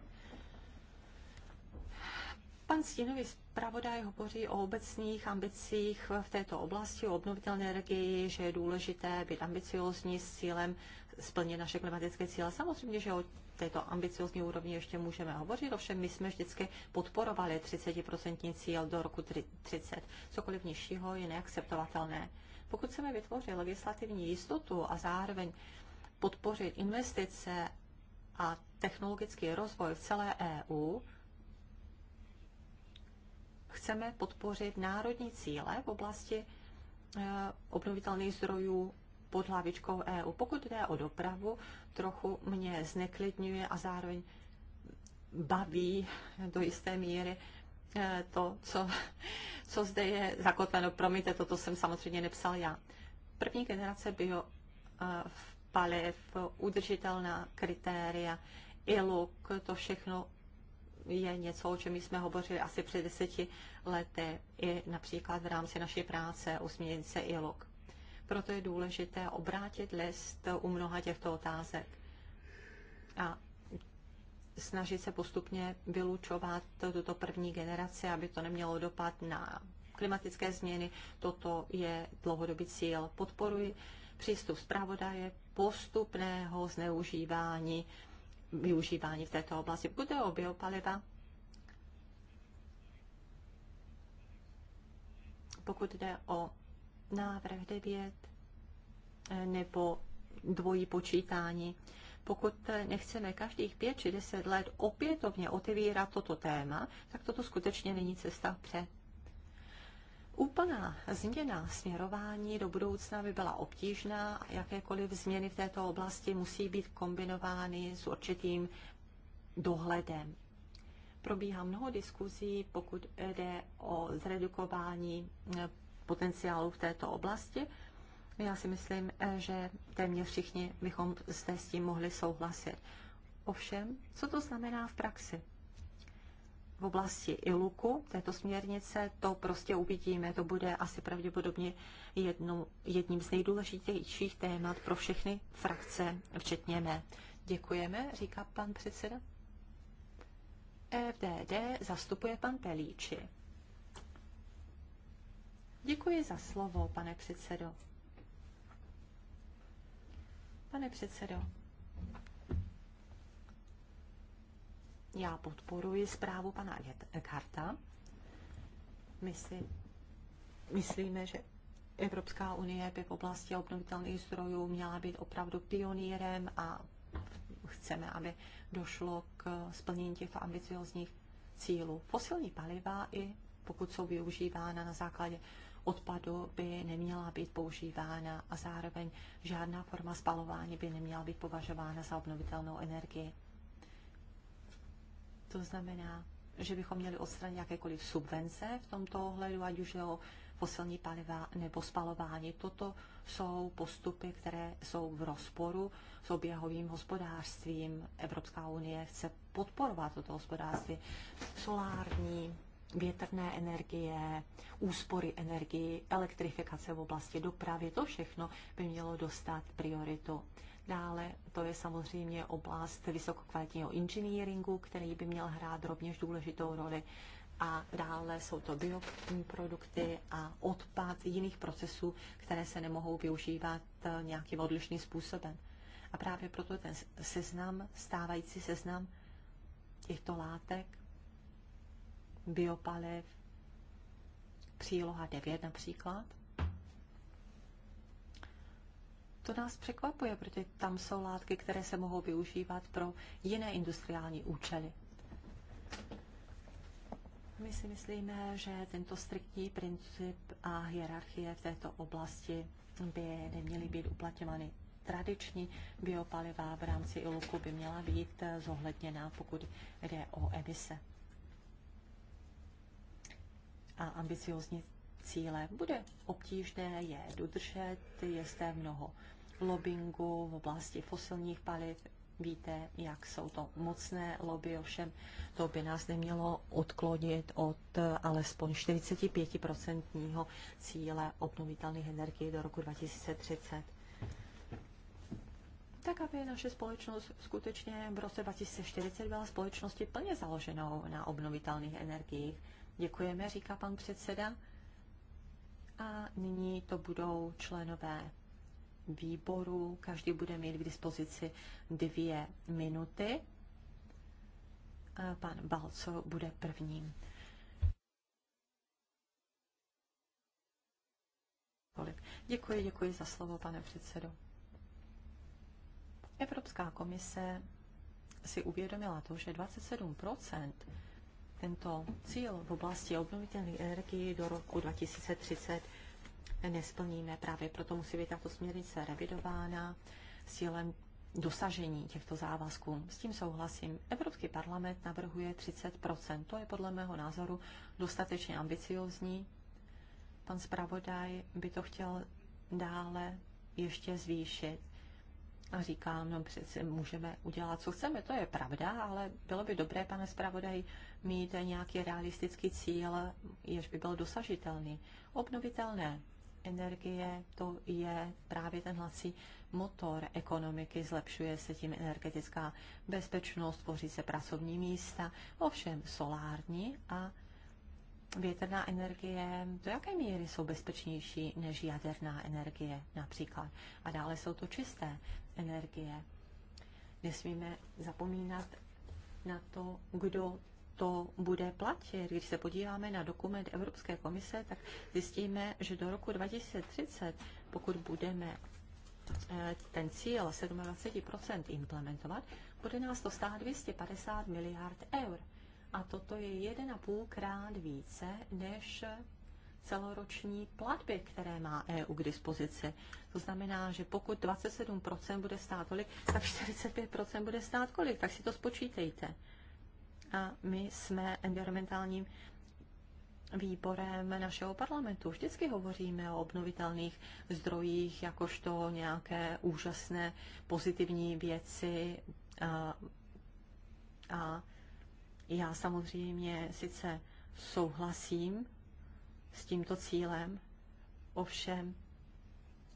Pan stínový zpravodaj hovoří o obecných ambicích v této oblasti, o obnovitelné energii, že je důležité být ambiciozní s cílem splnit naše klimatické cíle. Samozřejmě, že o této ambiciozní úrovni ještě můžeme hovořit, ovšem my jsme vždycky podporovali 30% cíl do roku 30. Cokoliv nižšího je neakceptovatelné. Pokud chceme vytvořit legislativní jistotu a zároveň podpořit investice a technologický rozvoj v celé EU, chceme podpořit národní cíle v oblasti eh, obnovitelných zdrojů pod hlavičkou EU. Pokud jde o dopravu, trochu mě zneklidňuje a zároveň baví do jisté míry eh, to, co, co zde je zakotveno. Promiňte, toto jsem samozřejmě nepsal já. První generace bio v eh, paliv, udržitelná kritéria, luk, to všechno je něco, o čem jsme hovořili asi před deseti lety i například v rámci naší práce u i luk. Proto je důležité obrátit list u mnoha těchto otázek a snažit se postupně vylučovat tuto první generaci, aby to nemělo dopad na klimatické změny. Toto je dlouhodobý cíl. Podporuji přístup zpravodaje postupného zneužívání, využívání v této oblasti. Pokud je o biopaliva, pokud jde o návrh 9 eh, nebo dvojí počítání. Pokud eh, nechceme každých 5 či 10 let opětovně otevírat toto téma, tak toto skutečně není cesta před. Úplná změna směrování do budoucna by byla obtížná a jakékoliv změny v této oblasti musí být kombinovány s určitým dohledem. Probíhá mnoho diskuzí, pokud jde o zredukování eh, potenciálu v této oblasti. Já si myslím, eh, že téměř všichni bychom zde s tím mohli souhlasit. Ovšem, co to znamená v praxi? V oblasti ILUKu této směrnice to prostě uvidíme. To bude asi pravděpodobně jedno, jedním z nejdůležitějších témat pro všechny frakce, včetně mé. Děkujeme, říká pan předseda. FDD e zastupuje pan Pelíči. Děkuji za slovo, pane předsedo. Pane předsedo, já podporuji zprávu pana Karta. My si myslíme, že Evropská unie by v oblasti obnovitelných zdrojů měla být opravdu pionýrem a chceme, aby došlo k splnění těch ambiciozních cílů. Fosilní paliva i pokud jsou využívána na základě odpadu by neměla být používána a zároveň žádná forma spalování by neměla být považována za obnovitelnou energii. To znamená, že bychom měli odstranit jakékoliv subvence v tomto ohledu, ať už je o fosilní paliva nebo spalování. Toto jsou postupy, které jsou v rozporu s oběhovým hospodářstvím. Evropská unie chce podporovat toto hospodářství. Solární větrné energie, úspory energii, elektrifikace v oblasti dopravy, to všechno by mělo dostat prioritu. Dále to je samozřejmě oblast vysokokvalitního inženýringu, který by měl hrát rovněž důležitou roli. A dále jsou to bioprodukty a odpad jiných procesů, které se nemohou využívat eh, nějakým odlišným způsobem. A právě proto ten seznam, stávající seznam těchto látek biopaliv, příloha 9 například. To nás překvapuje, protože tam jsou látky, které se mohou využívat pro jiné industriální účely. My si myslíme, že tento striktní princip a hierarchie v této oblasti by neměly být uplatňovány. Tradiční biopaliva v rámci ILUKu by měla být zohledněna, pokud jde o emise a ambiciozní cíle. Bude obtížné je dodržet, je zde mnoho lobbingu v oblasti fosilních paliv. Víte, jak jsou to mocné lobby, ovšem to by nás nemělo odklonit od alespoň 45% cíle obnovitelných energií do roku 2030 tak aby naše společnost skutečně v roce 2040 byla společností plně založenou na obnovitelných energiích. Děkujeme, říká pan předseda. A nyní to budou členové výboru. Každý bude mít k dispozici dvě minuty. A pan Balco bude prvním. Děkuji, děkuji za slovo, pane předsedo. Evropská komise si uvědomila to, že 27 tento cíl v oblasti obnovitelných energií do roku 2030 nesplníme. Právě proto musí být tato směrnice revidována s cílem dosažení těchto závazků. S tím souhlasím. Evropský parlament navrhuje 30 To je podle mého názoru dostatečně ambiciozní. Pan zpravodaj by to chtěl dále ještě zvýšit a říká, no přeci můžeme udělat, co chceme, to je pravda, ale bylo by dobré, pane zpravodaj, mít nějaký realistický cíl, jež by byl dosažitelný. Obnovitelné energie, to je právě ten hlasí motor ekonomiky, zlepšuje se tím energetická bezpečnost, tvoří se pracovní místa, ovšem solární a větrná energie do jaké míry jsou bezpečnější než jaderná energie například. A dále jsou to čisté energie. Nesmíme zapomínat na to, kdo to bude platit. Když se podíváme na dokument Evropské komise, tak zjistíme, že do roku 2030, pokud budeme eh, ten cíl 27% implementovat, bude nás to stát 250 miliard eur. A toto je 1,5 krát více, než celoroční platby, které má EU k dispozici. To znamená, že pokud 27% bude stát tolik, tak 45% bude stát kolik, tak si to spočítejte. A my jsme environmentálním výborem našeho parlamentu. Vždycky hovoříme o obnovitelných zdrojích jakožto nějaké úžasné pozitivní věci. A, a já samozřejmě sice souhlasím s tímto cílem. Ovšem,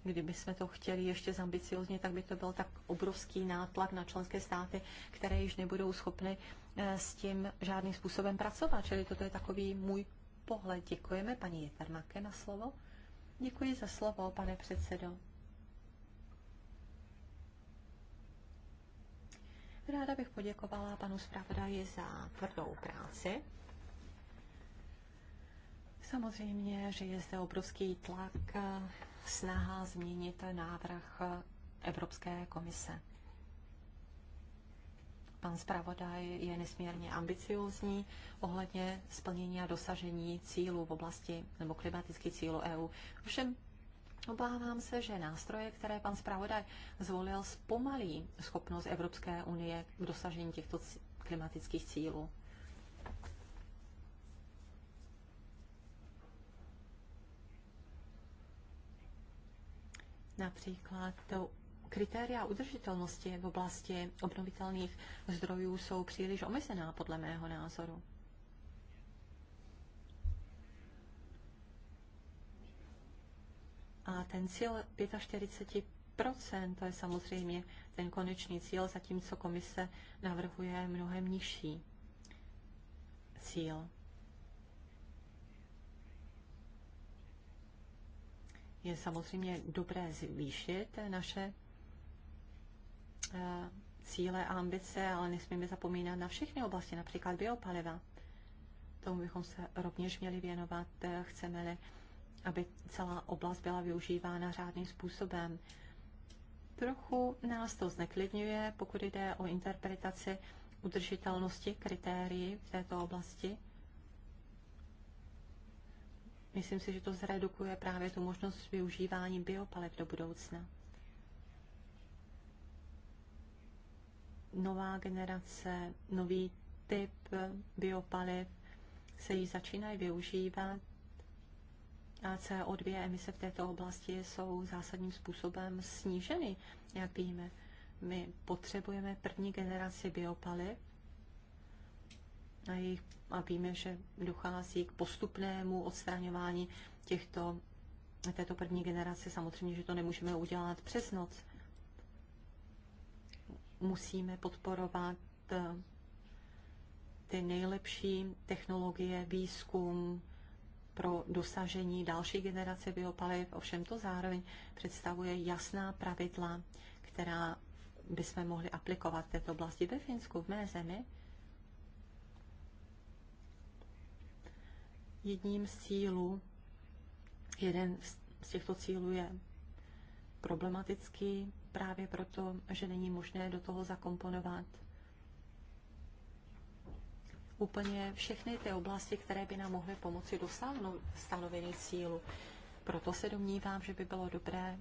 kdyby jsme to chtěli ještě zambiciozně, tak by to byl tak obrovský nátlak na členské státy, které již nebudou schopny eh, s tím žádným způsobem pracovat. Čili toto je takový můj pohled. Děkujeme paní Jetermake na slovo. Děkuji za slovo, pane předsedo. Ráda bych poděkovala panu zpravodaji za tvrdou práci Samozřejmě, že je zde obrovský tlak, eh, snaha změnit návrh eh, Evropské komise. Pan zpravodaj je nesmírně ambiciózní ohledně splnění a dosažení cílů v oblasti nebo klimatických cílů EU. Ovšem Obávám se, že nástroje, které pan zpravodaj zvolil, zpomalí schopnost Evropské unie k dosažení těchto klimatických cílů. Například to kritéria udržitelnosti v oblasti obnovitelných zdrojů jsou příliš omezená, podle mého názoru. A ten cíl 45 to je samozřejmě ten konečný cíl, zatímco komise navrhuje mnohem nižší cíl. je samozřejmě dobré zvýšit naše eh, cíle a ambice, ale nesmíme zapomínat na všechny oblasti, například biopaliva. Tomu bychom se rovněž měli věnovat, chceme-li, aby celá oblast byla využívána řádným způsobem. Trochu nás to zneklidňuje, pokud jde o interpretaci udržitelnosti kritérií v této oblasti. Myslím si, že to zredukuje právě tu možnost využívání biopaliv do budoucna. Nová generace, nový typ biopaliv se již začínají využívat a CO2 emise v této oblasti jsou zásadním způsobem sníženy, jak víme. My potřebujeme první generaci biopaliv a jejich a víme, že dochází k postupnému odstraňování těchto, této první generace. Samozřejmě, že to nemůžeme udělat přes noc. Musíme podporovat eh, ty nejlepší technologie, výzkum pro dosažení další generace biopaliv. Ovšem to zároveň představuje jasná pravidla, která bychom mohli aplikovat v této oblasti ve Finsku, v mé zemi Jedním z cílů, jeden z těchto cílů je problematický právě proto, že není možné do toho zakomponovat úplně všechny ty oblasti, které by nám mohly pomoci dosáhnout stanovený cílů. Proto se domnívám, že by bylo dobré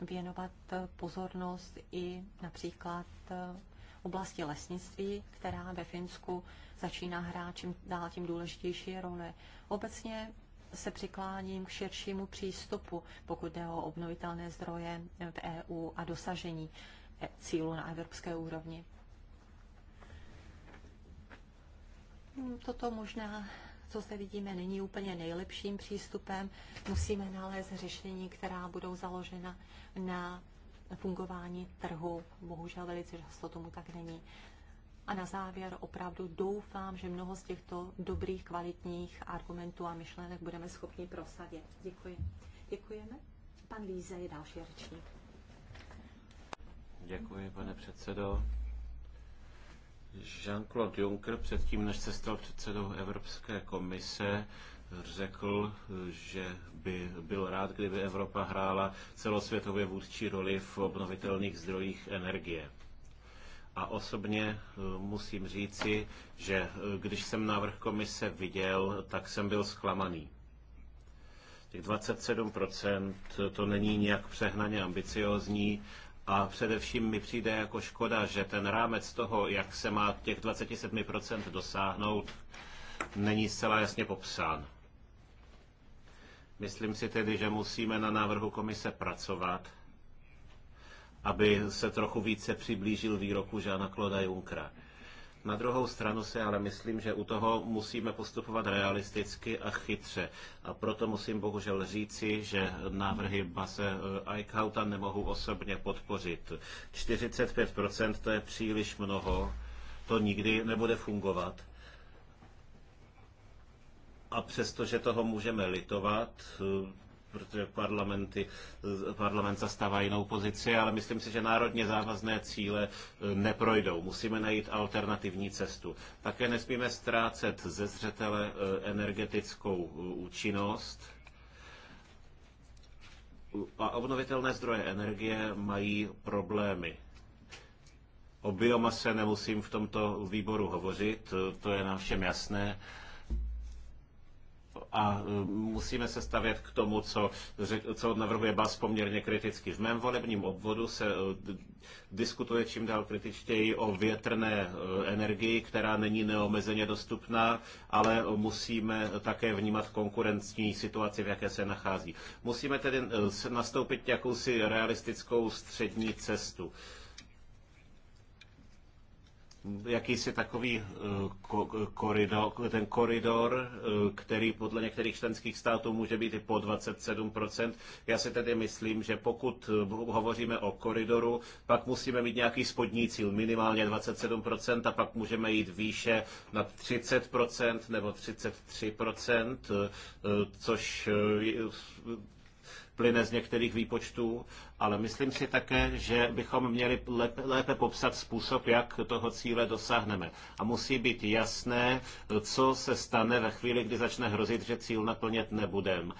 věnovat pozornost i například oblasti lesnictví, která ve Finsku začíná hrát čím dál tím důležitější roli. Obecně se přikláním k širšímu přístupu, pokud jde o obnovitelné zdroje v EU a dosažení e- cílu na evropské úrovni. Toto možná, co zde vidíme, není úplně nejlepším přístupem. Musíme nalézt řešení, která budou založena na fungování trhu. Bohužel velice často tomu tak není. A na závěr opravdu doufám, že mnoho z těchto dobrých, kvalitních argumentů a myšlenek budeme schopni prosadit. Děkuji. Děkujeme. Pan Líze je další řečník. Děkuji, pane předsedo. Jean-Claude Juncker předtím, než se stal předsedou Evropské komise, řekl, že by byl rád, kdyby Evropa hrála celosvětově vůdčí roli v obnovitelných zdrojích energie. A osobně eh, musím říci, že eh, když jsem návrh komise viděl, tak jsem byl zklamaný. Těch 27% to není nějak přehnaně ambiciozní, a především mi přijde jako škoda, že ten rámec toho, jak se má těch 27% dosáhnout, není zcela jasně popsán. Myslím si tedy, že musíme na návrhu komise pracovat, aby se trochu více přiblížil výroku Žána Kloda Junkra. Na druhou stranu se ale myslím, že u toho musíme postupovat realisticky a chytře. A proto musím bohužel říci, že návrhy Base eh, Eichhauta nemohu osobně podpořit. 45% to je příliš mnoho, to nikdy nebude fungovat. A přestože toho můžeme litovat, eh, protože parlamenty, eh, parlament zastává jinou pozici, ale myslím si, že národně závazné cíle eh, neprojdou. Musíme najít alternativní cestu. Také nesmíme ztrácet ze zřetele energetickou účinnost. A obnovitelné zdroje energie mají problémy. O biomase nemusím v tomto výboru hovořit, to je nám všem jasné a e, musíme se stavět k tomu, co, co navrhuje BAS poměrně kriticky. V mém volebním obvodu se e, diskutuje čím dál kritičtěji o větrné e, energii, která není neomezeně dostupná, ale musíme také vnímat konkurenční situaci, v jaké se nachází. Musíme tedy nastoupit jakousi realistickou střední cestu jakýsi takový eh, koridor, ten koridor, eh, který podle některých členských států může být i po 27%. Já si tedy myslím, že pokud eh, hovoříme o koridoru, pak musíme mít nějaký spodní cíl, minimálně 27% a pak můžeme jít výše na 30% nebo 33%, což plyne z některých výpočtů, ale myslím si také, že bychom měli lépe popsat způsob, jak toho cíle dosáhneme. A musí být jasné, co se stane ve chvíli, kdy začne hrozit, že cíl naplnit nebudem.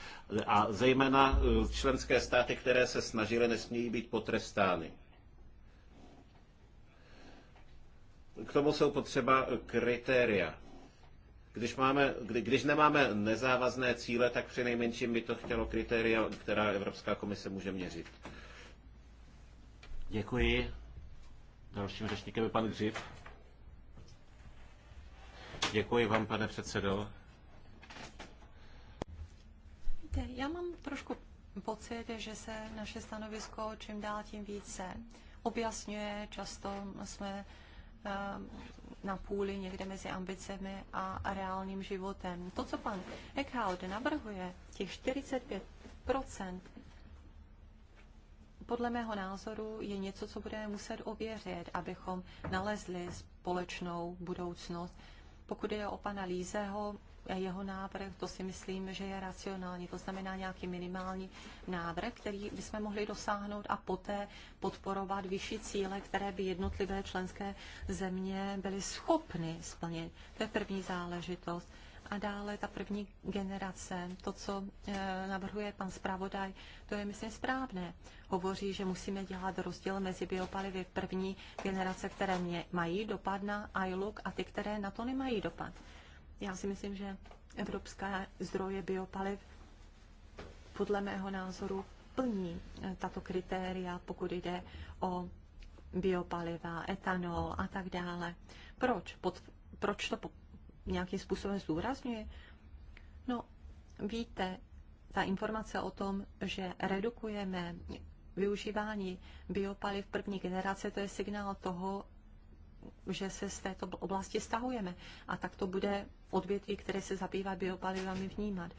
A zejména e, členské státy, které se snažily, nesmějí být potrestány. K tomu jsou potřeba kritéria. Když, máme, kdy, když nemáme nezávazné cíle, tak při nejmenším by to chtělo kritéria, která Evropská komise může měřit. Děkuji. Dalším řečníkem je pan Dřív. Děkuji vám, pane předsedo. Víte, já mám trošku pocit, že se naše stanovisko čím dál tím více objasňuje. Často jsme eh, na půli někde mezi ambicemi a, reálným životem. To, co pan Eckhout navrhuje, těch 45 podle mého názoru je něco, co budeme muset ověřit, abychom nalezli společnou budoucnost pokud je o pana Lízeho, eh, jeho návrh, to si myslím, že je racionální. To znamená nějaký minimální návrh, který bychom mohli dosáhnout a poté podporovat vyšší cíle, které by jednotlivé členské země byly schopny splnit. To je první záležitost. A dále ta první generace, to, co e, navrhuje pan zpravodaj, to je, myslím, správné. Hovoří, že musíme dělat rozdíl mezi biopalivy první generace, které mě mají dopad na iLook a ty, které na to nemají dopad. Já si myslím, že evropská zdroje biopaliv podle mého názoru plní e, tato kritéria, pokud jde o biopaliva, etanol a tak dále. Proč? Pod, proč to nějakým způsobem zdůrazňuje? No, víte, ta informace o tom, že redukujeme využívání biopaliv první generace, to je signál toho, že se z této oblasti stahujeme. A tak to bude odvětví, které se zabývá biopalivami vnímat.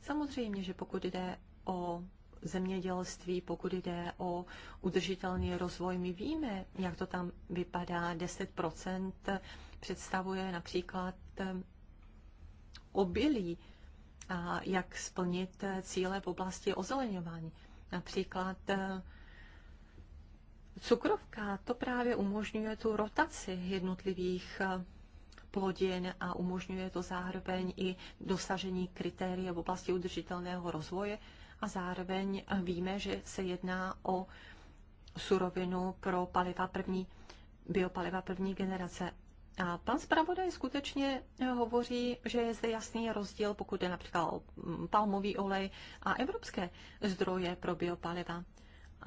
Samozřejmě, že pokud jde o zemědělství, pokud jde o udržitelný rozvoj. My víme, jak to tam vypadá. 10% představuje například ehm, obilí a jak splnit cíle v oblasti ozeleňování. Například ehm, cukrovka, to právě umožňuje tu rotaci jednotlivých ehm, plodin a umožňuje to zároveň i dosažení kritérie v oblasti udržitelného rozvoje a zároveň víme, že se jedná o surovinu pro paliva první, biopaliva první generace. A pan zpravodaj skutečně hovoří, že je zde jasný rozdíl, pokud je například palmový olej a evropské zdroje pro biopaliva.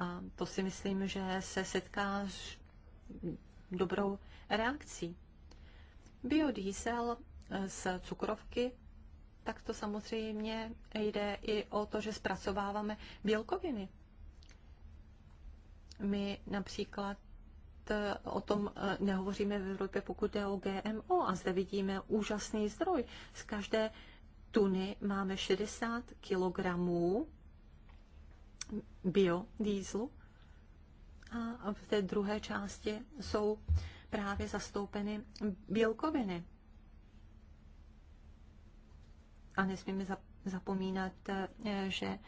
A to si myslím, že se setká s dobrou reakcí. Biodiesel z cukrovky tak to samozřejmě jde i o to, že zpracováváme bílkoviny. My například eh, o tom eh, nehovoříme v Evropě, pokud jde o GMO a zde vidíme úžasný zdroj. Z každé tuny máme 60 kilogramů biodýzlu a v té druhé části jsou právě zastoupeny bílkoviny a nesmíme zapomínat, eh, že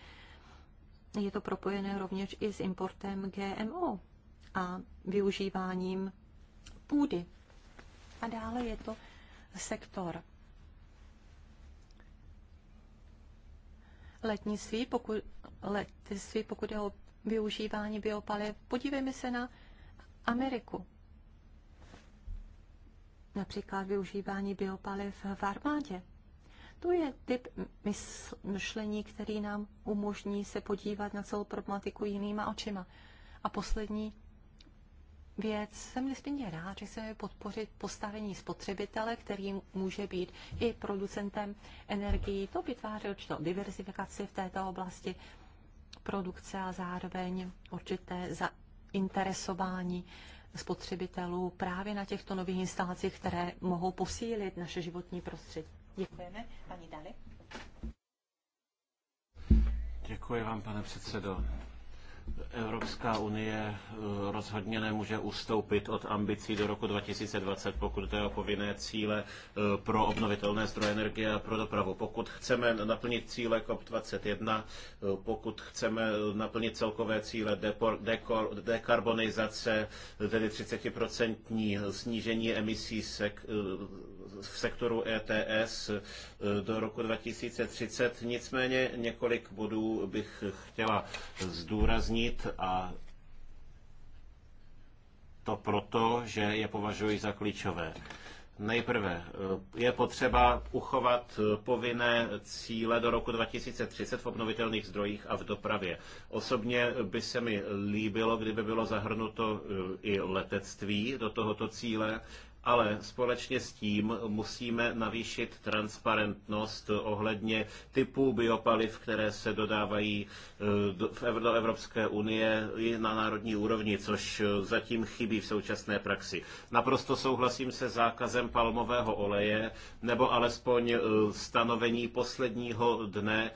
je to propojené rovněž i s importem GMO a využíváním půdy. A dále je to sektor letnictví, pokud, letnictví, pokud je o využívání biopaliv. Podívejme se na Ameriku. Například využívání biopaliv v armádě. To je typ myšlení, který nám umožní se podívat na celou problematiku jinýma očima. A poslední věc. Jsem nesmírně rád, že chceme podpořit postavení spotřebitele, který může být i producentem energií. To vytváří určitou diversifikaci v této oblasti produkce a zároveň určité zainteresování spotřebitelů právě na těchto nových instalacích, které mohou posílit naše životní prostředí. Děkujeme. Pani Dali. Děkuji vám, pane předsedo. Evropská unie eh, rozhodně nemůže ustoupit od ambicí do roku 2020, pokud jde o povinné cíle eh, pro obnovitelné zdroje energie a pro dopravu. Pokud chceme naplnit cíle COP21, eh, pokud chceme naplnit celkové cíle dekarbonizace, tedy 30% snížení emisí sek, v sektoru ETS eh, do roku 2030. Nicméně několik bodů bych chtěla zdůraznit a to proto, že je považuji za klíčové. Nejprve eh, je potřeba uchovat eh, povinné cíle do roku 2030 v obnovitelných zdrojích a v dopravě. Osobně by se mi líbilo, kdyby bylo zahrnuto i letectví do tohoto cíle, ale společně s tím musíme navýšit transparentnost ohledně typů biopaliv, které se dodávají eh, do Evropské unie i na národní úrovni, což eh, zatím chybí v současné praxi. Naprosto souhlasím se zákazem palmového oleje, nebo alespoň eh, stanovení posledního dne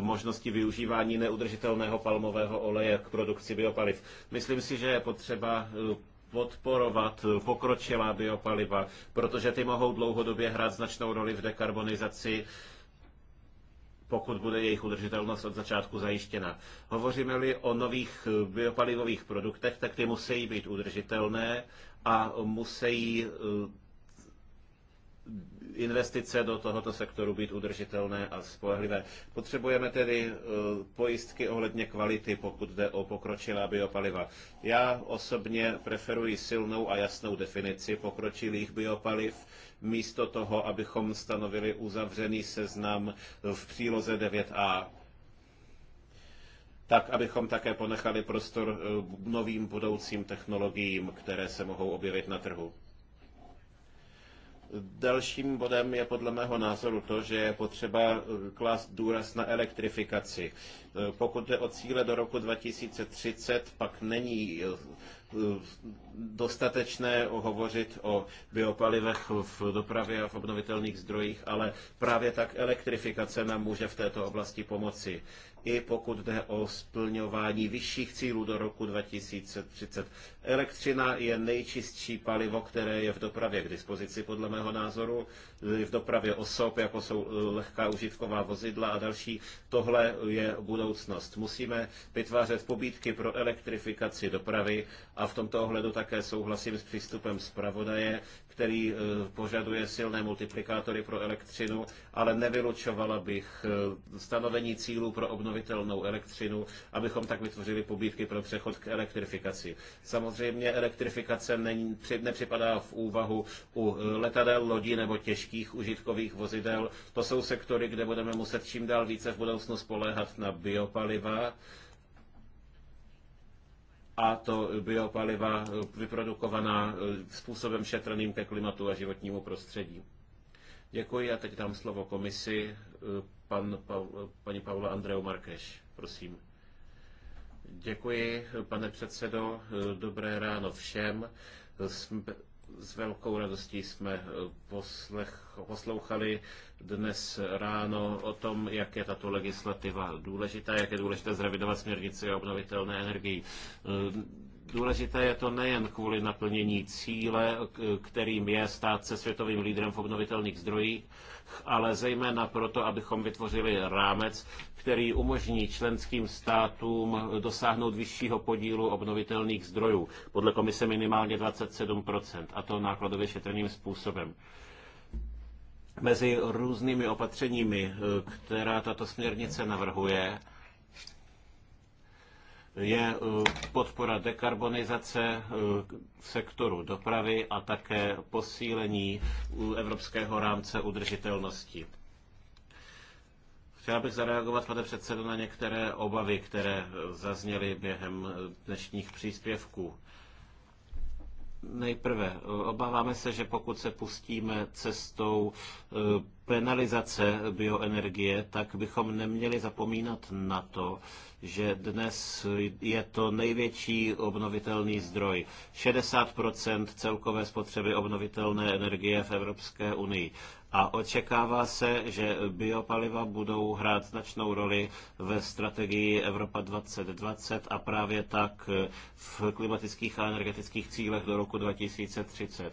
možnosti využívání neudržitelného palmového oleje k produkci biopaliv. Myslím si, že je potřeba podporovat eh, pokročilá biopaliva, protože ty mohou dlouhodobě hrát značnou roli v dekarbonizaci pokud bude jejich udržitelnost od začátku zajištěna. Hovoříme-li o nových eh, biopalivových produktech, tak ty musí být udržitelné a musí eh, investice do tohoto sektoru být udržitelné a spolehlivé. Potřebujeme tedy eh, pojistky ohledně kvality, pokud jde o pokročilá biopaliva. Já osobně preferuji silnou a jasnou definici pokročilých biopaliv, místo toho, abychom stanovili uzavřený seznam v příloze 9a tak, abychom také ponechali prostor eh, novým budoucím technologiím, které se mohou objevit na trhu. Dalším bodem je podle mého názoru to, že je potřeba eh, klást důraz na elektrifikaci. Eh, pokud jde o cíle do roku 2030, pak není eh, Eh, dostatečné hovořit o biopalivech v dopravě a v obnovitelných zdrojích, ale právě tak elektrifikace nám může v této oblasti pomoci. I pokud jde o splňování vyšších cílů do roku 2030. Elektřina je nejčistší palivo, které je v dopravě k dispozici, podle mého názoru, Eh, v dopravě osob, jako jsou eh, lehká užitková vozidla a další. Tohle je budoucnost. Musíme vytvářet pobídky pro elektrifikaci dopravy a v tomto ohledu také souhlasím s přístupem zpravodaje, který eh, požaduje silné multiplikátory pro elektřinu, ale nevylučovala bych eh, stanovení cílů pro obnovitelnou elektřinu, abychom tak vytvořili pobídky pro přechod k elektrifikaci. Samozřejmě elektrifikace nepřipadá v úvahu u eh, letadel, lodí nebo těžkých užitkových vozidel. To jsou sektory, kde budeme muset čím dál více v budoucnu spoléhat na biopaliva, a to biopaliva vyprodukovaná eh, způsobem šetrným ke klimatu a životnímu prostředí. Děkuji a teď dám slovo komisi eh, pan, pa, paní Paula Andreu Markeš. Prosím. Děkuji, pane předsedo. Eh, dobré ráno všem. Jsme s velkou radostí jsme eh, poslech, poslouchali dnes ráno o tom, jak je tato legislativa důležitá, jak je důležité zrevidovat směrnici o obnovitelné energii. Eh, Důležité je to nejen kvůli naplnění cíle, kterým je stát se světovým lídrem v obnovitelných zdrojích, ale zejména proto, abychom vytvořili rámec, který umožní členským státům dosáhnout vyššího podílu obnovitelných zdrojů, podle komise minimálně 27%, a to nákladově šetrným způsobem. Mezi různými opatřeními, e, která tato směrnice navrhuje, je eh, podpora dekarbonizace eh, sektoru dopravy a také posílení eh, evropského rámce udržitelnosti. Chtěla bych zareagovat, pane předsedo, na některé obavy, které zazněly během dnešních příspěvků. Nejprve, obáváme se, že pokud se pustíme cestou eh, penalizace bioenergie, tak bychom neměli zapomínat na to, že dnes je to největší obnovitelný zdroj. 60 celkové spotřeby obnovitelné energie v Evropské unii a očekává se, že biopaliva budou hrát značnou roli ve strategii Evropa 2020 a právě tak v klimatických a energetických cílech do roku 2030.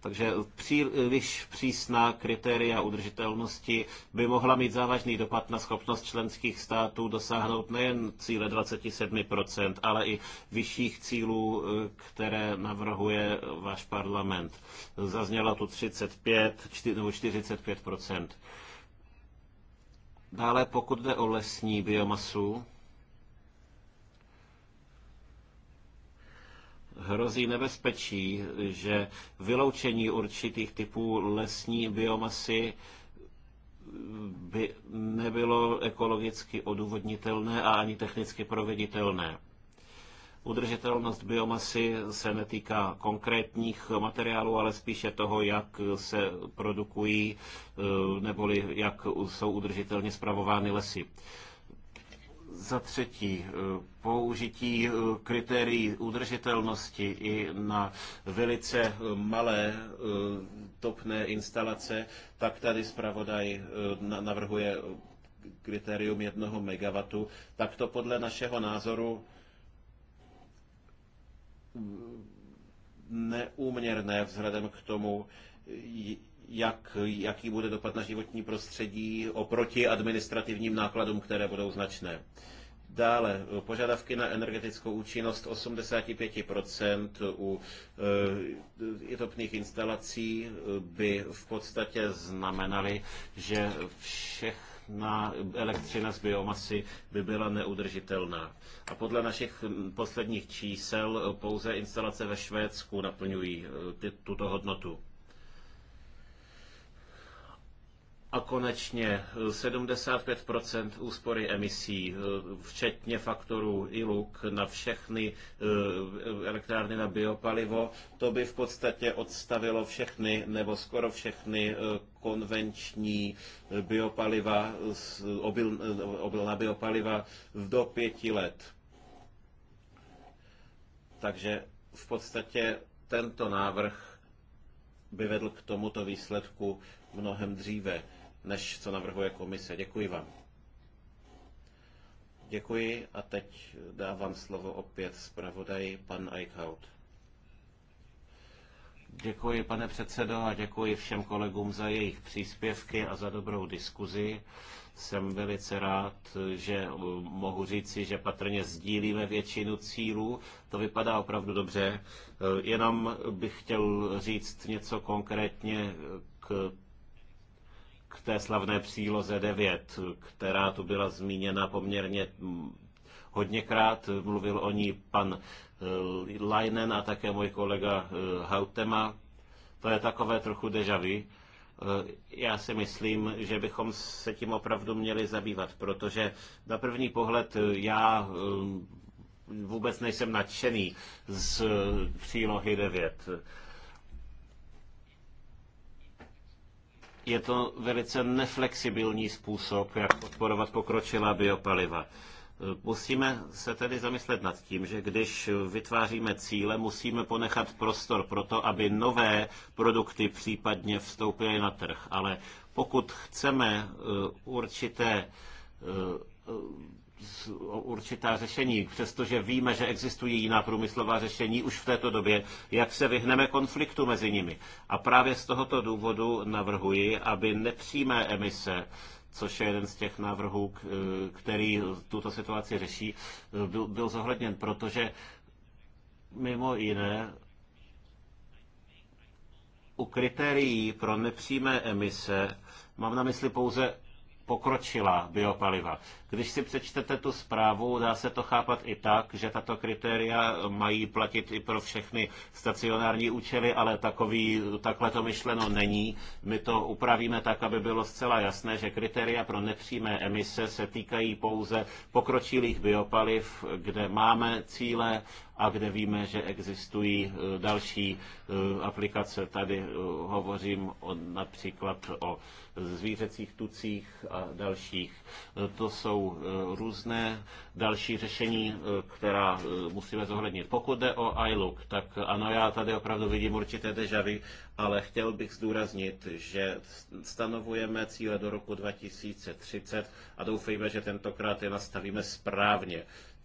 Takže příliš přísná kritéria udržitelnosti by mohla mít závažný dopad na schopnost členských států dosáhnout nejen cíle 27%, ale i vyšších cílů, které navrhuje váš parlament. Zaznělo tu 35 nebo 45%. Dále pokud jde o lesní biomasu, hrozí nebezpečí, že vyloučení určitých typů lesní biomasy by nebylo ekologicky odůvodnitelné a ani technicky proveditelné. Udržitelnost biomasy se netýká konkrétních materiálů, ale spíše toho, jak se produkují eh, neboli jak jsou udržitelně spravovány lesy. Za třetí, e, použití e, kritérií udržitelnosti i na velice e, malé topné instalace, tak tady zpravodaj navrhuje kritérium jednoho megawatu, tak to podle našeho názoru mm, neúměrné vzhledem k tomu, jak, jaký bude dopad na životní prostředí oproti administrativním nákladům, které budou značné. Dále požadavky na energetickou účinnost 85% u e, eh, topných instalací eh, by v podstatě znamenaly, že všechna elektřina z biomasy by byla neudržitelná. A podle našich posledních čísel pouze instalace ve Švédsku naplňují eh, ty, tuto hodnotu. A konečně 75 eh, úspory emisí, eh, včetně faktorů ILUK na všechny eh, elektrárny na biopalivo, to by v podstatě odstavilo všechny nebo skoro všechny konvenční biopaliva, obil, obilná biopaliva do pěti let. Takže v podstatě tento návrh by vedl k tomuto výsledku mnohem dříve než co navrhuje komise. Děkuji vám. Děkuji a teď dávám slovo opět zpravodaji pan Eichhout. Děkuji, pane předsedo, a děkuji všem kolegům za jejich příspěvky a za dobrou diskuzi. Jsem velice rád, že eh, mohu říci, že patrně sdílíme většinu cílů. To vypadá opravdu dobře. Eh, jenom bych chtěl říct něco konkrétně k té slavné příloze 9, která tu byla zmíněna poměrně mm, hodněkrát. Mluvil o ní pan eh, Leinen a také můj kolega eh, Hautema. To je takové trochu deja vu. Eh, já si myslím, že bychom se tím opravdu měli zabývat, protože na první pohled já vůbec nejsem nadšený z přílohy 9. je to velice neflexibilní způsob, jak podporovat pokročilá biopaliva. Musíme se tedy zamyslet nad tím, že když vytváříme cíle, musíme ponechat prostor pro to, aby nové produkty případně vstoupily na trh. Ale pokud chceme eh, určité eh, určitá řešení, přestože víme, že existují jiná průmyslová řešení už v této době, jak se vyhneme konfliktu mezi nimi. A právě z tohoto důvodu navrhuji, aby nepřímé emise což je jeden z těch návrhů, který tuto situaci řeší, byl zohledněn, protože mimo jiné u kritérií pro nepřímé emise mám na mysli pouze pokročila biopaliva. Když si přečtete tu zprávu, dá se to chápat i tak, že tato kritéria mají platit i pro všechny stacionární účely, ale takový, takhle to myšleno není. My to upravíme tak, aby bylo zcela jasné, že kritéria pro nepřímé emise se týkají pouze pokročilých biopaliv, kde máme cíle a kde víme, že existují e, další e, aplikace. Tady e, hovořím o, například o zvířecích tucích a dalších. To jsou různé další řešení, která musíme zohlednit. Pokud jde o iLook, tak ano, já tady opravdu vidím určité dežavy, ale chtěl bych zdůraznit, že stanovujeme cíle do roku 2030 a doufejme, že tentokrát je nastavíme správně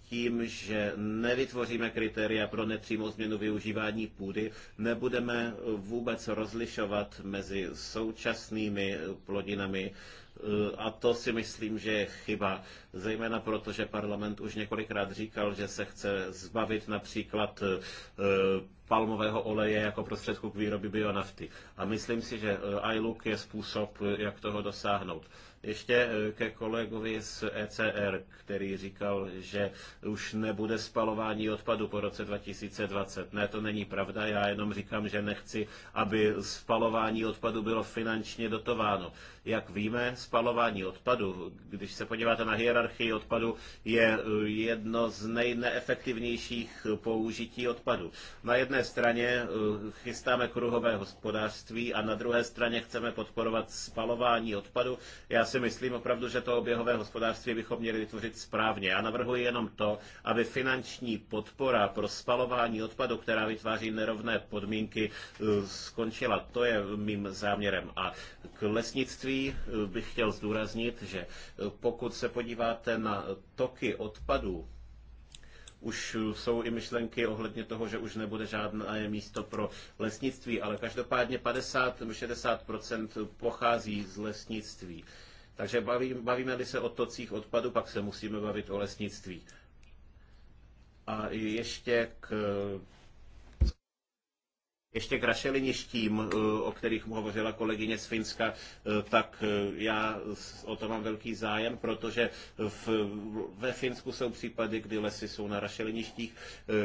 tím, že nevytvoříme kritéria pro nepřímou změnu využívání půdy, nebudeme vůbec rozlišovat mezi současnými plodinami, a to si myslím, že je chyba, zejména proto, že parlament už několikrát říkal, že se chce zbavit například e, palmového oleje jako prostředku k výrobě bionafty. A myslím si, že e, iLook je způsob, jak toho dosáhnout. Ještě eh, ke kolegovi z ECR, který říkal, že už nebude spalování odpadu po roce 2020. Ne, to není pravda, já jenom říkám, že nechci, aby spalování odpadu bylo finančně dotováno. Jak víme, spalování odpadu, když se podíváte na hierarchii odpadu, je eh, jedno z nejneefektivnějších eh, použití odpadu. Na jedné straně eh, chystáme kruhové hospodářství a na druhé straně chceme podporovat spalování odpadu. Já si myslím opravdu, že to oběhové hospodářství bychom měli vytvořit správně. Já navrhuji jenom to, aby finanční podpora pro spalování odpadu, která vytváří nerovné podmínky, skončila. To je mým záměrem. A k lesnictví odvětví eh, bych chtěl zdůraznit, že eh, pokud se podíváte na toky odpadů, už eh, jsou i myšlenky ohledně toho, že už nebude žádné místo pro lesnictví, ale každopádně 50-60% pochází z lesnictví. Takže baví, bavíme-li se o tocích odpadu, pak se musíme bavit o lesnictví. A ještě k ještě k rašeliništím, eh, o kterých hovořila kolegyně z Finska, eh, tak eh, já o to mám velký zájem, protože v, ve Finsku jsou případy, kdy lesy jsou na rašeliništích.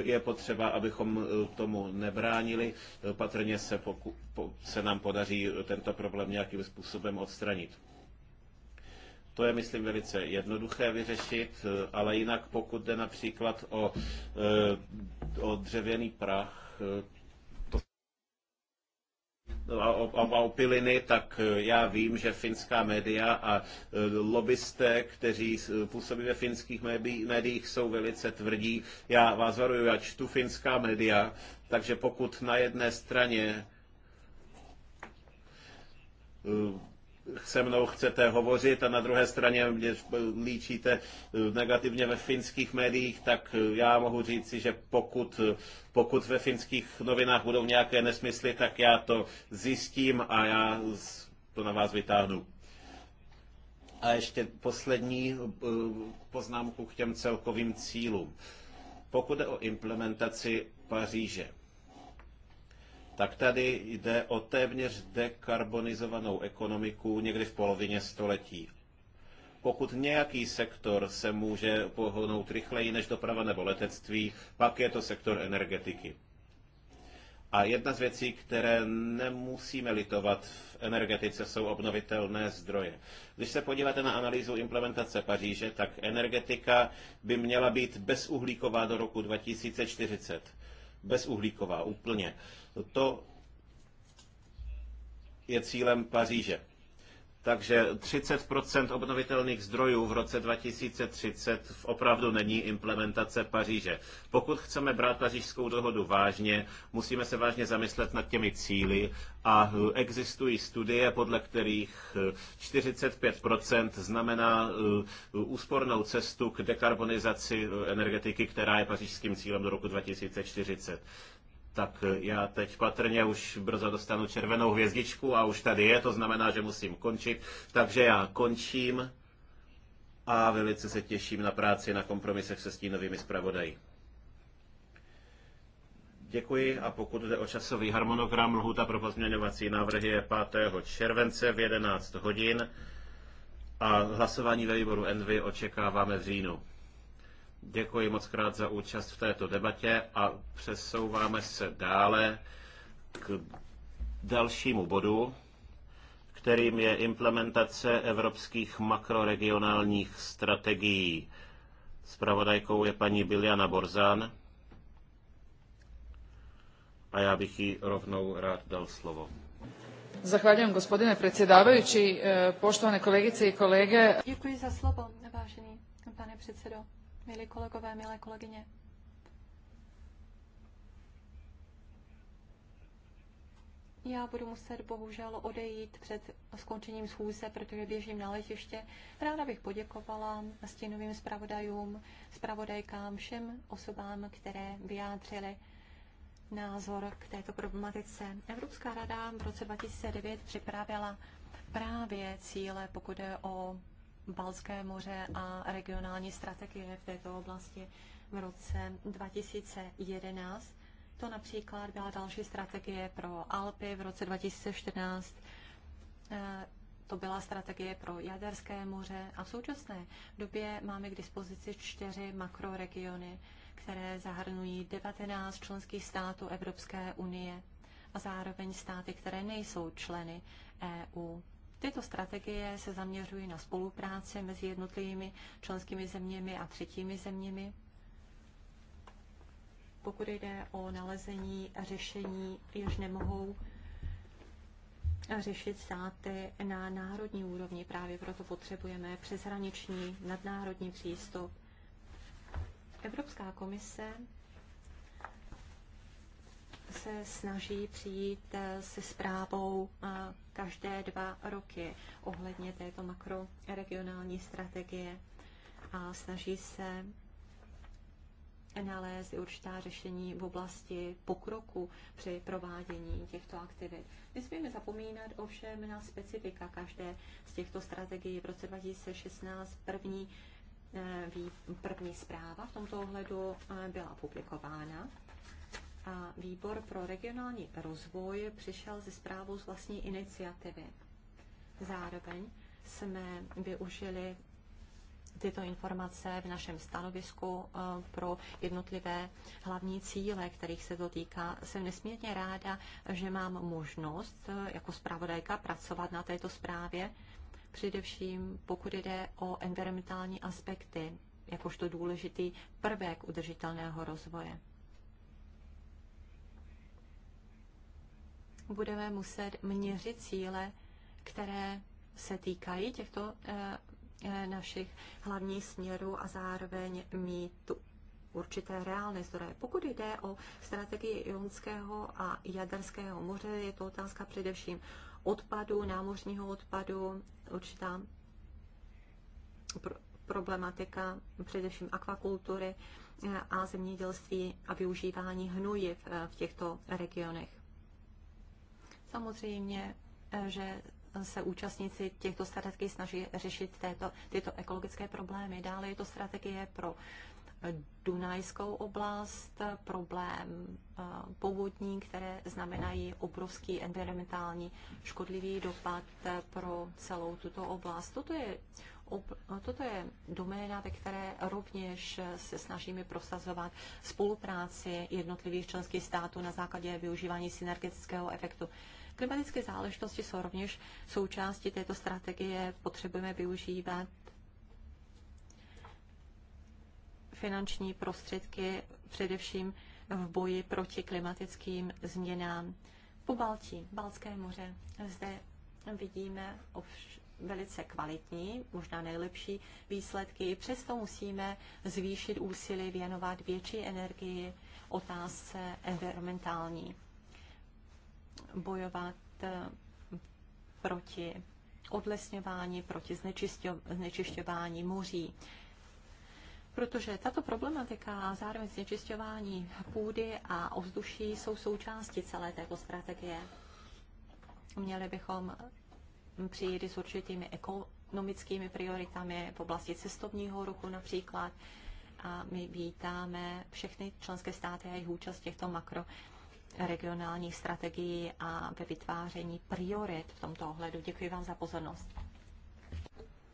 Je potřeba, abychom tomu nebránili. Patrně se, poku, po, se nám podaří tento problém nějakým způsobem odstranit. To je, myslím, velice jednoduché vyřešit, ale jinak pokud jde například o, o dřevěný prach, a, a opiliny, tak e, já vím, že finská média a e, lobbysté, kteří e, působí ve finských médií, médiích, jsou velice tvrdí. Já vás varuju, já čtu finská média, takže pokud na jedné straně se mnou chcete hovořit a na druhé straně mě líčíte eh, negativně ve finských médiích, tak eh, já mohu říci, že pokud, eh, pokud ve finských novinách budou nějaké nesmysly, tak já to zjistím a já to na vás vytáhnu. A ještě poslední poznámku k těm celkovým cílům. Pokud je o implementaci Paříže, tak tady jde o téměř dekarbonizovanou ekonomiku někdy v polovině století. Pokud nějaký sektor se může pohnout rychleji než doprava nebo letectví, pak je to sektor energetiky. A jedna z věcí, které nemusíme litovat v energetice, jsou obnovitelné zdroje. Když se podíváte na analýzu implementace Paříže, tak energetika by měla být bezuhlíková do roku 2040. Bezuhlíková, úplně. To je cílem Paříže. Takže 30 obnovitelných zdrojů v roce 2030 opravdu není implementace Paříže. Pokud chceme brát pařížskou dohodu vážně, musíme se vážně zamyslet nad těmi cíly a existují studie, podle kterých 45 znamená uh, úspornou cestu k dekarbonizaci uh, energetiky, která je pařížským cílem do roku 2040. Tak já teď patrně už brzo dostanu červenou hvězdičku a už tady je, to znamená, že musím končit. Takže já končím a velice se těším na práci na kompromisech se stínovými zpravodají. Děkuji a pokud jde o časový harmonogram, lhůta pro pozměňovací návrhy je 5. července v 11 hodin a hlasování ve výboru Envy očekáváme v říjnu. Děkuji moc krát za účast v této debatě a přesouváme se dále k dalšímu bodu, kterým je implementace evropských makroregionálních strategií. Spravodajkou je paní Biljana Borzán a já bych jí rovnou rád dal slovo. Zahvaljujem gospodine predsjedavajući, e, poštovane kolegice i kolege. Děkuji za slovo, vážený pane předsedo milí kolegové, milé kolegyně. Já budu muset bohužel odejít před skončením schůze, protože běžím na letiště. Ráda bych poděkovala stínovým zpravodajům, zpravodajkám, všem osobám, které vyjádřily názor k této problematice. Evropská rada v roce 2009 připravila právě cíle, pokud je o Balské moře a regionální strategie v této oblasti v roce 2011. To například byla další strategie pro Alpy v roce 2014. Eh, to byla strategie pro Jaderské moře a v současné době máme k dispozici čtyři makroregiony, které zahrnují 19 členských států Evropské unie a zároveň státy, které nejsou členy EU. Tyto strategie se zaměřují na spolupráci mezi jednotlivými členskými zeměmi a třetími zeměmi. Pokud jde o nalezení řešení, jež nemohou řešit státy na národní úrovni, právě proto potřebujeme přeshraniční, nadnárodní přístup. Evropská komise se snaží přijít eh, se zprávou eh, každé dva roky ohledně této makroregionální strategie a snaží se nalézt určitá řešení v oblasti pokroku při provádění těchto aktivit. Nesmíme zapomínat ovšem na specifika každé z těchto strategií. V roce 2016 první, eh, první zpráva v tomto ohledu byla publikována a výbor pro regionální rozvoj přišel ze zprávou z vlastní iniciativy. Zároveň jsme využili tyto informace v našem stanovisku eh, pro jednotlivé hlavní cíle, kterých se to týká. Jsem nesmírně ráda, že mám možnost eh, jako zpravodajka pracovat na této zprávě, především pokud jde o environmentální aspekty, jakožto důležitý prvek udržitelného rozvoje. budeme muset měřit cíle, které se týkají těchto eh, eh, našich hlavních směrů a zároveň mít tu určité reálné zdroje. Pokud jde o strategii Jonského a Jaderského moře, je to otázka především odpadu, námořního odpadu, určitá problematika především akvakultury eh, a zemědělství a využívání hnojiv v těchto regionech. Samozřejmě, eh, že se účastníci těchto strategií snaží řešit této, tyto ekologické problémy. Dále je to strategie pro eh, Dunajskou oblast, problém eh, povodní, které znamenají obrovský environmentální škodlivý dopad pro celou tuto oblast. Toto je, toto je doména, ve které rovněž se snažíme prosazovat spolupráci jednotlivých členských států na základě využívání synergetického efektu. Klimatické záležitosti jsou rovněž součástí této strategie. Potřebujeme využívat finanční prostředky především v boji proti klimatickým změnám. Po Baltí, Balské moře, zde vidíme ovš- velice kvalitní, možná nejlepší výsledky. Přesto musíme zvýšit úsilí věnovat větší energii otázce environmentální bojovat eh, proti odlesňování, proti znečišťování moří. Protože tato problematika a zároveň znečišťování půdy a ovzduší jsou součástí celé této strategie. Měli bychom přijít s určitými ekonomickými prioritami v oblasti cestovního ruchu například. A my vítáme všechny členské státy a jejich účast v těchto makro regionálních strategií a ve vytváření priorit v tomto ohledu. Děkuji vám za pozornost.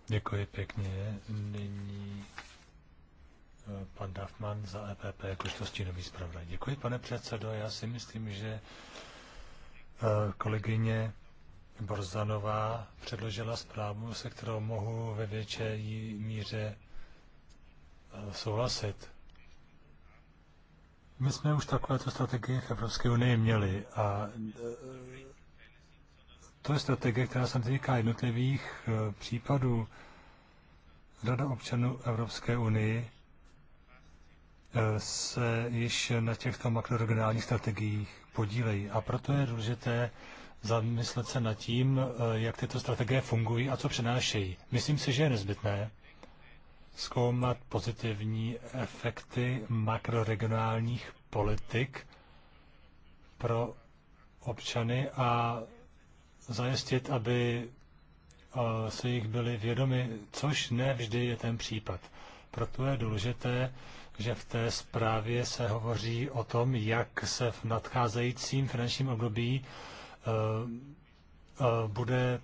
Děkuji pěkně. Nyní eh, pan Dafman za EPP jakožto stínový zpravodaj. Děkuji, pane předsedo. Já si myslím, že eh, kolegyně Borzanová předložila zprávu, se kterou mohu ve větší míře eh, souhlasit. My jsme už takovéto strategie v Evropské unii měli a e, to je strategie, která se týká jednotlivých e, případů. Rada občanů Evropské unii e, se již na těchto makroregionálních strategiích podílejí. A proto je důležité zamyslet se nad tím, jak tyto strategie fungují a co přinášejí. Myslím si, že je nezbytné, zkoumat pozitivní efekty makroregionálních politik pro občany a zajistit, aby eh, se jich byli vědomi, což ne vždy je ten případ. Proto je důležité, že v té zprávě se hovoří o tom, jak se v nadcházejícím finančním období eh, eh, bude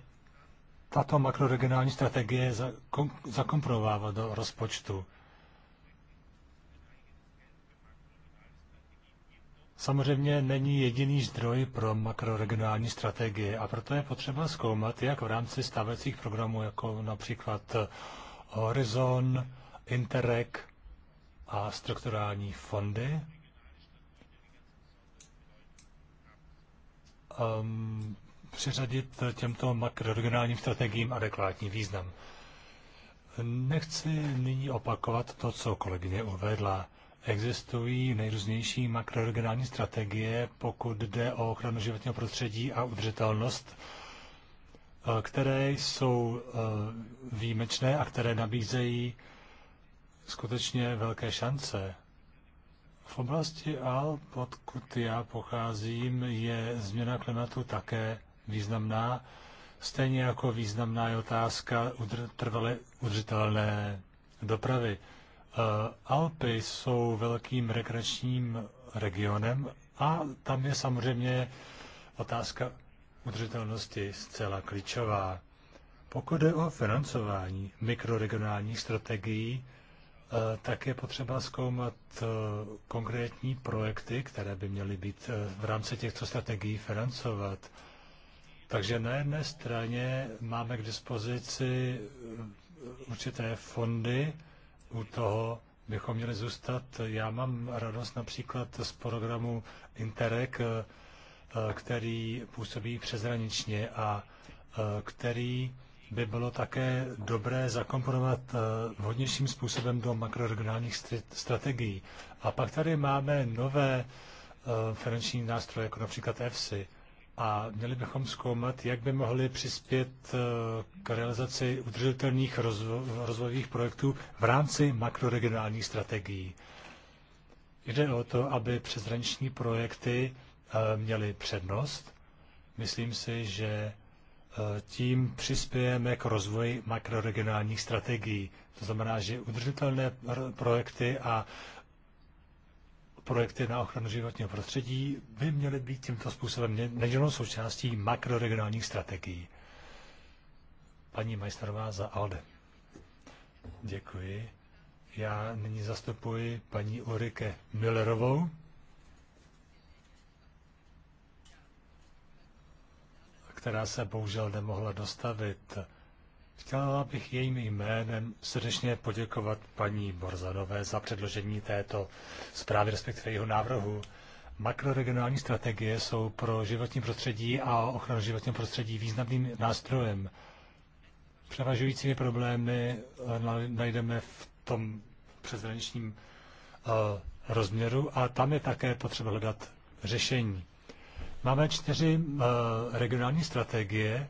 tato makroregionální strategie zakomprovává do rozpočtu. Samozřejmě není jediný zdroj pro makroregionální strategie a proto je potřeba zkoumat, jak v rámci stavecích programů, jako například eh, Horizon, Interreg a strukturální fondy, um, přiřadit těmto makroregionálním strategiím adekvátní význam. Nechci nyní opakovat to, co kolegyně uvedla. Existují nejrůznější makroregionální strategie, pokud jde o ochranu životního prostředí a udržitelnost, eh, které jsou eh, výjimečné a které nabízejí skutečně velké šance. V oblasti Alp, odkud já pocházím, je změna klimatu také významná, stejně jako významná je otázka udr- trvale udržitelné dopravy. Eh, Alpy jsou velkým rekreačním regionem a tam je samozřejmě otázka udržitelnosti zcela klíčová. Pokud je o financování mikroregionálních strategií, eh, tak je potřeba zkoumat eh, konkrétní projekty, které by měly být v rámci těchto strategií financovat. Takže na jedné straně máme k dispozici eh, určité fondy, u toho bychom měli zůstat. Já mám radost například z programu Interreg, eh, který působí přezraničně a eh, který by bylo také dobré zakomponovat vhodnějším způsobem do makroregionálních strategií. A pak tady máme nové finanční nástroje, jako například EFSI a měli bychom zkoumat, jak by mohli přispět eh, k realizaci udržitelných rozvo rozvojových projektů v rámci makroregionálních strategií. Jde o to, aby přeshraniční projekty eh, měly přednost. Myslím si, že eh, tím přispějeme k rozvoji makroregionálních strategií. To znamená, že udržitelné projekty a projekty na ochranu životního prostředí by měly být tímto způsobem nedělnou součástí makroregionálních strategií. Paní majstrová za ALDE. Děkuji. Já nyní zastupuji paní Ulrike Millerovou. která se bohužel nemohla dostavit. Chtěla bych jejím jménem srdečně poděkovat paní Borzanové za předložení této zprávy, respektive jeho návrhu. Makroregionální strategie jsou pro životní prostředí a ochranu životního prostředí významným nástrojem. Převažujícími problémy eh, najdeme v tom přezraničním eh, rozměru a tam je také potřeba hledat řešení. Máme čtyři eh, regionální strategie,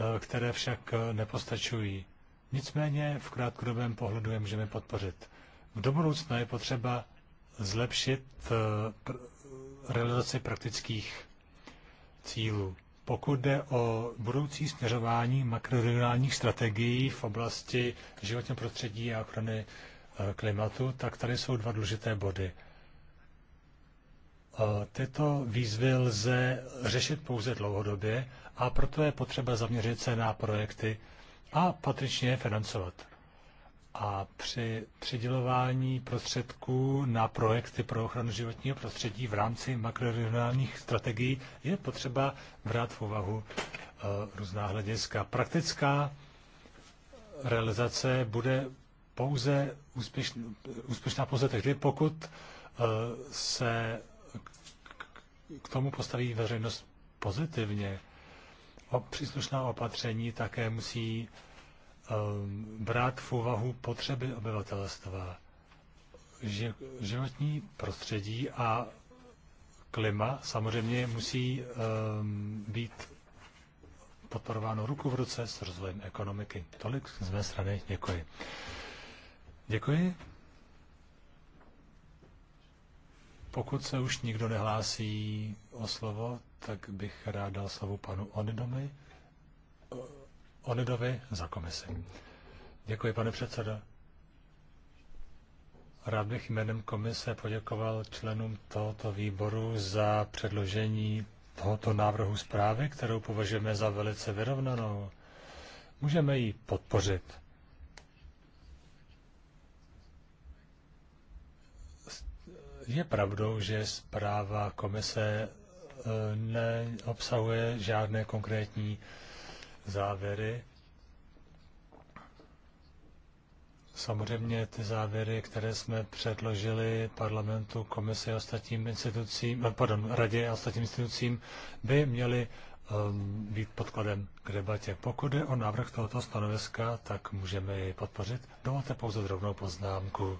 Eh, které však eh, nepostačují. Nicméně v krátkodobém pohledu je můžeme podpořit. Do budoucna je potřeba zlepšit eh, realizaci praktických cílů. Pokud jde o budoucí směřování makroregionálních strategií v oblasti životního prostředí a ochrany klimatu, tak tady jsou dva důležité body. Tyto výzvy lze řešit pouze dlouhodobě a proto je potřeba zaměřit se na projekty a patrně je financovat. A při přidělování prostředků na projekty pro ochranu životního prostředí v rámci makroregionálních strategií je potřeba brát v úvahu eh, různá hlediska. Praktická realizace bude pouze úspěš, úspěšná pouze tehdy, pokud eh, se k tomu postaví veřejnost pozitivně příslušná opatření také musí ehm, brát v úvahu potřeby obyvatelstva, životní prostředí a klima samozřejmě musí ehm, být podporováno ruku v ruce s rozvojem ekonomiky. Tolik z mé strany. Děkuji. Děkuji. Pokud se už nikdo nehlásí o slovo, tak bych rád dal slovo panu Onidovi, Onidovi za komisi. Děkuji, pane předsedo. Rád bych jménem komise poděkoval členům tohoto výboru za předložení tohoto návrhu zprávy, kterou považujeme za velice vyrovnanou. Můžeme ji podpořit. Je pravdou, že zpráva komise Eh, neobsahuje žádné konkrétní závěry. Samozřejmě ty závěry, které jsme předložili parlamentu, komisi a ostatním institucím, eh, pardon, radě a ostatním institucím, by měly um, být podkladem k debatě. Pokud je o návrh tohoto stanoviska, tak můžeme jej podpořit. Dovolte pouze drobnou poznámku.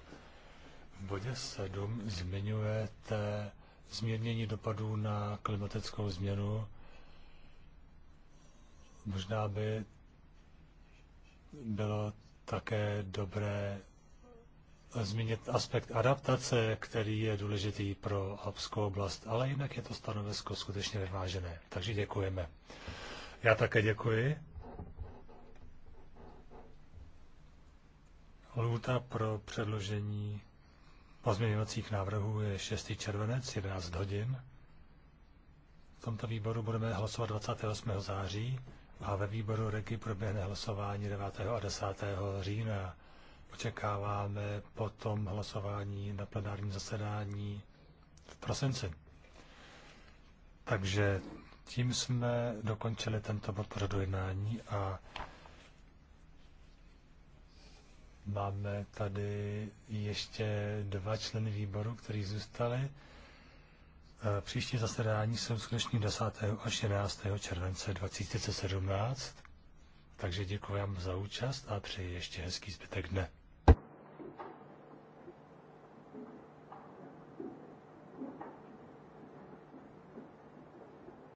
V bodě 7 zmiňujete zmírnění dopadů na klimatickou změnu. Možná by bylo také dobré zmínit aspekt adaptace, který je důležitý pro Alpskou oblast, ale jinak je to stanovisko skutečně vyvážené. Takže děkujeme. Já také děkuji. Lhůta pro předložení pozměňovacích návrhů je 6. červenec, 11 hodin. V tomto výboru budeme hlasovat 28. září a ve výboru REGI proběhne hlasování 9. a 10. října. Očekáváme potom hlasování na plenárním zasedání v prosinci. Takže tím jsme dokončili tento bod pořadu jednání a Máme tady ještě dva členy výboru, kteří zůstali. E, příští zasedání jsou skutečně 10. až 11. července 2017, takže děkuji vám za účast a přeji ještě hezký zbytek dne.